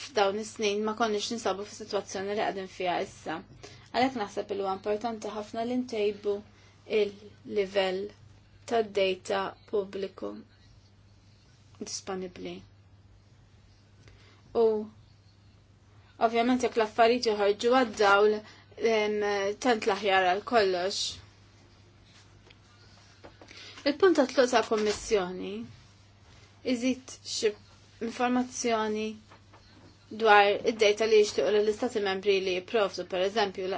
f'dawn is-snin ma konniex ninsabu f'sitwazzjoni li qegħdin fiha issa. Għalhekk naħseb il huwa importanti ħafna li ntejbu il-livell tad-data pubbliku disponibbli. U ovvjament jekk l-affarijiet joħorġu għad-dawl tant l-aħjar għal kollox. Il-punta tluq ta' kommissjoni iżid xib informazzjoni dwar id-data li jixtiequ l-istati membri li jipprovdu pereżempju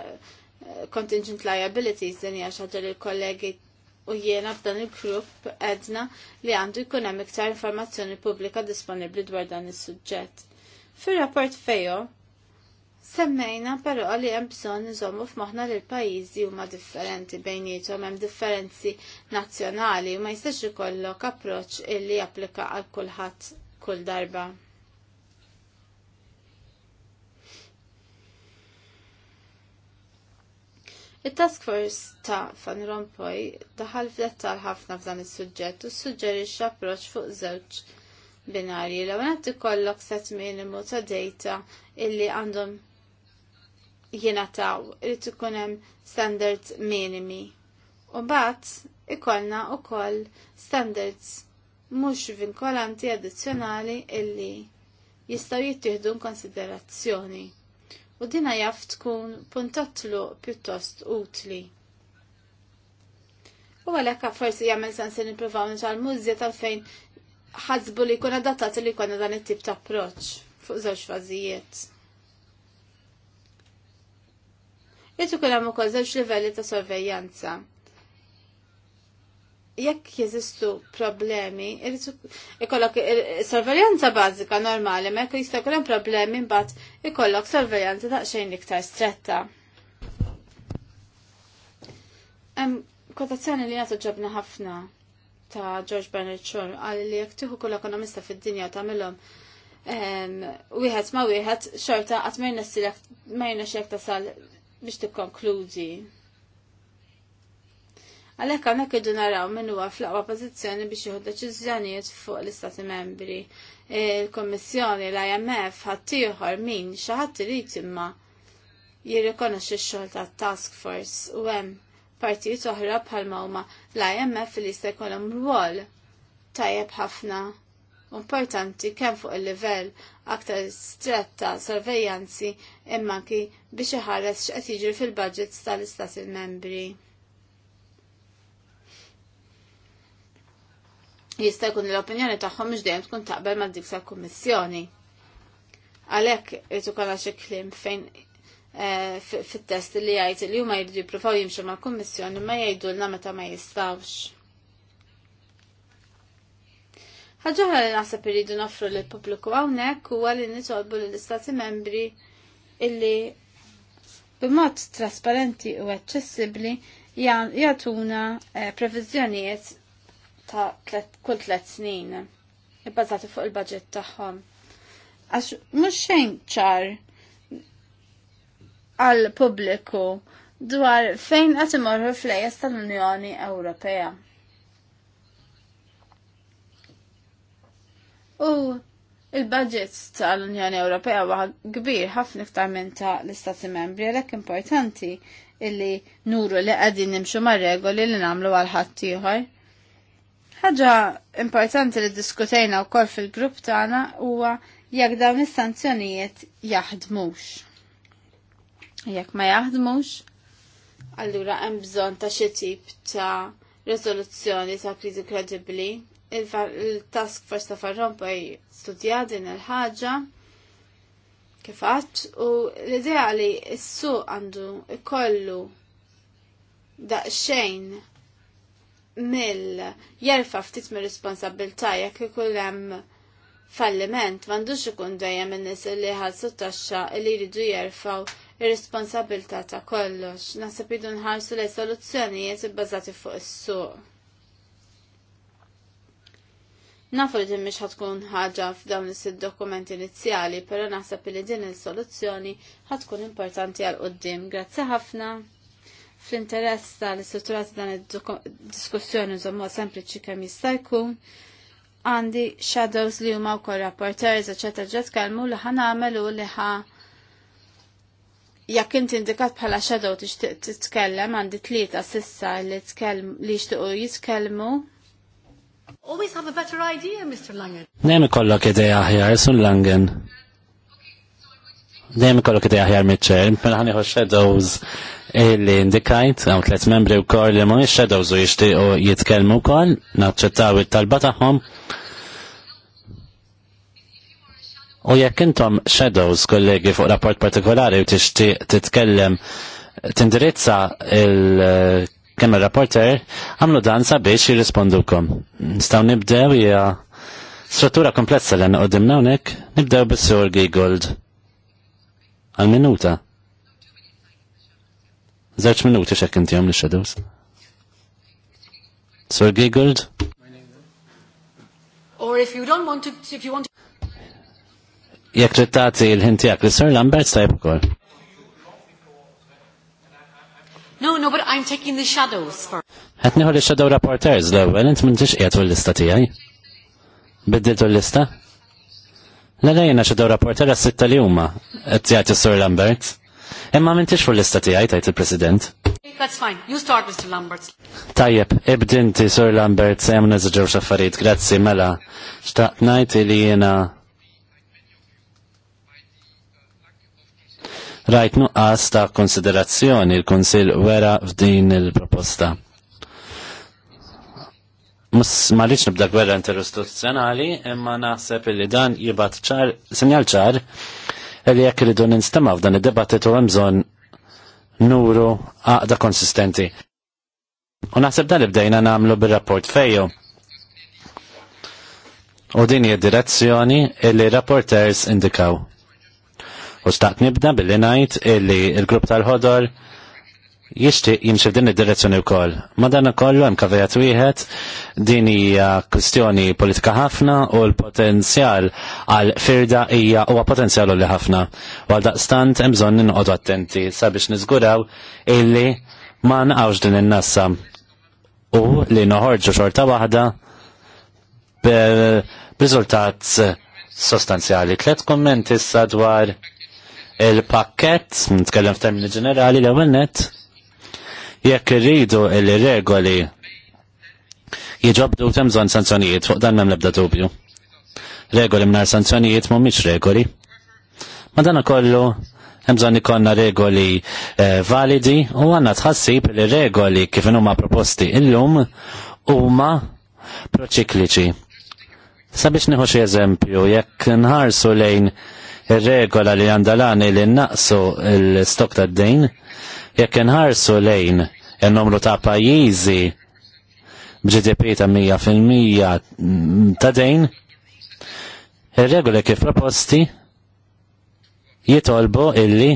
contingent liabilities din hija xi li l-kollegi u jiena f'dan il-grupp edna li għandu jkun hemm iktar informazzjoni pubblika disponibbli dwar dan is-suġġett. Fir-rapport fejo Semmejna però li hemm bżonn nżommu f'moħħna li l-pajjiżi huma differenti bejnietom hemm differenzi nazzjonali u ma jistax ikollok approċċ illi japplika għal kulħadd kull darba. Il-Task Force ta' Van Rompuy daħal f'dettal ħafna f'dan is-suġġett u suġġerixxa approċċ fuq żewġ binarji l għanet ikollok set minimu ta' data illi għandhom jenataw, ikun hemm standards minimi. U bat, ikolna u koll standards mux vinkolanti addizjonali illi jistaw jittieħdu konsiderazzjoni. U dina jaf tkun puntatlu pjuttost utli. U għalek forsi jgħamil sens li niprofaw mużja tal fejn ħazbu li kuna datat li kuna dan it-tip ta' approċ fuq żewġ fażijiet. Jiet ukoll hemm ukoll żewġ livelli ta' sorvejjanza. Jekk jeżistu problemi, ikollok sorveljanza bażika normali, ma jekk jista' jkun hemm problemi mbagħad ikollok ta' daqsxejn iktar stretta. Em, kotazzjoni li jatu ġobna ħafna ta' George Bernard Shaw għalli li jek tieħu kull ekonomista fid-dinja tagħmilhom wieħed ma wieħed xorta qatt ma ta' sal biex tikkonkludi. Għalhekk għanna kħidu naraw min huwa fl-aqwa pożizzjoni biex jieħu deċiżjonijiet fuq l-Istati Membri. Il-Kommissjoni, l-IMF ħaddieħor min xi ħadd irid imma jirrikonoxxi x-xogħol tat-task force u hemm partijiet oħra bħalma huma l-IMF li jista' jkollhom rwol tajjeb ħafna importanti kemm fuq il-livell aktar strett ta' sorvejjanzi imma ki biex iħares x'qed jiġri fil-budgets tal-istati membri. Jista' jkun l-opinjoni tagħhom mhux dejjem tkun taqbel ma' dik tal-Kummissjoni. Għalhekk irid ukoll xi kliem fejn eh, fit-test li jgħid li huma jridu jippruvaw jimxu mal-Kummissjoni ma jgħidulna meta ma jistawx. Ħagġaħra li naħseb iridu nofru l pubbliku hawnhekk huwa li nitolbu lill istati membri illi b'mod trasparenti u aċċessibbli jagħtuna eh, previżjonijiet ta' kull tliet snin ibbażati fuq il-budget tagħhom. Għax mhux xejn ċar għal pubbliku dwar fejn qed imorru flejes tal-Unjoni Ewropea. U il-budget tal-Unjoni Ewropea huwa kbir ħafna iktar minn ta' l-Istati Membri għalhekk importanti illi nuru li qegħdin nimxu mar-regoli li nagħmlu għal ħadd ieħor. Ħaġa importanti li diskutejna wkoll fil-grupp tagħna huwa jekk dawn is-sanzjonijiet jaħdmux. Jekk ma jaħdmux, allura hemm bżonn ta' xi tip ta' riżoluzzjoni ta' kriżi kredibbli il-task force ta' farrom studja din il-ħagġa kif u l-idea li s-su għandu ikollu xejn mill jerfa ftit mir responsabilta jekk ikun hemm falliment m'għandux ikun dejjem in-nies li ħallsu taxxa li jridu jerfgħu ir-responsabilità ta' kollox. Naħseb idu nħarsu lej soluzzjonijiet ibbażati fuq is-suq. Nafu li din mhix tkun ħaġa f'dawn is-sitt dokumenti inizjali, però naħseb li din il-soluzzjoni ħatkun importanti għal qudiem. Grazzi ħafna fl-interess tal-istrutturati dan id-diskussjoni żommu sempliċi kemm jista' jkun. Għandi shadows li huma wkoll rapporters, eċetera, ġed tkellmu li ħan għamel u li ħa jekk inti indikat bħala shadow tixtieq titkellem għandi tlieta sissa li tkellmu li jixtiequ jitkellmu Always have a better idea, Mr. Langen. Nejmi kollok ideja aħjar, sun Langen. Nejmi kollok ideja ħjar mitċer, mela ħani shadows illi indikajt, għaw tlet membri u kor li muni shadows u jishti u jitkelmu kol, naċċettaw il-talba taħħom. U jekk intom shadows kollegi fuq rapport partikolari u tixti titkellem tindirizza il- kemm ir-rapporter għamlu dan sabiex jirrispondukom. Nistgħu nibdew hija struttura komplessa li għodimna hawnhekk, nibdew bis-sur Gold. Għal minuta. Żewġ minuti x'hekk inti li shadows. Sur Gold? Or if you don't want to, if you want to... Jek trittati l-ħintijak li Sir Lambert stajb ukoll. No, no, but I'm taking the shadows for... Għet niħu li shadow reporters, l-ewel, int mintix qiegħed u l-lista tiegħi. Biddiltu l-lista? La lejna shadow reporter għas-sitta li huma, qed jagħti Sur Lambert. Imma mintix fuq l-lista tiegħi tajt il-President. That's fine. You start, Mr. Lambert. Tajjeb, ibdinti Sir Lambert, se jemna zaġġew grazzi mela. Xtaqt ngħid li jiena rajt nuqqas ta' konsiderazzjoni il-Konsil vera f'din il-proposta. Mus marriċ nibda gwerra interistituzzjonali, imma naħseb li dan jibat ċar, sinjal ċar, li jekk iridu ninstema' f'dan id-debattitu hemm bżonn nuru għaqda konsistenti. U naħseb dan li bdejna nagħmlu bir-rapport fejju. U din hija direzzjoni li rapporters indikaw. U staqt nibda billi ngħid illi il-grupp tal-ħodor jixtieq jimxi din id-direzzjoni wkoll. Madana kollu hemm kavijat wieħed din hija kwistjoni politika ħafna u l-potenzjal għal firda hija huwa potenzjal li ħafna. U għal daqstant hemm bżonn inqogħdu attenti sabiex niżguraw illi ma nqawx din in-nassa u li noħorġu xorta waħda b'riżultat sostanzjali. Tlet kummenti issa dwar il-pakket, nitkellem f'termini ġenerali l-ewwel net, jekk irridu il-regoli jġobdu temżon sanzjonijiet fuq dan mem lebda dubju. Regoli mnar sanzjonijiet mhumiex regoli. Ma dan kollu bżonn ikonna regoli eh, validi u għandna tħassib li regoli kif huma proposti illum huma proċikliċi. Sabiex nieħu eżempju, jekk nħarsu lejn ir-regola li għandalani li naqsu l-stok ta' d-dejn, jekk nħarsu lejn il-numru ta' pajjiżi b'GDP ta' 100% ta' dejn, ir-regoli kif proposti jitolbu illi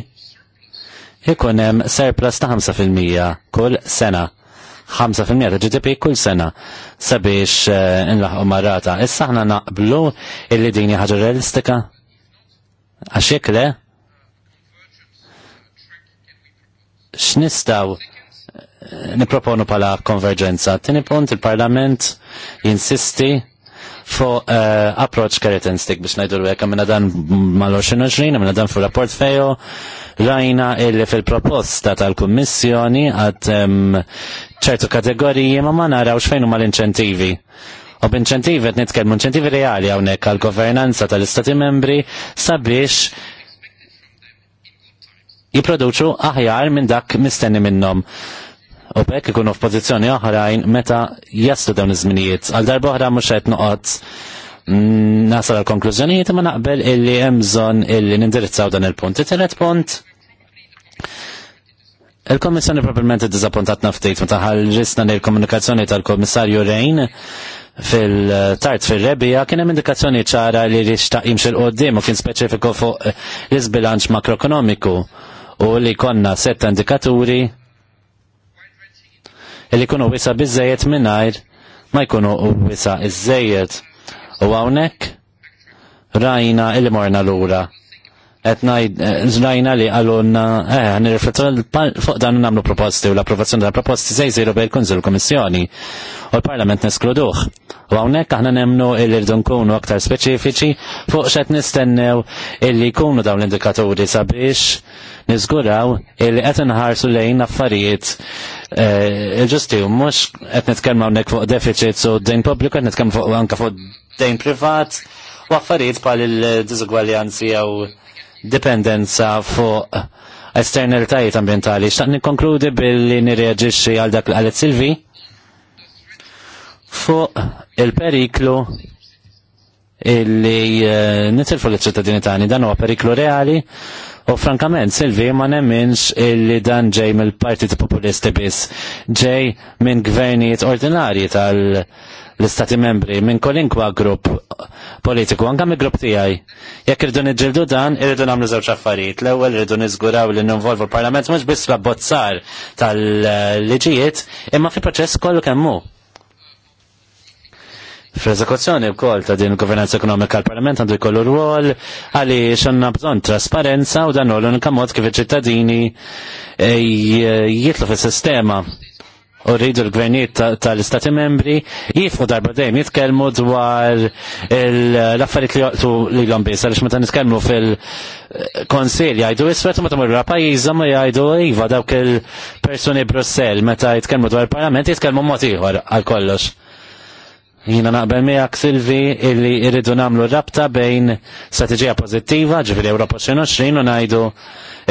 ikun hemm surplus ta' 5% kull sena. 5% ta' GDP kull sena sabiex uh, eh, nlaħqu marata. Issa aħna naqblu illi din ħaġa realistika? Għaxek le? X'nistgħu eh, niproponu pala konverġenza. Tini punt il-Parlament jinsisti fuq uh, eh, approach characteristic biex ngħidu l-għek dan mal 20 minna dan fuq rapport fejo, rajna illi fil-proposta tal-Kommissjoni għad ehm, ċertu kategoriji ma ma narawx x'fejn huma l-inċentivi. U b'inċentivi qed nitkellmu inċentivi reali hawnhekk għall governanza tal-Istati membri sabiex jipproduċu aħjar minn dak mistenni minnhom. U bekk ikunu f'pożizzjoni oħrajn meta jaslu dawn iż-żminijiet. Għal darba oħra mhux qed noqgħod nasal għal konklużjonijiet ma naqbel illi hemm bżonn illi nindirizzaw dan il-punt. It-tielet punt Il-Kommissjoni probabilment id-dizappuntat naftit meta ħarġisna li komunikazzjoni tal-Kommissarju Rejn fil-tart fil-rebija kien hemm indikazzjoni ċara li rixtaq jimxi l-qoddim u kien speċifiku fuq l-isbilanċ makroekonomiku u li konna setta indikaturi li kunu wisa bizzejiet minnajr ma jkunu wisa iżżejjed u għawnek rajna il-morna l-ura etnajd eh, zrajna li għallunna, eh, nirriflettu fuq dan namlu proposti u l-approvazzjoni tal proposti zej ziru bej kunżil kommissjoni u l-parlament neskluduħ. U għawnek aħna nemnu il irdun nkunu aktar speċifiċi fuq xet nistennew illi kunu dawn l-indikaturi sabiex nizguraw illi qed ħarsu lejn affarijiet eh, il-ġusti u mux qed nitkellmu hawnhekk fuq deficits u dejn pubbliku qed nitkellmu fuq anke fuq dejn privat u affarijiet bħal il-diżugwaljanzi jew dipendenza fuq esternalitajiet ambientali. Xtaq konkludi billi nirreagġixxi għal dak għalet Silvi fuq il-periklu illi eh, nitilfu l-ċittadini tani dan huwa periklu reali U frankament, Silvi, ma nemminx illi dan ġej mill-partiti populisti biss, ġej minn gvernijiet ordinarji tal-istati membri, minn kolinkwa grupp politiku, anka mill grupp tijaj. Jek irridu nġildu dan, irridu namlu zewċ affarijiet. L-ewel irridu nizguraw li n-involvu l-parlament mux biss la bozzar tal-liġijiet, imma fil proċess kollu kemmu. Fl-eżekuzzjoni wkoll ta' din il-governanza ekonomika l-Parlament għandu jkollu rwol għaliex għandna bżonn trasparenza u dan l unika mod kif iċ-ċittadini eh, jitlu fis-sistema u rridu l-gvernijiet tal-istati membri jifqu darba dejjem jitkellmu dwar l-affarijiet li joqtu li l-om biss għaliex meta nitkellmu fil-konsil jgħidu iswed meta marru pajjiża ma jgħidu iva dawk il-persuni Brussell meta jitkellmu dwar il-parlament jitkellmu mod ieħor għal kollox. Jina naqbel miegħek Silvi illi irridu nagħmlu rabta bejn strateġija pożittiva ġifieri Ewropa 2020 u ngħidu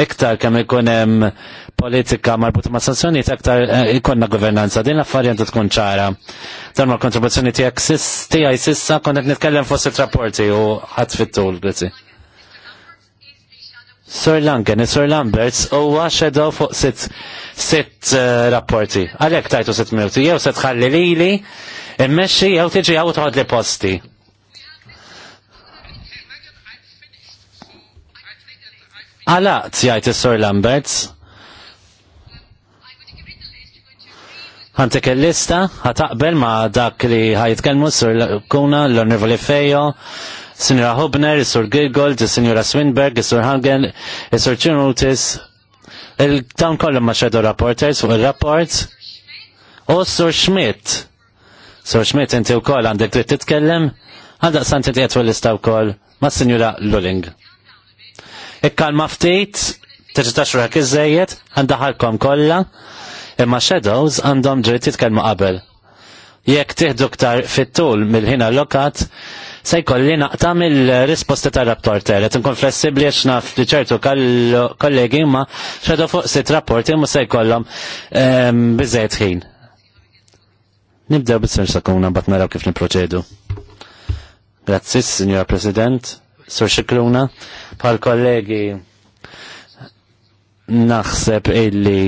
iktar kemm ikun hemm politika marbuta ma' sanzjonijiet aktar eh, ikonna governanza din l-affarjant tkun ċara. Dan ma' kontribuzzjoni tiegħek tiegħi sissa konnet nitkellem fost it-rapporti u għatfittul, fit-tul, grazzi. Sir Lanken, Sir Lamberts, u għaxedaw fuq sitt sit, eh, rapporti. Għalek tajtu sitt minuti, jew sitt ħalli lili, Immexxi jew tiġi jew toħod li posti. Għalaqt jgħid is sor Lamberts. Għantik il-lista, għataqbel ma dak li ħajitkellmu sur Kuna, l-Onorevoli Fejo, Sinjora Hubner, Sur Gilgold, Sinjora Swinberg, Sur Hagen, Sur Ċinutis, il-dawn kollha ma xedu rapporters u il-rapport, u Sur Schmidt. Sur Schmidt, inti wkoll għandek dritt titkellem, santi t inti l lista wkoll mas sinjura Luling. Ikkal maftit, iż ruħek iżejjed, ħalkom kollha, imma Shadows għandhom dritt jitkellmu qabel. Jekk tieħdu ktar fit-tul mill-ħin allokat, se jkolli naqta mill-risposti tar-rapporter. Qed inkun flessibbli għax naf li ċertu kollegi imma xedu fuq sit rapporti imma se jkollhom ehm, biżejjed ħin. Nibdew bit sir sakuna bat naraw kif niproċedu. Grazzi, Signora President, Sur Xikluna, pal kollegi naħseb illi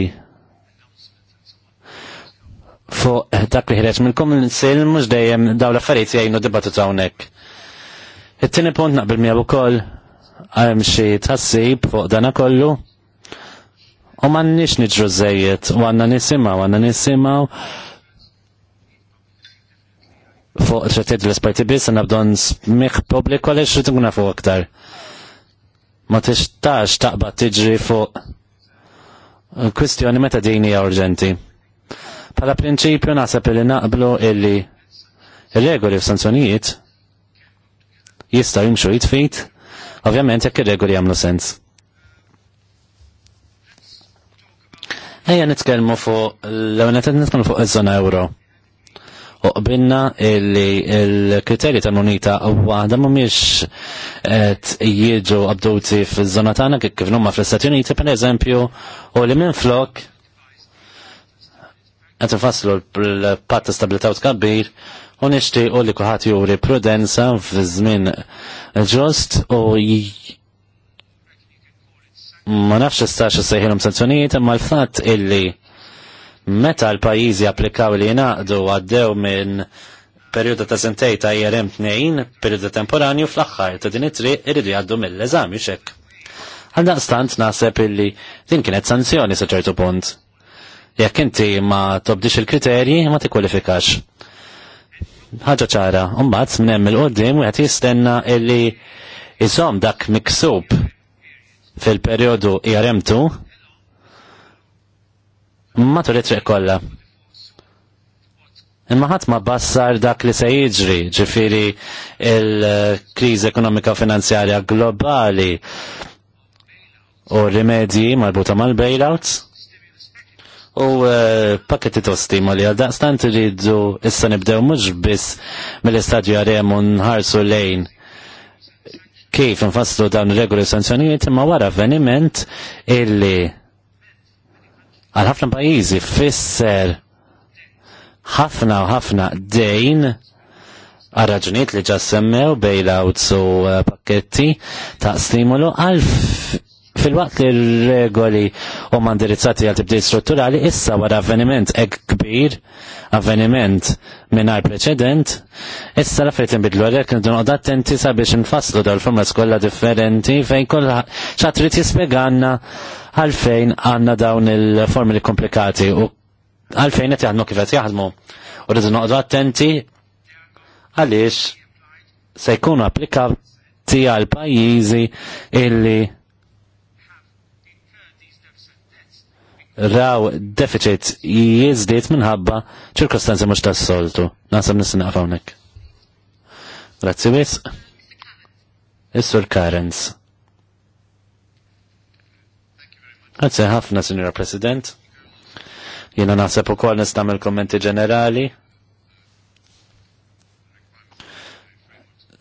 fuq dak li ħreġ minnkom nsil mhux dejjem daw l-affarijiet jgħinu dibattu hawnhekk. It-tieni punt naqbel miegħu wkoll hemm xi tħassib fuq dana kollu. U m'għandniex niġru żejjed u għandna nisimgħu għandna nisimgħu fuq trattiet l esparti biss għanna bdon smiħ publiku għalix rritungna fuq aktar. Ma taqba taqbad tiġri fuq kwistjoni meta dini urġenti. Pala prinċipju nasab li naqblu illi regoli sanzjonijiet jista' jimxu jitfit, ovvjament jekk ir-regoli jagħmlu sens. Ejja nitkellmu fuq l-ewnet nitkelmu fuq iż-żona euro uqbinna li l-kriterji tal-munita waħda mhumiex qed jiġu abduti fiż-żona tagħna kif huma fl-Istati Uniti pereżempju u li minflok qed infasslu l-patt ta' stabilità u tkabbir u nixtiequ li kulħadd juri prudenza f'żmien ġust u ma nafx istax sejħilhom sanzjonijiet imma l-fatt illi Meta l-pajizi applikaw li jnaqdu għaddew minn perjodu ta' sentej ta' IRM 2, perjodu temporanju fl-axħar ta' din it-triq irridu jgħaddu mill-eżami xek. Għaldaqstant naħseb illi din kienet sanzjoni sa' ċertu punt. Jekk inti ma tobdix il-kriterji ma tikkwalifikax. Ħaġa ċara, mbagħad minn il-qudiem wieħed jistenna illi iżomm dak miksub fil-perjodu IRM2 ma it-triq kollha. Imma ħadd ma bassar dak li se jiġri, ġifiri il-kriżi ekonomika finanzjarja globali u rimedji marbuta mal-bailouts u eh, paketi ta' li għal daqstant rridu issa nibdew mhux biss mill-istadju għarem u nħarsu lejn kif nfasslu dawn regoli sanzjonijiet imma wara avveniment illi għal ħafna pajjiżi fisser ħafna u ħafna dejn għal raġunijiet li ġa semmew bailouts u eh, pakketti ta' stimolu għal fil-waqt li regoli u mandirizzati għal tibdil strutturali, issa wara avveniment ek kbir, avveniment minnar preċedent, issa la fejt nbidlu għalek nidun għod attenti sabiex nfasslu dal-forma skolla differenti fejn kolla ċatrit jispieganna għalfejn għanna dawn il-formuli komplikati u għalfejn għet jgħadnu kif jgħadmu. U rridu noqdu attenti għaliex se jkunu applikati għal pajizi illi raw deficit jizdiet minħabba ċirkostanzi mux tas soltu. Nasab nissin għafawnek. Grazzi wis. Is-sur Karens. Grazzi ħafna, Signora President. Jena naħseb ukoll nistamil kommenti ġenerali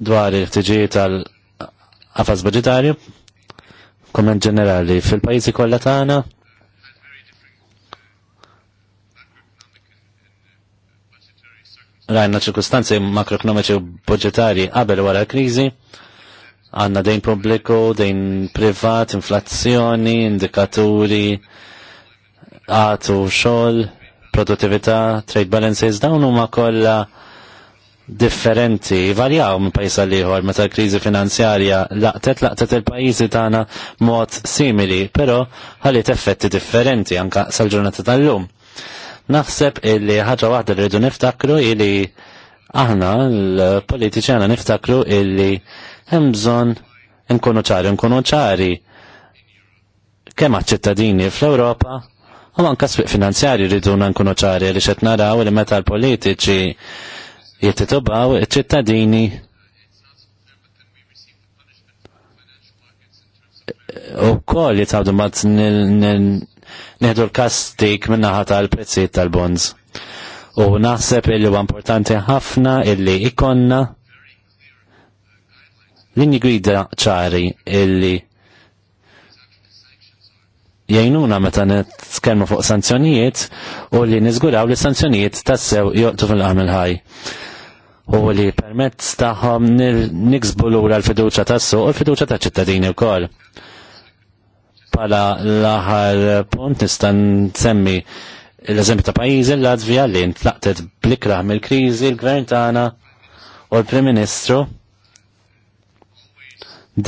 dwar il-ħtiġijiet tal afas budġetarju. Komment ġenerali fil-pajjiżi kollha tagħna rajna ċirkustanzi makroekonomiċi u budgetari qabel wara kriżi, għanna dejn pubbliku, dejn privat, inflazzjoni, indikaturi, għatu xogħol, produttività, trade balances, dawn huma kollha differenti, varjaw minn pajis għalliħor, liħor meta l-krizi finanzjarja laqtet laqtet il-pajizi tagħna mod simili, però ħallit effetti differenti anka sal-ġurnata tal-lum. Naħseb illi ħaġa waħda rridu niftakru illi aħna l-politiċi għana niftakru illi hemm bżonn nkunu ċari, nkunu ċari kemm ċittadini fl-Ewropa u anka sfiq finanzjari rridu nkunu ċari li xed naraw li meta l-politiċi jittitubaw iċ-ċittadini u koll jitawdu mat neħdu l-kastik minnaħa tal-prezzijiet tal-bonds. U naħseb illi huwa importanti ħafna illi ikonna linji gwida ċari illi jajnuna meta nitkellmu fuq sanzjonijiet u li niżguraw li sanzjonijiet tassew joqtu fil il ħaj u li permezz tagħhom niksbu lura l-fiduċa tas-suq u l-fiduċa taċ ċittadini wkoll. Pala l-aħar punt nista' nsemmi l-eżempju ta' pajjiżi l-Latvija li ntlaqtet blikraħ mill-kriżi l-gvern tagħna u l-Prim Ministru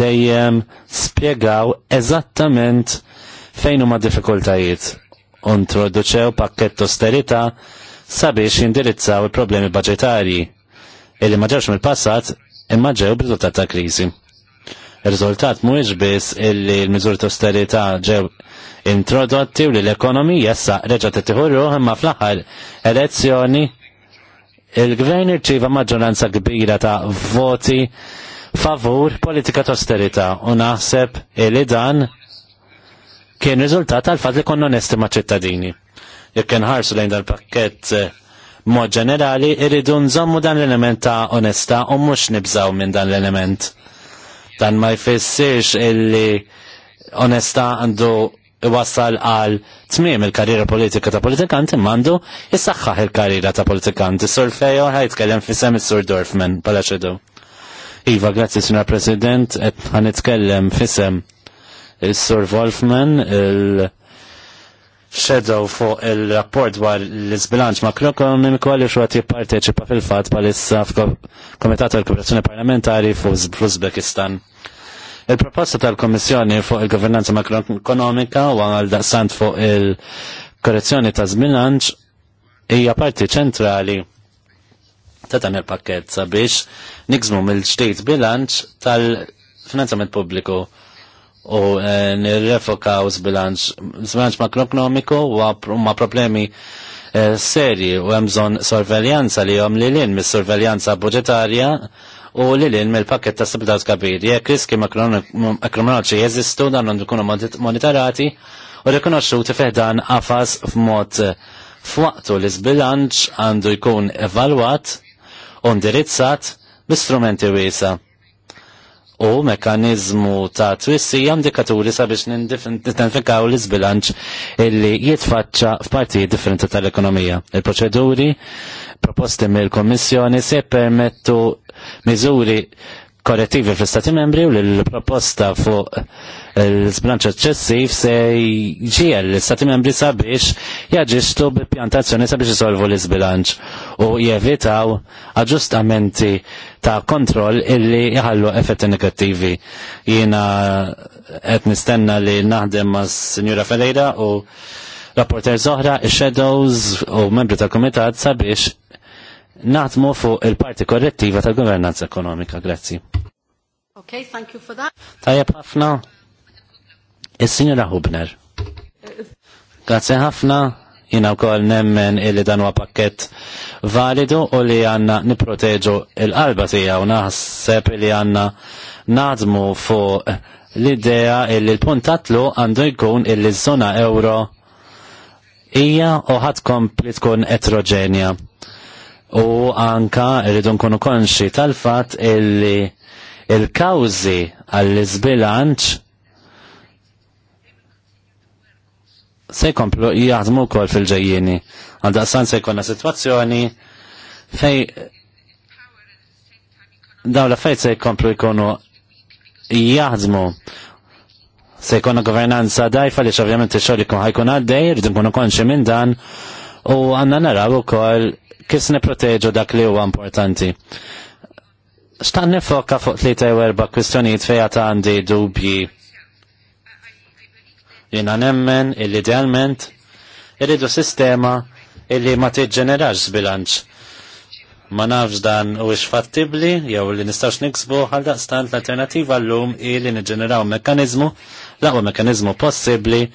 dejjem spjegaw eżattament fejn huma diffikultajiet u introduċew pakkett austerità sabiex jindirizzaw il-problemi budġetarji illi ma ġewx mill-passat imma ġew b'riżultat ta' kriżi. Il-rizultat mhuwiex biss illi l-miżur ta' austerita ġew introdotti u li l-ekonomija issa reġa' t imma fl-aħħar elezzjoni il-gvern irċieva maġġoranza kbira ta' voti favur politika ta' austerita u naħseb illi dan kien riżultat għal fad li konna onesti ma' ċittadini. Jekk ħarsu lejn dal-pakkett eh, mod ġenerali irridu nżommu dan l-element ta' onesta u mhux nibżaw minn dan l-element. Dan ma jfissirx illi onesta għandu wasal għal tmiem il-karriera politika ta' politikant mandu jissaxħaħ il-karriera ta' politikant. sur Fejo ħajtkellem fi sem is-sur Dorfman pala ċedu. Iva, grazzi sina President, ħanitkellem fisem is-sur Wolfman, il- xedow fuq il-rapport dwar l-izbilanċ makroekonomiku għalli xuħat jipparteċipa fil-fat palissa f'Komitat tal-Kooperazzjoni Parlamentari fuq Uzbekistan. Il-proposta tal-Komissjoni fuq il-Governanza Makroekonomika u għal daqsant fuq il-korrezzjoni ta' zbilanċ hija parti ċentrali ta' dan il-pakket sabiex nikżmu mill-ġdejt bilanċ tal-finanzament pubbliku u eh, nirrefokaw zbilanċ makroekonomiku u ma problemi eh, seri u hemm sorveljanza li jom li l-in mis-sorveljanza budġetarja u li l-in mill-pakket ta' stabilità kabir. Jekk riski makroekonomiċi jeżistu dan għandu jkunu monitorati u rikonoxxuti fih dan qafas f'mod f'waqtu li zbilanċ għandu jkun evalwat u ndirizzat b'istrumenti wiesa' u mekanizmu ta' twissija indikaturi sabiex nintenfikaw l-izbilanċ illi jitfaċċa f'partijiet differenti tal-ekonomija. Il-proċeduri proposti mill komissjoni se permettu miżuri korrettivi fl-Stati membri u l-proposta fuq l sbranċa eccessiv se ġie l-Stati membri sabiex jaġiġtu bi-pjantazzjoni sabiex jisolvu l sbranċ u jevitaw aġustamenti ta' kontroll illi jħallu effetti negattivi. Jina qed nistenna li naħdem ma' Sinjura Ferreira u rapporter Zohra, shadows u membri tal-Komitat sabiex naħdmu fuq il-parti korrettiva tal-governanza ekonomika. Grazzi. Okay, thank you for that. Tajab ħafna. Is-Sinjora Hubner. Grazzi ħafna. Jina u koll nemmen illi dan huwa pakket validu u li għanna niproteġu il-qalba tija u naħseb li għanna nadmu fuq l-idea illi l-puntatlu għandu jkun illi z-zona euro ija u ħatkom li tkun etrogenja u anka rridu nkunu konxi tal-fat illi il-kawzi għall-izbilanċ se jkomplu jaħdmu kol fil-ġejjini. san se jkollna situazzjoni fej daw la fejt se jkomplu jkunu jgħadmu. se jkunna governanza dajfa li xovjament il-xogħol jkun ħajkun għaddej, rridu nkunu konxi minn dan u għanna naraw ukoll kis niproteġu dak li huwa importanti. X'tan nifoka fuq tlieta jew erba' kwistjonijiet fejja ta' għandi dubji. Jiena nemmen illi idealment irridu sistema illi ma tiġġenerax bilanċ. Ma nafx dan u fattibli jew li nistax niksbu għal daqstant l-alternativa l-lum illi niġġeneraw mekkanizmu, laqwa mekanizmu possibbli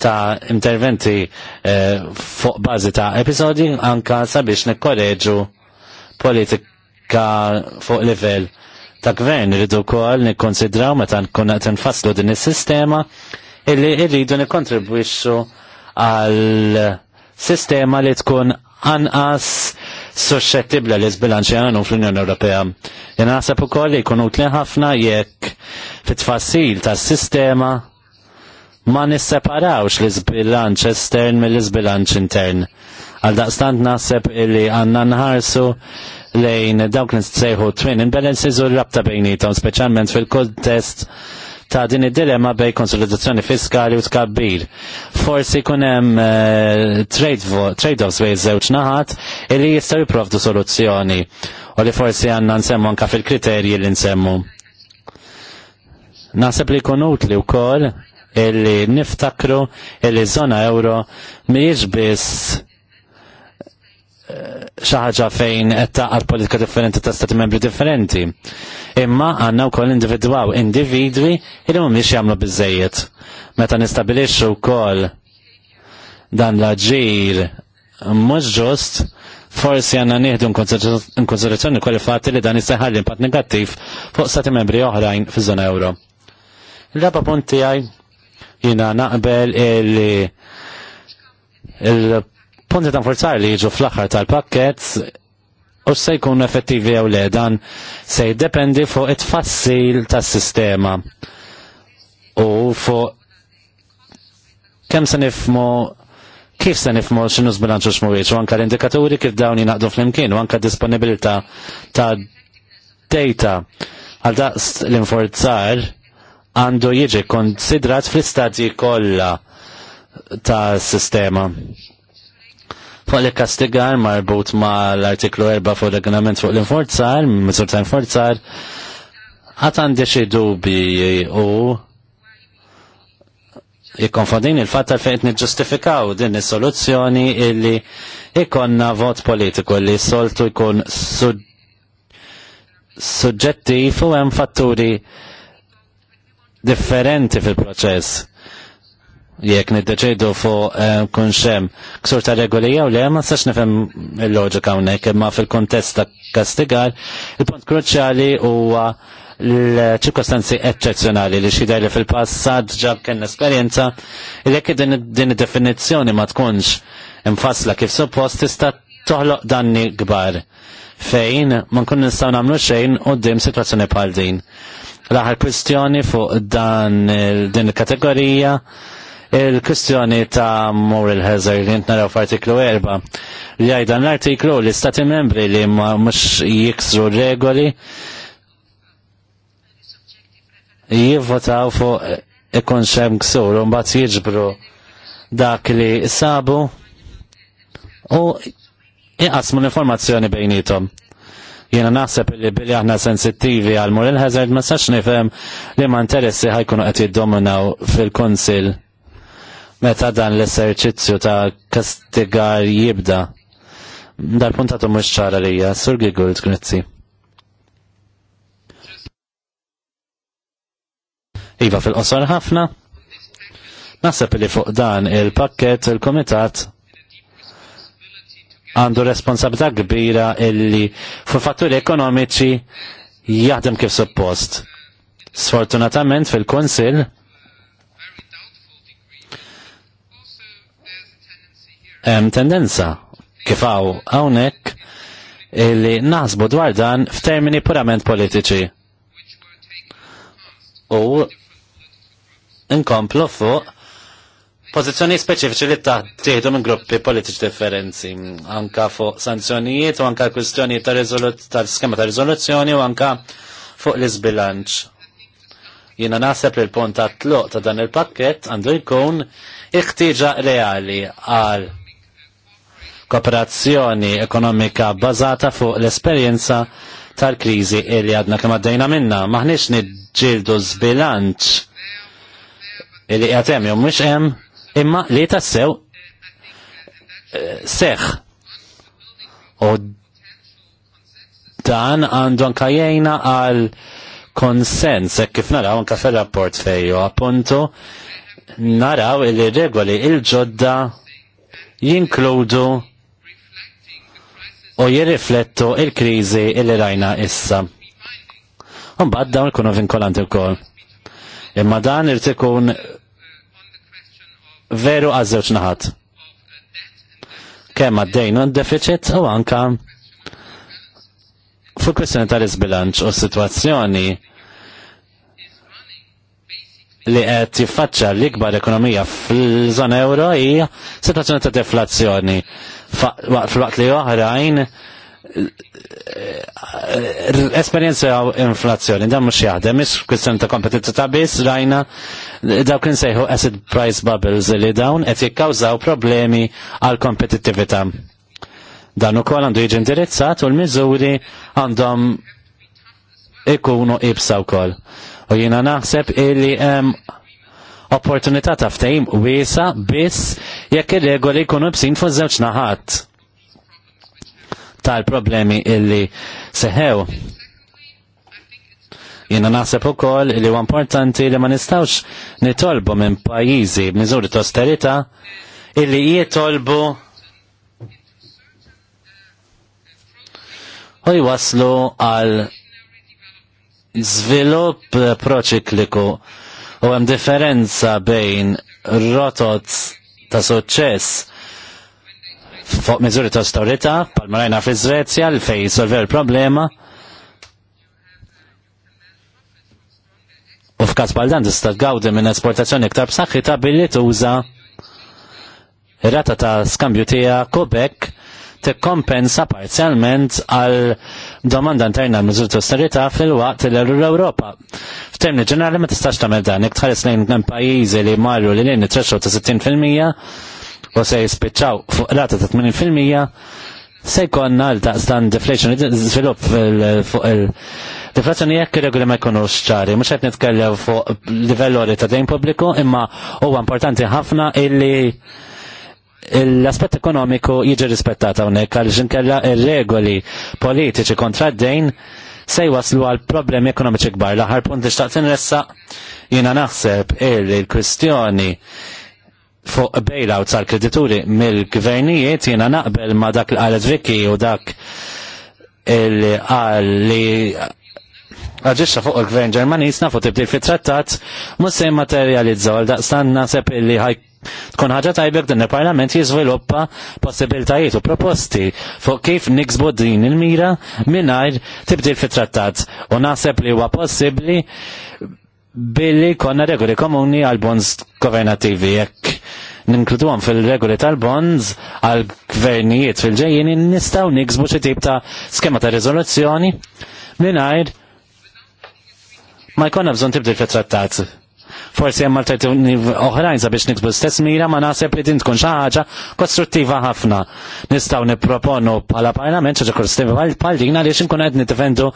ta' interventi eh, fuq bażi ta' episodi anka sabiex nekkoreġu politika fuq livell ta' gvern rridu wkoll nikkonsidraw meta nkun qed nfasslu din is-sistema illi rridu nikkontribwixxu għal sistema li tkun anqas suscettibbla li sbilanċi għanu fl-Unjoni Ewropea. Jena naħseb ukoll li kun utli ħafna jekk fit-tfassil tas-sistema ma nisseparawx l-izbilanċ estern mill-izbilanċ intern. Għal daqstant naħseb illi għanna nħarsu lejn dawk nistsejħu twin imbalances u l-rabta bejnietom, speċjalment fil-kontest ta' din id-dilemma bej konsolidazzjoni fiskali u tkabbir. Forsi kun hemm eh, trade-offs bej żewġ naħat illi jistgħu jipprovdu soluzzjoni u li forsi għandna nsemmu anka fil-kriterji li nsemmu. Naħseb li jkun utli wkoll illi niftakru illi zona euro miex biss eh, xaħġa fejn qed taqar politika differenti ta' stati membri differenti. Imma għandna wkoll individwaw individwi li mhumiex jagħmlu bizzejiet. Meta nistabilixxu wkoll dan l-aġir mhux ġust, forsi għanna nieħdu n-konsiderazzjoni kolli fatti li dan jistajħalli impatt negattiv fuq stati membri oħrajn fiż-żona euro. Il-raba punt tiegħi Jina naqbel il- il-punti ta' forzar li jiġu fl-axar tal-pakket u se jkun effettivi għaw le dan se jiddependi fuq it-fassil tas sistema u fuq kem se nifmu kif se nifmu xinu zbilanċu xmuriċ u anka l-indikaturi kif dawn jinaqdu fl-imkien u anka disponibilità ta' data għal daqs l-inforzar għandu jiġi konsidrat fl-istadji kollha ta' sistema. Fuq li kastigar marbut ma' l-artiklu 4 fuq regolament fuq l-inforzar, mizur ta' inforzar, għat għandi xi dubi u jikonfondin il-fat tal-fejt nġustifikaw din is-soluzzjoni illi ikonna vot politiku li soltu jkun suġġettiv u hemm fatturi differenti fil-proċess. Jek niddeċidu fuq eh, kunxem ksur ta' regoli jew le ma sax nifhem il-loġika hawnhekk imma fil-kuntest ta' kastigar il-punt kruċjali huwa l-ċirkostanzi eccezzjonali li xidaj li fil-passat ġab kien esperienza il-jek din definizzjoni ma tkunx infasla kif suppost tista toħloq danni gbar fejn ma nkun nistaw namlu xejn u dim situazzjoni bħal din. L-aħħar kwistjoni fuq dan din il-kategorija il-kwistjoni ta' moral hazard li naraw f'artiklu 4 li għajdan l-artiklu li stati membri li ma mux jiksru regoli jivvotaw fuq ikun xem ksur un bat jiġbru dak li sabu u jqasmu l-informazzjoni bejnietom. Jena naħseb li billi aħna sensittivi għal moral hazard ma sax nifhem li ma interessi ħajkunu qed jiddominaw fil-Kunsil meta dan l-eserċizzju ta' kastigar jibda. Dal-puntatu mhux ċara lija, Sur Gigult, grazzi. Iva fil-qosor ħafna. Naħseb li fuq dan il-pakket il-komitat il pakket il komitat għandu responsabilità kbira illi fuq fatturi ekonomiċi jaħdem kif suppost. Sfortunatament fil-Konsil hemm tendenza kif hawn hawnhekk illi naħsbu dwar dan f'termini purament politiċi. U inkomplu fuq pożizzjoni speċifiċi li taħtieħdu minn gruppi politiċi differenzi, anka fuq sanzjonijiet u anka kwistjoni tal-skema ta' riżoluzzjoni u anka fuq l-izbilanċ. Jiena naħseb li l-punt ta' tluq ta' dan il-pakket għandu jkun iħtieġa reali għal kooperazzjoni ekonomika bbażata fuq l-esperjenza tal-kriżi li għadna kemm għaddejna minna. Maħniex niġġieldu zbilanċ illi għatem jom mux hemm imma li tassew eh, seħ u dan għandu anka jgħina għal konsens, e kif naraw anka fil-rapport fejju, appuntu naraw il regoli il-ġodda jinkludu u jirriflettu il-krizi il rajna issa. bad dawn kunu vinkolanti wkoll. Imma dan irtikun ikun veru għaż-żewġ naħat. Kemm għaddejn deficit u anka fuq kwestjoni tal-izbilanċ u situazzjoni li qed jiffaċċa l-ikbar ekonomija fil-żona euro hija situazzjoni ta' deflazzjoni. Waqt li oħrajn esperienza inflazzjoni, dan mux jaħdem, mish kwistjoni ta' kompetenza ta' bis, rajna, daw kien sejħu acid price bubbles li dawn, et jikkawżaw problemi għal kompetittività. Dan u kol għandu jiġi indirizzat u l-mizuri għandhom ikunu ibsa u kol. U jina naħseb illi um, opportunità ta' ftejim wisa biss jekk ir-regoli jkunu bsin fuż żewġ naħat tal-problemi illi seħew. Jena naħseb ukoll li huwa importanti li ma nistawx nitolbu minn pajjiżi b'miżuri ta' austerità illi jitolbu u jwaslu għal zvilup proċikliku u hemm differenza bejn rotot ta' suċċess fuq miżuri ta' storita, pal-marajna fi-Zrezja li fej jisolver problema U f'kas bħal dan tista' tgawdi minn esportazzjoni iktar ta' billi tuża rata ta' skambju tiegħek Kubek te tikkompensa parzjalment għal domanda interna ta' austerità fil-waqt l europa F'termini ġenerali ma tistax tagħmel dan, iktar lejn hemm pajjiżi li marru li lejn it-threshold ta' 60% u se jispiċċaw fuq rata ta' 80% se jkollna l taqstan deflation, zvilup fuq il-deflazzjoni jekk regoli ma jkunux ċari, mhux qed nitkellem fuq livellori ta' dejn pubbliku, imma huwa importanti ħafna illi l-aspett ekonomiku jiġi rispettat hawnhekk għal inkella ir-regoli politiċi kontra d-dejn se jwaslu għal problemi ekonomiċi kbar. L-aħħar punt li xtaqt inressa jiena naħseb il-kwistjoni il kwistjoni fuq bailout sal kredituri mill-gvernijiet jiena naqbel ma dak li qalet Viki u dak l għalli li fuq il-gvern ġermanis nafu tibdil fit trattat musse se materializzaw għal daqstan nasib illi ħaj tkun ħagġa tajbek din il-parlament jizviluppa possibiltajiet u proposti fuq kif niksbu din il-mira minnajr tibdil fit trattat u nasib li huwa possibli billi konna regoli komuni għal bonds governativi jekk ninkludu għan fil-regoli tal-bonds għal gvernijiet fil-ġejjien nistaw niksbu xi tip ta' skema ta' riżoluzzjoni mingħajr ma jkollna bżonn tibdil fit-trattat. Forsi hemm alternativi oħrajn sabiex nikbu stess mira ma naħseb li din tkun xi ħaġa kostruttiva ħafna. Nistgħu nipproponu bħala parlament xi kostruttiva bħal din għaliex inkun qed nitifendu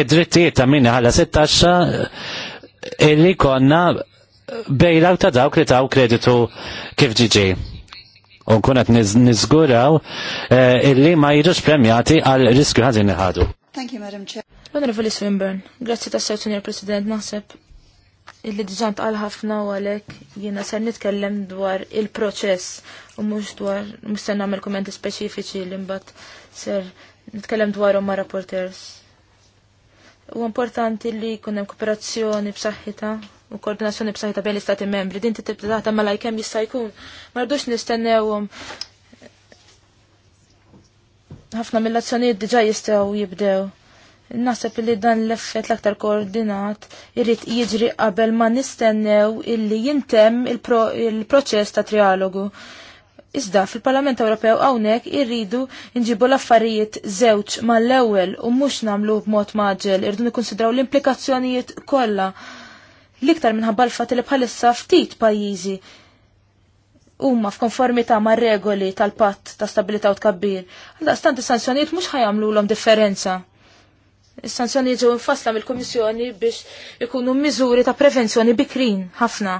id-drittijiet ta' minni ħalla 16 illi konna bejlaw ta' dawk li taw kreditu kif ġiġi. U kunet nizguraw eh, illi ma jirux premjati għal riskju għazin ħadu. Thank you, Madam Chair. Onorevoli Swinburne, grazzi ta' sew Senior President naħseb illi diġant għal ħafna u għalek jiena ser nitkellem dwar il-proċess u mux dwar mux ser nagħmel kommenti speċifiċi li mbagħad ser nitkellem u ma' rapporters U importanti li kunem kooperazzjoni b'saħħita u koordinazzjoni b'saħħita bejn l-istati membri. Din titibda taħta ma jkemm jista' jkun. Ma rdux nistennewhom ħafna mill-azzjonijiet diġà jistgħu jibdew. Naħseb li dan l-effett l-aktar koordinat irrid jiġri qabel ma nistennew illi jintem il-proċess ta' trialogu. Iżda fil-Parlament Ewropew hawnhekk irridu nġibu l-affarijiet żewġ mal-ewwel u mhux nagħmlu b'mod maġel, irridu nikkunsidraw l-implikazzjonijiet kollha. L-iktar minħabba l-fat li bħalissa ftit pajjiżi huma f'konformità mar regoli tal-patt ta' stabilità u tkabbir. Għaldaqstant is-sanzjonijiet mhux ħajamlulhom differenza. Is-sanzjonijiet ġew infassla mill-Kummissjoni biex ikunu miżuri ta' prevenzjoni bikrin ħafna.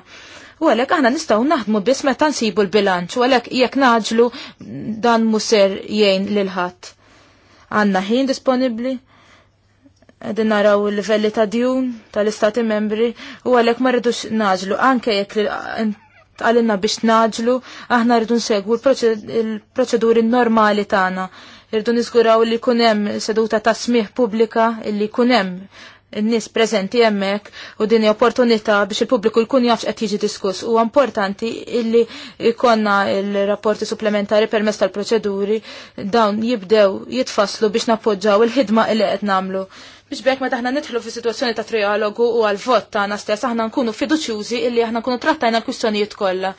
U għalek aħna nistaw naħdmu biss meta nsibu l-bilanċ, u għalek jekk naġlu dan muser jgħin l-ħadd. Għanna ħin disponibli, għedin naraw il-livelli ta' djun tal-istati membri, u għalek ma rridux naġlu, anke jekk għalinna biex naġlu, aħna rridu nsegwu l proċeduri normali tagħna. rridu niżguraw li kunem seduta ta' smieħ pubblika, li kunem n-nis prezenti jemmek u dini opportunità biex il-pubbliku jkun jafx qed jiġi diskuss. U importanti illi ikonna il-rapporti supplementari permess tal-proċeduri dawn jibdew jitfaslu biex nappoġġaw il-ħidma li qed nagħmlu. Biex bekk ma taħna nidħlu fi situazzjoni ta' trialogu u għal-vot tagħna stess aħna nkunu fiduċjużi illi aħna nkunu trattajna l-kwistjonijiet kollha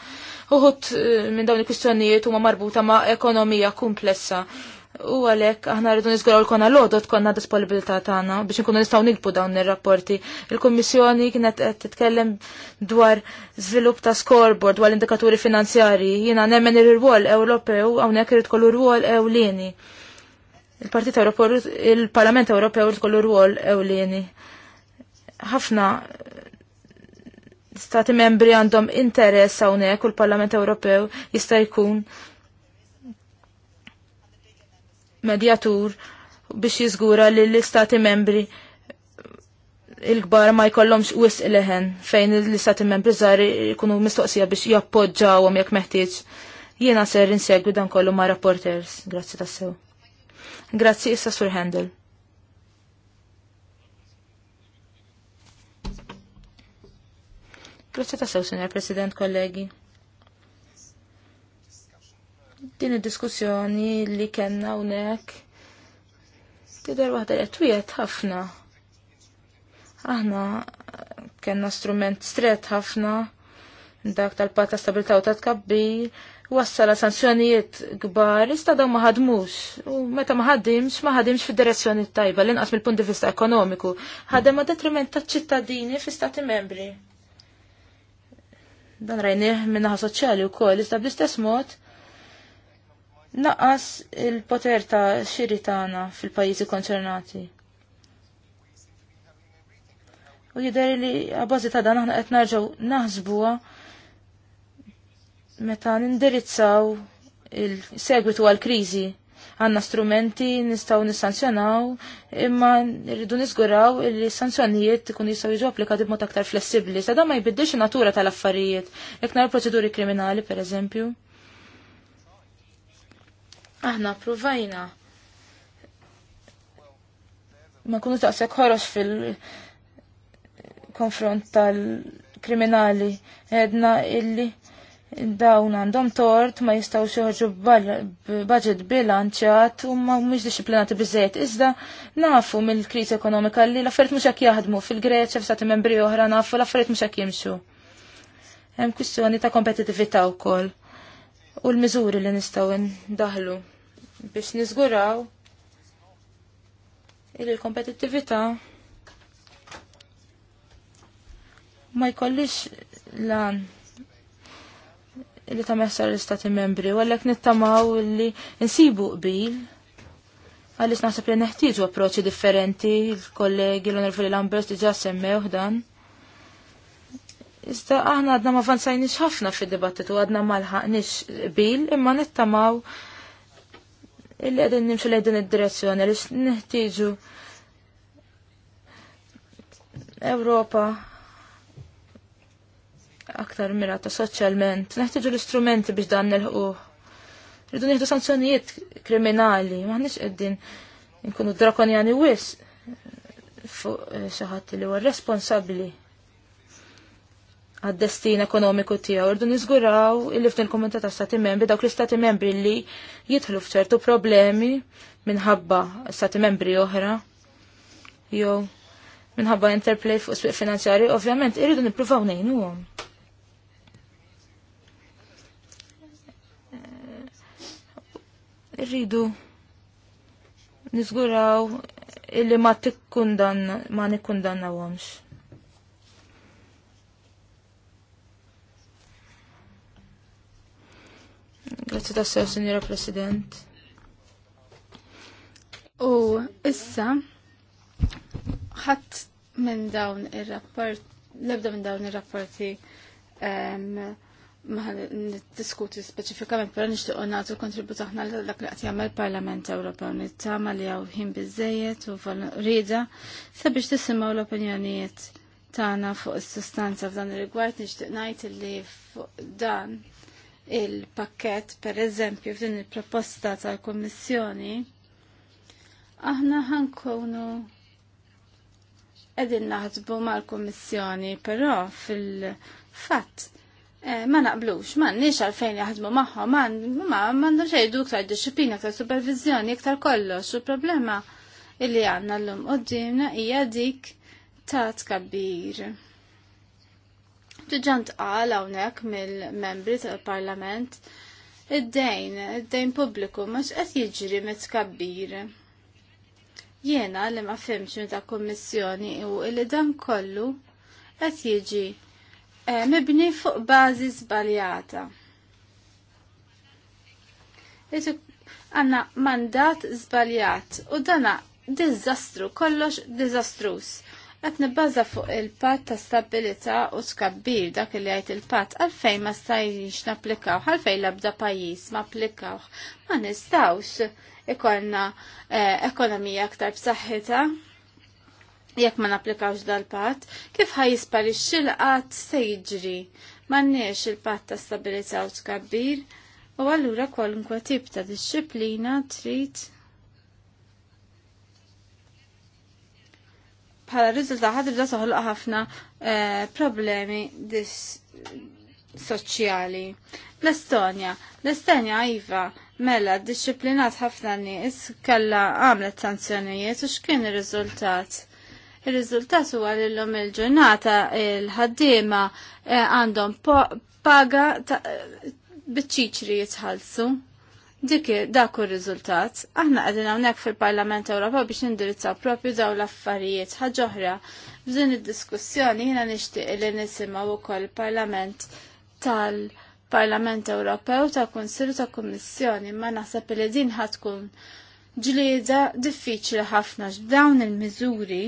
uħut eh, minn dawn il-kwistjonijiet huma marbuta ma' ekonomija komplessa U għalek, aħna rridu nizgura l-konna l-odot tkonna disponibilità tagħna biex nkunu nistgħu nilbu dawn ir-rapporti. Il-Kummissjoni kienet qed titkellem dwar żvilupp ta' scoreboard dwar indikaturi finanzjarji. Jiena nemmen ir-rwol Ewropew hawnhekk irid kollu rwol ewlieni. Il-Partit Ewropew il-Parlament Ewropew irid kollu rwol ewlieni. Ħafna stati membri għandhom interess hawnhekk u l-Parlament Ewropew jista' jkun medjatur biex jiżgura li l-istati membri il-kbar ma jkollhomx wisq leħen fejn l-istati membri żgħar ikunu mistoqsija biex jappoġġawhom jekk meħtieġ. Jiena ser insegwi dan kollu ma' rapporters. Grazzi tassew. Grazzi issa sur Handel. Grazzi tassew, Sinjor President, kollegi din id-diskussjoni li kellna hawnhekk tidher waħda qed twiet ħafna. Aħna kellna strument stret ħafna dak tal-pat ta' stabilità u ta' tkabbir wassala sanzjonijiet kbar, ista ma ħadmux. U meta ma ħadimx, ma ħadimx fid-direzzjoni tajba, l-inqas mill-punt di vista ekonomiku. Ħadem ma detriment ta' ċittadini fi stati membri. Dan rajnieh minnaħa soċjali u koll, ista bl-istess mod, naqas il-poter ta' xiritana fil-pajizi konċernati. U jidher li għabazi ta' dan aħna qed narġgħu naħsbuha meta nindirizzaw il-segwitu għal-kriżi għanna strumenti nistaw nissanzjonaw, imma rridu nisguraw li sanzjonijiet ikun jistaw jiġu applikati b'mod aktar flessibli. Sada ma jbiddix natura tal-affarijiet, jek nar proċeduri kriminali per eżempju. Aħna provajna. Ma kunu taqsek ħoros fil-konfront tal-kriminali. Edna illi dawn għandhom tort ma jistaw xoħġu budget bilanċjat u ma mux disciplinati bizzet. Iżda nafu mill-kriżi ekonomika li l-affarijiet mhux hekk jaħdmu fil-Greċja f'stati membri oħra nafu l-affarijiet mhux hekk jimxu. Hemm kwistjoni ta' kompetitività wkoll u l-miżuri li nistgħu ndaħlu biex niżguraw il kompetittività ma jkollix lan li ta' messar l-istati membri, u għallek nittamaw li nsibu qbil, għallis naħseb li neħtiġu approċċi differenti, il-kollegi l-onorfu li Lambert diġa semmew dan. Iżda aħna għadna ma avanzajniex ħafna fid dibattitu għadna ma lħaqniex qbil, imma nittamaw illi għedin nimxu lej din id-direzzjoni li neħtieġu Ewropa aktar mirata soċjalment, Neħtiġu l-istrumenti biex dan nilħu. Rridu nieħdu sanzjonijiet kriminali, maħniex qegħdin nkunu drakonjani wis fuq eh, xi ħadd li huwa responsabbli għad-destin ekonomiku tiegħu irdu niżguraw illi f'din il-komunità ta' stati membri dawk l-istati membri li jidħlu f'ċertu problemi minħabba stati membri oħra jew minħabba interplay fuq swieq finanzjari, ovvjament irridu nippruvaw ngħinuhom. Irridu niżguraw illi ma tikkundanna ma nikkundannawhomx. da tassew, signora President. U issa, ħadd minn dawn ir-rapport, l-ebda minn dawn ir-rapporti ma diskuti speċifikament, pero nixtieq nagħtu kontribut aħna l dak li qed jagħmel Parlament Ewropew nittama li għaw ħin bizzejiet u rida sabiex tisimgħu l-opinjonijiet tagħna fuq is-sustanza f'dan ir-rigward nixtieq ngħid li fuq dan il-pakket, per eżempju, f'din il-proposta tal-Kommissjoni, aħna ħankunu edin naħdbu mal-Kommissjoni, però fil-fatt eh, ma naqblux, ma nix għalfejn jaħdmu maħħa, ma għandu xejdu iktar disciplina, iktar supervizjoni, iktar kollox, u problema illi għanna l-lum qoddimna hija dik ta' tkabbir Ġiġant qal hawnhekk mill-membri tal-Parlament id-dejn, id-dejn pubbliku mhux qed jiġri mitkabbir. Jiena li ma fimx ta' kommissjoni u li dan kollu qed jiġi eh, mibni fuq bażi żbaljata għanna mandat zbaljat u dana dizastru, kollox dizastrus. Għat nibbaza fuq il-pat ta' stabilita u tkabbir dak li għajt il-pat għalfej ma stajnix naplikaw, għalfej labda pajis ma applikaw, ma nistawx ikonna eh, ekonomija aktar b'saħħita jekk ma naplikawx dal-pat, kif ħajjispar ix-xilqat se ma m'għandniex il-pat ta' stabilita u tkabbir, u allura kwalunkwe tip ta' disċiplina trid bħala riżultat ħadd ibda soħloq ħafna eh, problemi soċjali. L-Estonja, l-Estonja iva mela disċiplinat ħafna nies kalla għamlet sanzjonijiet u x'kien ir-riżultat. Ir-riżultat huwa li l-lum il-ġurnata il-ħaddiema eh, għandhom paga eh, biċċiċri jitħallsu dik dak ir-riżultat. Aħna għadina hawnhekk fil-Parlament Ewropew biex indirizzaw propju daw l-affarijiet ħaġa oħra. F'din id-diskussjoni jiena nixtieq li nisimgħu wkoll parlament tal-Parlament Ewropew ta' Kunsill ta' Kummissjoni ma naħseb li din ħatkun ġlieda diffiċli ħafna x'dawn il-miżuri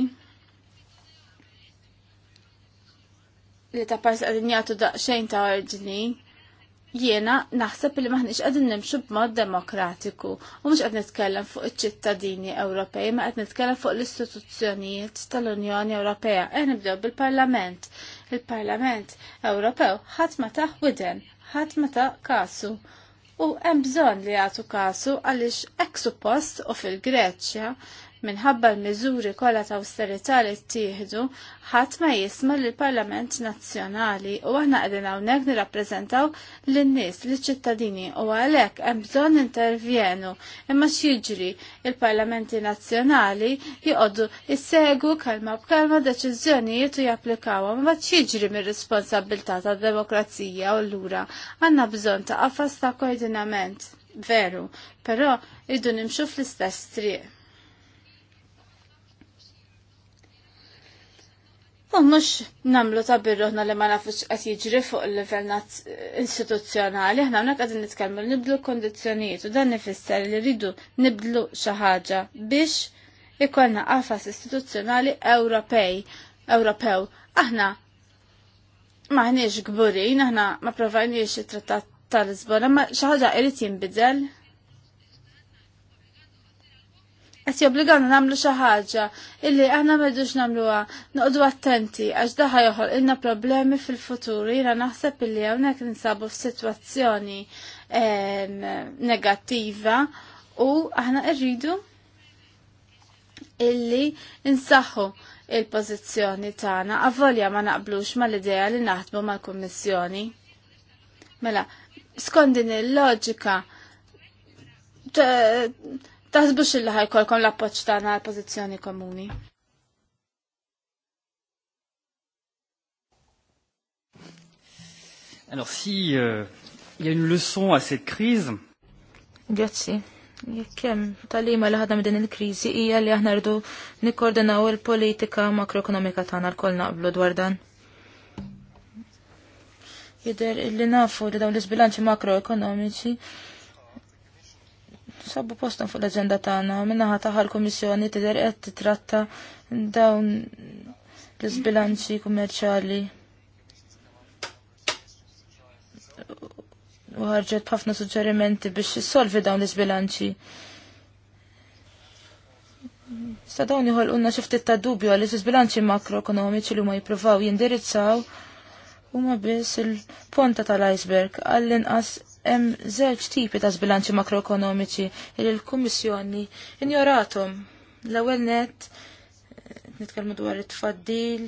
li ta' pars għadin jgħatu daqxejn ta' ordni jiena naħseb li maħniġ għadin nimxu b'mod demokratiku u mux għad nitkellem fuq iċ-ċittadini Ewropej, ma għad nitkellem fuq l-istituzzjonijiet tal-Unjoni Ewropea. Eħ nibdew bil-Parlament. Il-Parlament Ewropew ħadd ma taħ widen, ħadd ma taħ kasu. U hemm bżonn li jagħtu kasu għaliex hekk suppost u fil-Greċja minħabba l-miżuri kollha ta' austerità li ttieħdu ħadd ma jisma' lill-Parlament Nazzjonali u aħna qegħdin hawnhekk nirrappreżentaw lin-nies liċ-ċittadini u għalhekk hemm bżonn intervjenu imma x'jiġri il-Parlamenti Nazzjonali jqogħdu jissegu kalma b'kalma deċiżjonijiet u japplikawhom ma x'jiġri mir-responsabilità tad-demokrazija u lura għandna bżonn ta' qafas ta' koordinament veru, però idu nimxu fl-istess triq. Monnux namlu ta' birroħna li ma nafux qed jiġri fuq il-livell istituzzjonali, aħna hawnhekk qegħdin nitkellmu nibdlu kondizzjonijiet u dan ifisser li rridu nibdlu xi ħaġa biex ikollna qafas istituzzjonali Ewropej, Ewropew. Aħna maħniex gburin, aħna ma provajniex it-trattat tal-Lisbona, ma xi ħaġa irid jinbidel qed jobbligana nagħmlu xi ħaġa illi aħna namlu nagħmluha noqdu attenti għax daħħa joħol inna problemi fil-futur jira naħseb illi hawnhekk ninsabu f'sitwazzjoni negattiva u aħna rridu illi insaħħu il-pozizjoni tagħna avolja ma naqblux mal-idea li naħdmu mal-Kummissjoni. Mela, skont din il-loġika taħsbux illi kolkom l-appoċ tagħna għal pożizzjoni komuni. Alors si euh, il y a une leçon à cette crise. Grazie. Jekk hemm talima li ħadna din il-kriżi hija li aħna rridu nikkoordinaw il-politika makroekonomika tagħna lkoll naqblu dwar dan. Jidher li nafu li dawn l-isbilanċi makroekonomiċi sabu postom fuq l-agenda tagħna minnaħa taħa l-Kummissjoni tidher qed titratta dawn l-isbilanċi kummerċjali. U ħarġet ħafna suġġerimenti biex issolvi dawn l-isbilanċi. Sta dawn iħolqulna xi ftit ta' dubju l isbilanċi makroekonomiċi li huma jippruvaw jindirizzaw huma biss il-ponta tal-iceberg għall-inqas Hemm żewġ tipi ta' sbilanċi makroekonomiċi li l-Kummissjoni injoratom. L-ewwel net nitkellmu dwar it-tfaddil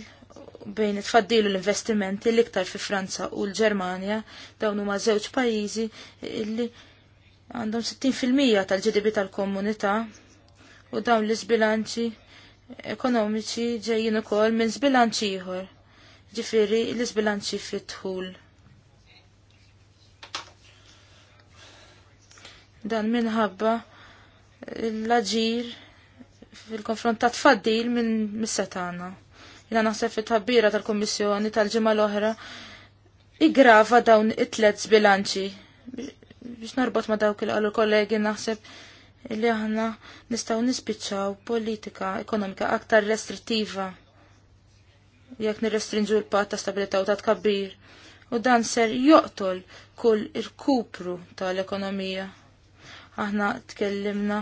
bejn it-tfaddil u l-investimenti l-iktar fi Franza u l-Ġermanja dawn huma żewġ pajjiżi li għandhom 60% tal-GDP tal-komunità u dawn l-isbilanċi ekonomiċi ġejjin ukoll minn sbilanċ ieħor. Ġifieri l-isbilanċi fit-tħul Dan minħabba l-aġir fil-konfrontat faddil minn mis-setana. Jina naħseb fit-tabbira tal kummissjoni tal-ġimgħa l-oħra igrava dawn it-tlet bilanċi. Biex narbot ma dawk il kollegi naħseb li aħna nistgħu nispiċċaw politika ekonomika aktar restrittiva jekk nirrestrinġu l patt ta' stabilità u ta' tkabbir. U dan ser joqtol kull ir-kupru tal-ekonomija aħna tkellimna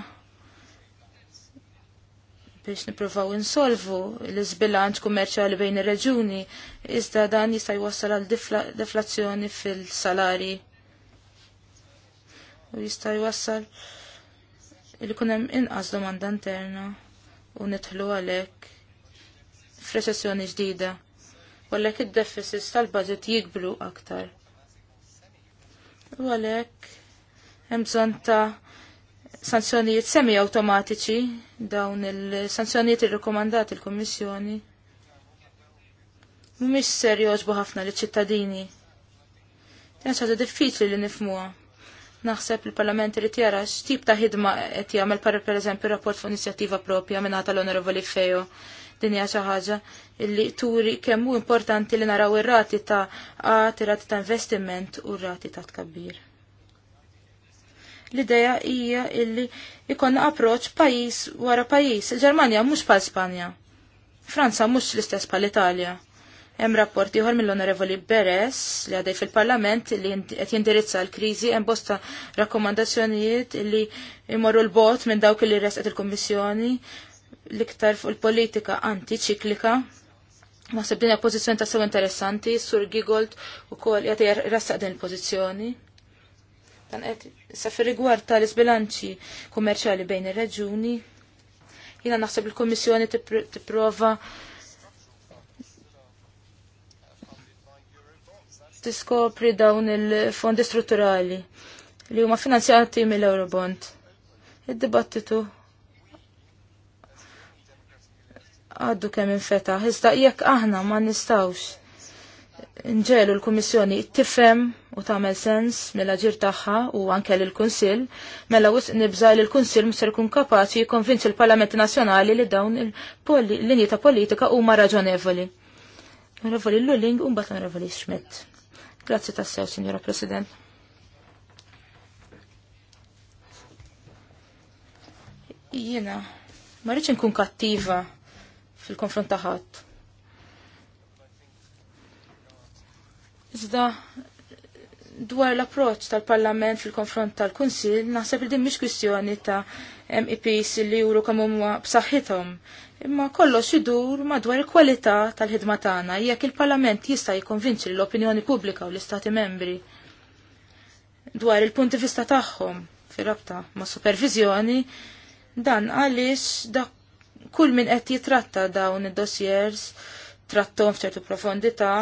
biex niprofaw insolvu l-izbilanċ kummerċjali bejn ir-reġuni, iżda dan jista' jwassal għal deflazzjoni fil-salari. U jista' jwassal li kun hemm inqas domanda interna u nidħlu għalhekk f'reċessjoni ġdida. U id-deficits tal-budget jikbru aktar. U għalhekk Hemm bżonn ta' sanzjonijiet semi awtomatiċi dawn il-sanzjonijiet irrikomandati il l-Kummissjoni. Mhumiex serjoġbu ħafna li ċittadini. Tens ħaġa diffiċli li nifmuha. Naħseb li l-Parlament irid jara x'tip ta' ħidma qed jagħmel par pereżempju rapport fuq inizjattiva propja minn l-Onorevoli Fejo. Din hija xi ħaġa li turi kemm hu importanti li naraw ir-rati ta' għati rati ta' investiment u r-rati ta' tkabbir. L-ideja hija illi ikonna approċ pajis wara pajis. Il-Ġermanja mhux bħal Spanja. Franza mhux l-istess bħal Italja. Hemm rapport ieħor mill-Onorevoli Beres li għadej fil-Parlament li qed jindirizza l-kriżi hemm bosta rakkomandazzjonijiet li jmorru l-bot minn dawk li resqet il-Kummissjoni l-iktar fuq il-politika antiċiklika Naħseb din il-pożizzjoni ta' sew interessanti, Sur Gigold u kol jgħati din il pożizzjoni Dan qed sa rigward tal-isbilanċi kummerċjali bejn ir-reġuni. Jiena naħseb il-Kummissjoni tipprova tiskopri dawn il-fondi strutturali li huma finanzjati mill-Eurobond. Id-dibattitu għaddu kemm infetaħ, iżda jekk aħna ma nistawx nġelu l-Kummissjoni tifhem u tagħmel sens mela ġir tagħha u anke l kunsill mela wisq nibża li l-Kunsill mhux jkun kapaċi jikkonvinċi l-Parlament Nazzjonali li dawn il-linji ta' politika huma raġonevoli. Onorevoli Lulling u mbagħad Onorevoli Schmidt. Grazzi tassew, Signora President. Jena, ma rridx kun kattiva fil-konfront ta' ħadd Iżda dwar l-approċ tal-Parlament fil-konfront tal-Kunsil, naħseb li din mhix kwistjoni ta' MEPs li juru kemm huma b'saħħithom. Imma kollox idur madwar il-kwalità tal-ħidma tagħna jekk il-Parlament jista' jikkonvinċi l-opinjoni pubblika u l-Istati membri dwar il-punti vista tagħhom fir-rabta ma' supervizjoni, dan għaliex da kull min qed jitratta dawn id-dossiers trattom f'ċertu profondità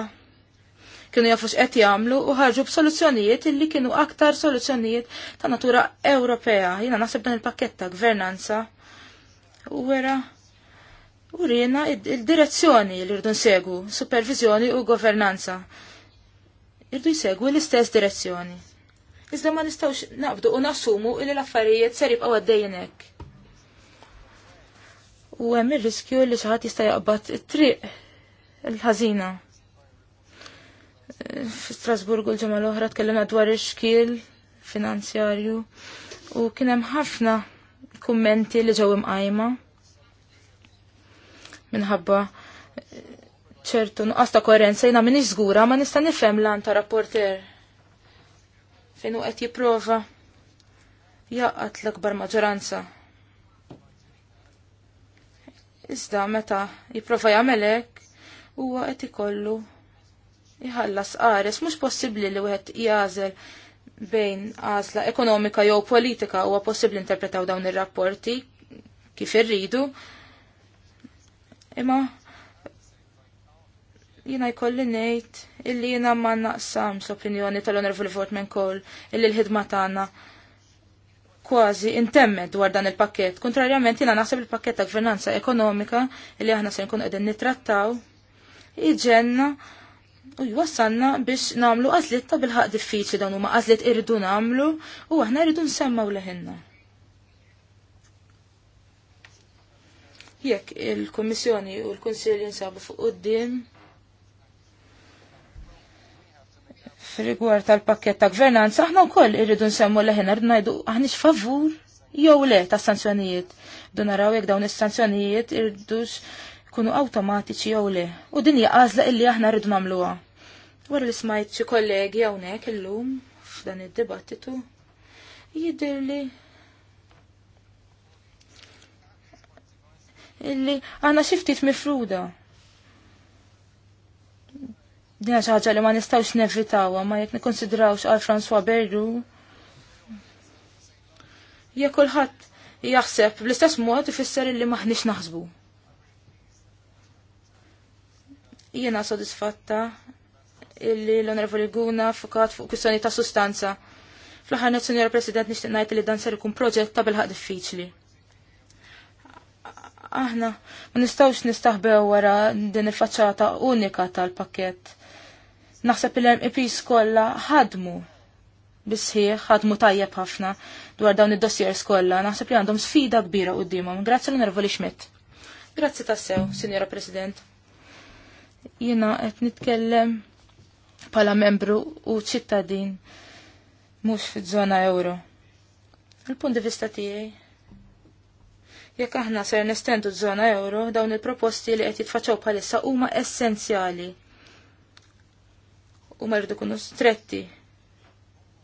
kienu jafux qed jagħmlu u ħarġu b'soluzzjonijiet illi kienu aktar soluzzjonijiet ta' natura Ewropea. Jiena naħseb dan il-pakket ta' gvernanza. U wera u rina il-direzzjoni li rridu nsegu, supervizjoni u governanza. Irdu jsegwu l-istess direzzjoni. Iżda ma nistgħux naqbdu u nasumu li l-affarijiet ser jibqgħu għaddejjin hekk. U hemm ir-riskju li xi ħadd jista' jaqbad it-triq il-ħażina. Strasburgu l-ġemma l-oħra tkellimna dwar ix-xkiel finanzjarju u kien hemm ħafna kummenti li ġew imqajma minħabba eh, ċertu nuqqas ta' koerenza jiena minix żgura ma nista' nifhem lan ta' rapporter fejn hu qed jipprova jaqgħad l-akbar maġġoranza. Iżda meta jipprova jagħmel hekk huwa qed ikollu jħallas qares, mhux possibbli li wieħed jażel bejn għażla ekonomika jew politika huwa possibbli interpretaw dawn ir-rapporti kif irridu. Imma jina jkolli ngħid illi jiena ma naqsam s opinjoni tal-Honorable Fortman Call illi l-ħidma tagħna kważi intemmet dwar dan il-pakket. Kontrarjament jiena naħseb il-pakket ta' gvernanza ekonomika illi aħna se nkun qegħdin nittrattaw iġenna u jwassanna biex namlu għazliet ta' bilħaq diffiċi dan huma għazliet irridu namlu u aħna irridu nsemmaw leħinna. Jekk il-Kummissjoni u l konsil jinsabu fuq quddiem din rigward tal-pakket ta' gvernanza aħna wkoll irridu nsemmu leħinna rridu ngħidu aħniex favur jew le ta' sanzjonijiet. Du naraw jekk dawn is-sanzjonijiet irridux kunu awtomatiċi jew le. U din hija għażla illi aħna rridu nagħmluha. Wara li smajt xi kollegi hawnhekk illum f'dan id-dibattitu jidhirli illi għandna xi ftit mifruda. Dina ħaġa li ma nistawx nevitawa, ma jek nikonsidrawx għal François Berru. Ja kulħadd jaħseb bl-istess mod ifisser illi maħniex naħsbu. Jiena sodisfatta illi l-onorevoli Guna fukat fuq kwistjoni ta' sustanza. Fl-aħħar net, President, nixtieq ngħid li dan ser ikun proġett ta' bilħaq diffiċli. Aħna ma nistgħux nistaħbew wara din il-faċċata unika tal-pakkett. Naħseb il-MPs e kollha ħadmu bisħieħ ħadmu tajjeb ħafna dwar dawn id-dossiers kollha. Naħseb li għandhom sfida kbira qudiemhom. Grazzi l-Onorevoli Schmidt. Grazzi tassew, Sinjora President. Jiena qed nitkellem bħala membru u ċittadin mhux fiż-żona euro. Il-punt di vista tiegħi jekk aħna ser nestendu żona euro, dawn il-proposti li qed jitfaċċaw bħalissa huma essenzjali. U ma rridu kunu stretti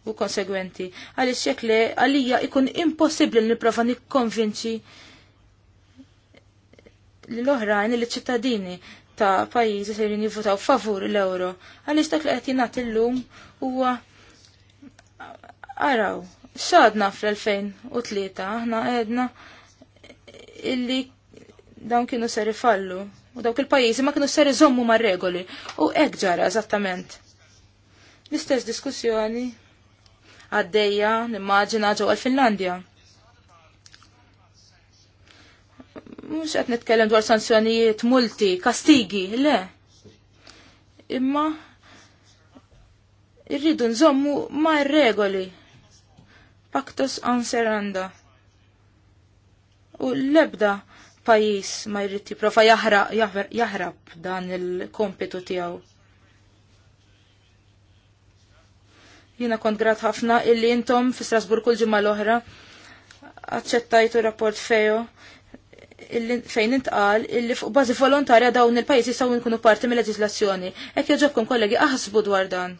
u konsegwenti. Għaliex jekk le għalija ikun impossibbli nipprova nikkonvinċi l-oħrajn li ċittadini ta' pajjiżi se jivvotaw favur l-euro. Għaliex dak li qed jingħad illum huwa araw, xadna fl-2003 aħna għedna illi dawn kienu ser ifallu u dawk il-pajjiżi ma kienu ser iżommu ma' regoli u hekk ġara eżattament. L-istess diskussjoni għaddejja nimmaġina ġewwa l-Finlandja. Mux għet nitkellem dwar sanzjonijiet, multi, kastigi, le. Imma irridu nżommu ma regoli. Pactus anseranda. U l-ebda pajis ma jrid jipprova jaħrab dan il-kompitu tiegħu. Jiena kont grat ħafna illi intom fi Strasburg kull ġimgħa l-oħra aċċettajtu rapport fejo fejn intqal illi fuq bażi volontarja dawn il-pajjiżi saw nkunu parti mill-leġislazzjoni. Hekk joġobkom kollegi aħsbu dwar dan.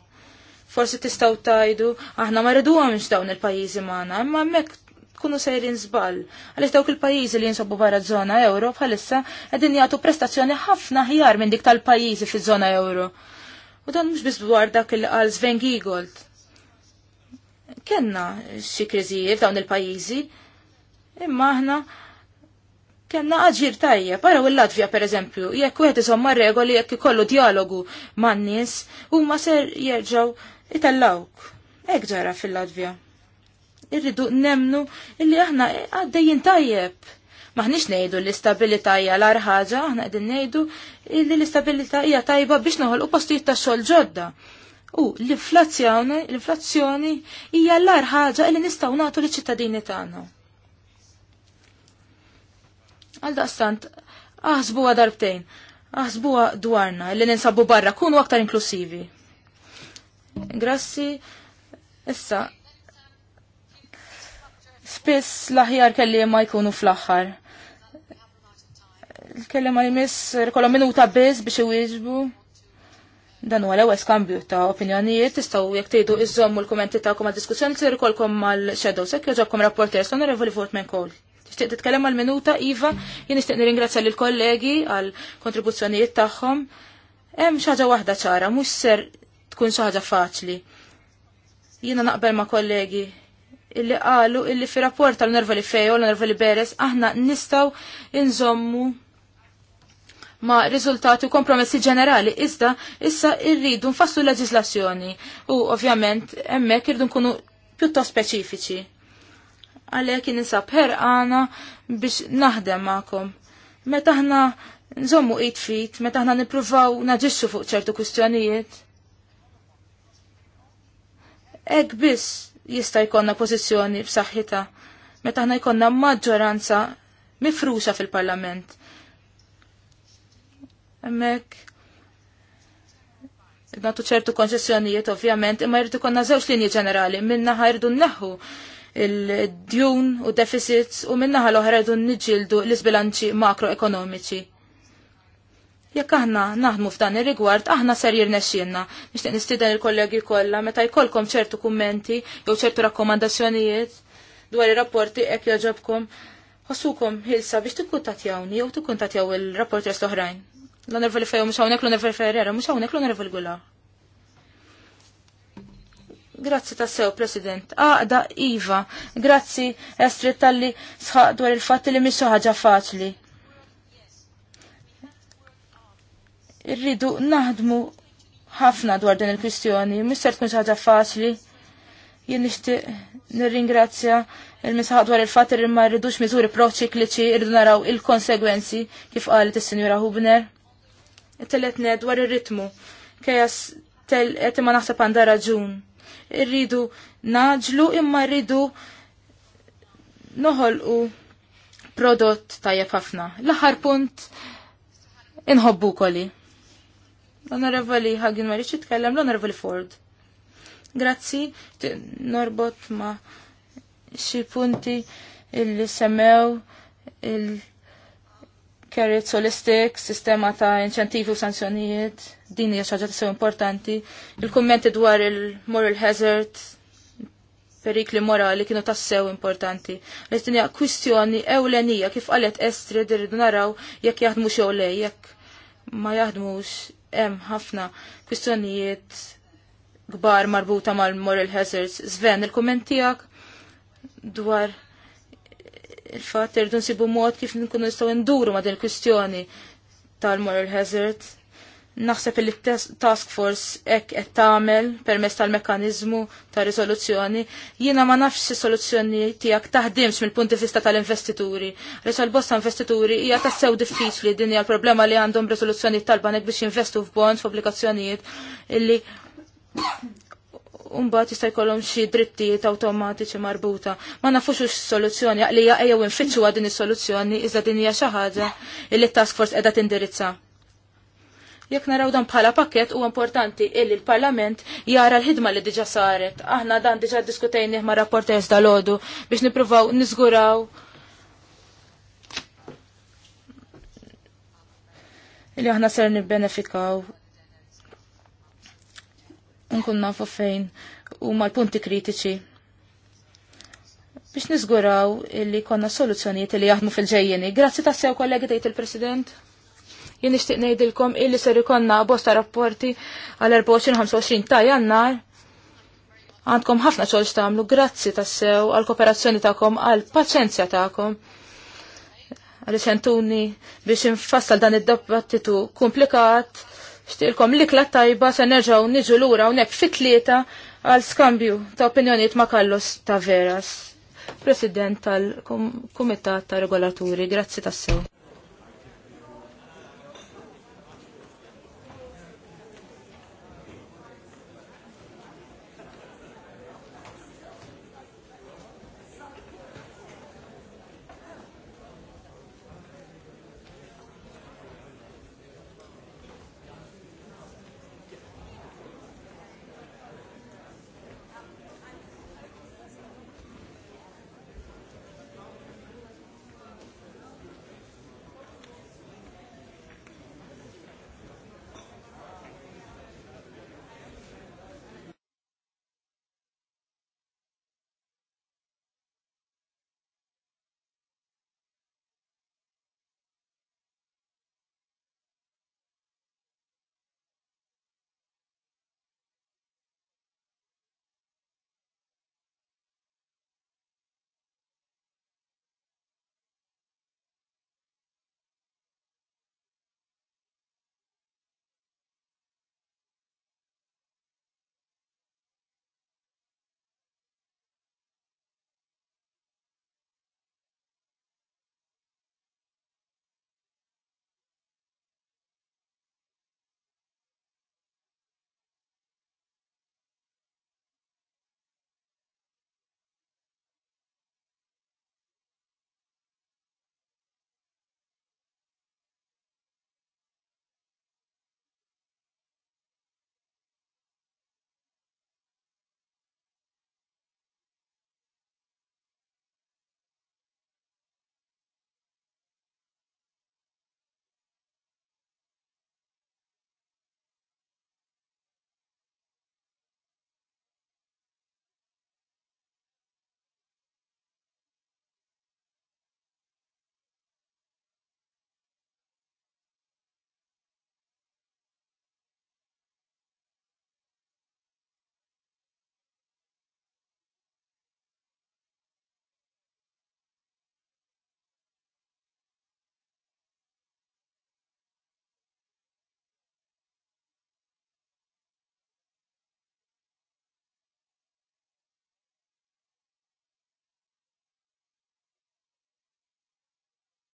Forsi tistgħu tajdu aħna ma rridhomx dawn il-pajjiżi magħna, imma hemmhekk tkunu sejrin żball. Għaliex dawk il-pajjiżi li jinsobu barra żona euro bħalissa qegħdin jagħtu prestazzjoni ħafna ħjar minn dik tal-pajjiżi fiż-żona euro. U dan mhux biss dwar dak il qal Sven Giegold. Kenna xi kriżijiet dawn il-pajjiżi, imma aħna Kenna aġir tajjeb, u il-Latvja per eżempju, jekk wieħed għomma regoli jekk ikollu dialogu man-nies, huma ser jerġgħu itallawk. Ek ġara fil-Latvja. Irridu nemnu illi aħna għaddejjin tajjeb. Maħniex ngħidu l istabilita hija l ħaġa, aħna qegħdin ngħidu illi l-istabilità hija tajba biex noħolqu postijiet tax-xogħol ġodda. U l-inflazzjoni, l-inflazzjoni hija l-ar ħaġa li nistgħu nagħtu liċ-ċittadini tagħna. Għal daqstant, aħsbuha darbtejn, aħsbuha dwarna, li ninsabu barra, kunu aktar inklusivi. Grassi, issa, spiss l-aħjar kelli ma jkunu fl-axħar. Kelli ma jmiss kolom minuta biz biex iwieġbu. Dan huwa l-ewwel skambju ta' opinjonijiet istaw jekk tgħidu iżommu l-kummenti ta' għad-diskussjoni li kolkom mal-shadow sekk jogħġobkom rapporter sonorevoli Fortman Cole. Nixtieq titkellem għal minuta Iva, jien nixtieq nirringrazzja lil kollegi għal kontribuzzjonijiet tagħhom. Hemm xi ħaġa waħda ċara, mhux ser tkun xi ħaġa faċli. Jiena naqbel ma' kollegi illi qalu illi fi rapport tal-nerva li fejo, l-nerva li beres, aħna nistaw inżommu ma riżultati u kompromessi ġenerali, iżda issa irridu nfasslu l leġislazzjoni u ovvjament hemmhekk irridu nkunu pjuttost speċifiċi għalhekk insab ħerqana biex naħdem ma'kom. Meta aħna nżommu id fit, meta ħna nippruvaw naġixxu fuq ċertu kwistjonijiet. Hekk biss jista' jkollna pożizzjoni b'saħħitha meta ħna jkollna maġġoranza mifruxa fil-Parlament. Hemmhekk natu ċertu konċessjonijiet ovvjament, imma jirdu konna żewġ linji ġenerali, minna ħajrdu neħu il-djun u deficits u minnaħa l-oħra jdu nġildu l-izbilanċi makroekonomiċi. Jekk aħna naħdmu f'dan ir-rigward, aħna ser jirnexxielna. Nixtieq nistieden il-kollegi kollha meta jkollkom ċertu kummenti jew ċertu rakkomandazzjonijiet dwar ir-rapporti hekk jaġobkom. Ħossukom ħilsa biex tikkuntatjawni jew tikkuntatjaw il-rapporters l-oħrajn. L-onorevoli fejhom mhux hawnhekk l-onorevoli Ferrera, mhux hawnhekk l-onorevoli Gular. Grazzi ta' sew, President. Aqda, Iva. Grazzi, Estrid, tal-li sħaq dwar il-fat li misu ħaġa faċli. Irridu naħdmu ħafna dwar din il-kwistjoni, mister tkun ħaġa faċli. Jien nixtieq nirringrazzja il-misħaq dwar il-fatt li ma rridux miżuri proċikliċi rridu naraw il-konsegwenzi kif qalet is senjura Hubner. It-telet dwar ir-ritmu. Kajas tel qed ma naħseb għandha raġun Irridu naġlu imma rridu noħolqu prodott tajjeb ħafna. L-aħħar punt inħobbu koli. L-Onorevoli Hagin Mariċi jitkellem l-Onorevoli Ford. Grazzi, norbot ma xi punti il semew il- Carrot solistic, sistema ta' inċentivi u sanzjonijiet, din hija xi sew importanti. Il-kummenti dwar il-moral hazard, perikli morali kienu tassew importanti. Rrid hija kwistjoni ewlenija kif qalet estri irridu naraw jekk jaħdmu xew jekk ma jaħdmux hemm ħafna kwistjonijiet kbar marbuta mal-moral hazards. Sven, il-kumment tiegħek dwar il-fatt irridu nsibu mod kif nkunu nistgħu nduru ma' din il-kwistjoni tal-moral hazard. Naħseb li task force hekk qed tagħmel permezz tal-mekkaniżmu ta' risoluzzjoni. Jiena ma nafx is soluzzjoni tiegħek taħdimx mill-punt di vista tal-investituri. Għaliex għall-bosta investituri hija tassew diffiċli din hija l-problema li għandhom risoluzzjoni tal-banek biex jinvestu f'bonds f'obbligazzjonijiet illi Umbat jista' jkollhom xi drittijiet awtomatiċi marbuta. Ma nafux hux soluzzjoni hija ejjew infittxuha din is-soluzzjoni iżda din hija xi ħaġa li task force qiegħda tindirizza. Jekk naraw dan bħala pakket u importanti illi l-Parlament jara l-ħidma li diġa saret. Aħna dan diġa diskutejni ma' rapporters dal-ħodu biex nipruvaw niżguraw li aħna ser nibbenefikaw nkun nafu fejn u mal-punti kritiċi biex nizguraw illi konna soluzzjonijiet li jaħdmu fil-ġejjeni. Grazzi ta' sew kollegi dejt il-President. Jien nixtieq ngħidilkom illi ser ikonna bosta rapporti għal 24-25 ta' Jannar. Għandkom ħafna xogħol tagħmlu. Grazzi ta' sew għal kooperazzjoni tagħkom għal paċenzja tagħkom għal sentuni biex infassal dan id-dibattitu komplikat Stilkom likla tajba se nerġaw niġu lura hawnhekk fit-tlieta għal skambju ta' opinjonijiet ma' Kallos Taveras, President tal-Kumitat ta' Regolaturi. Grazzi tassew.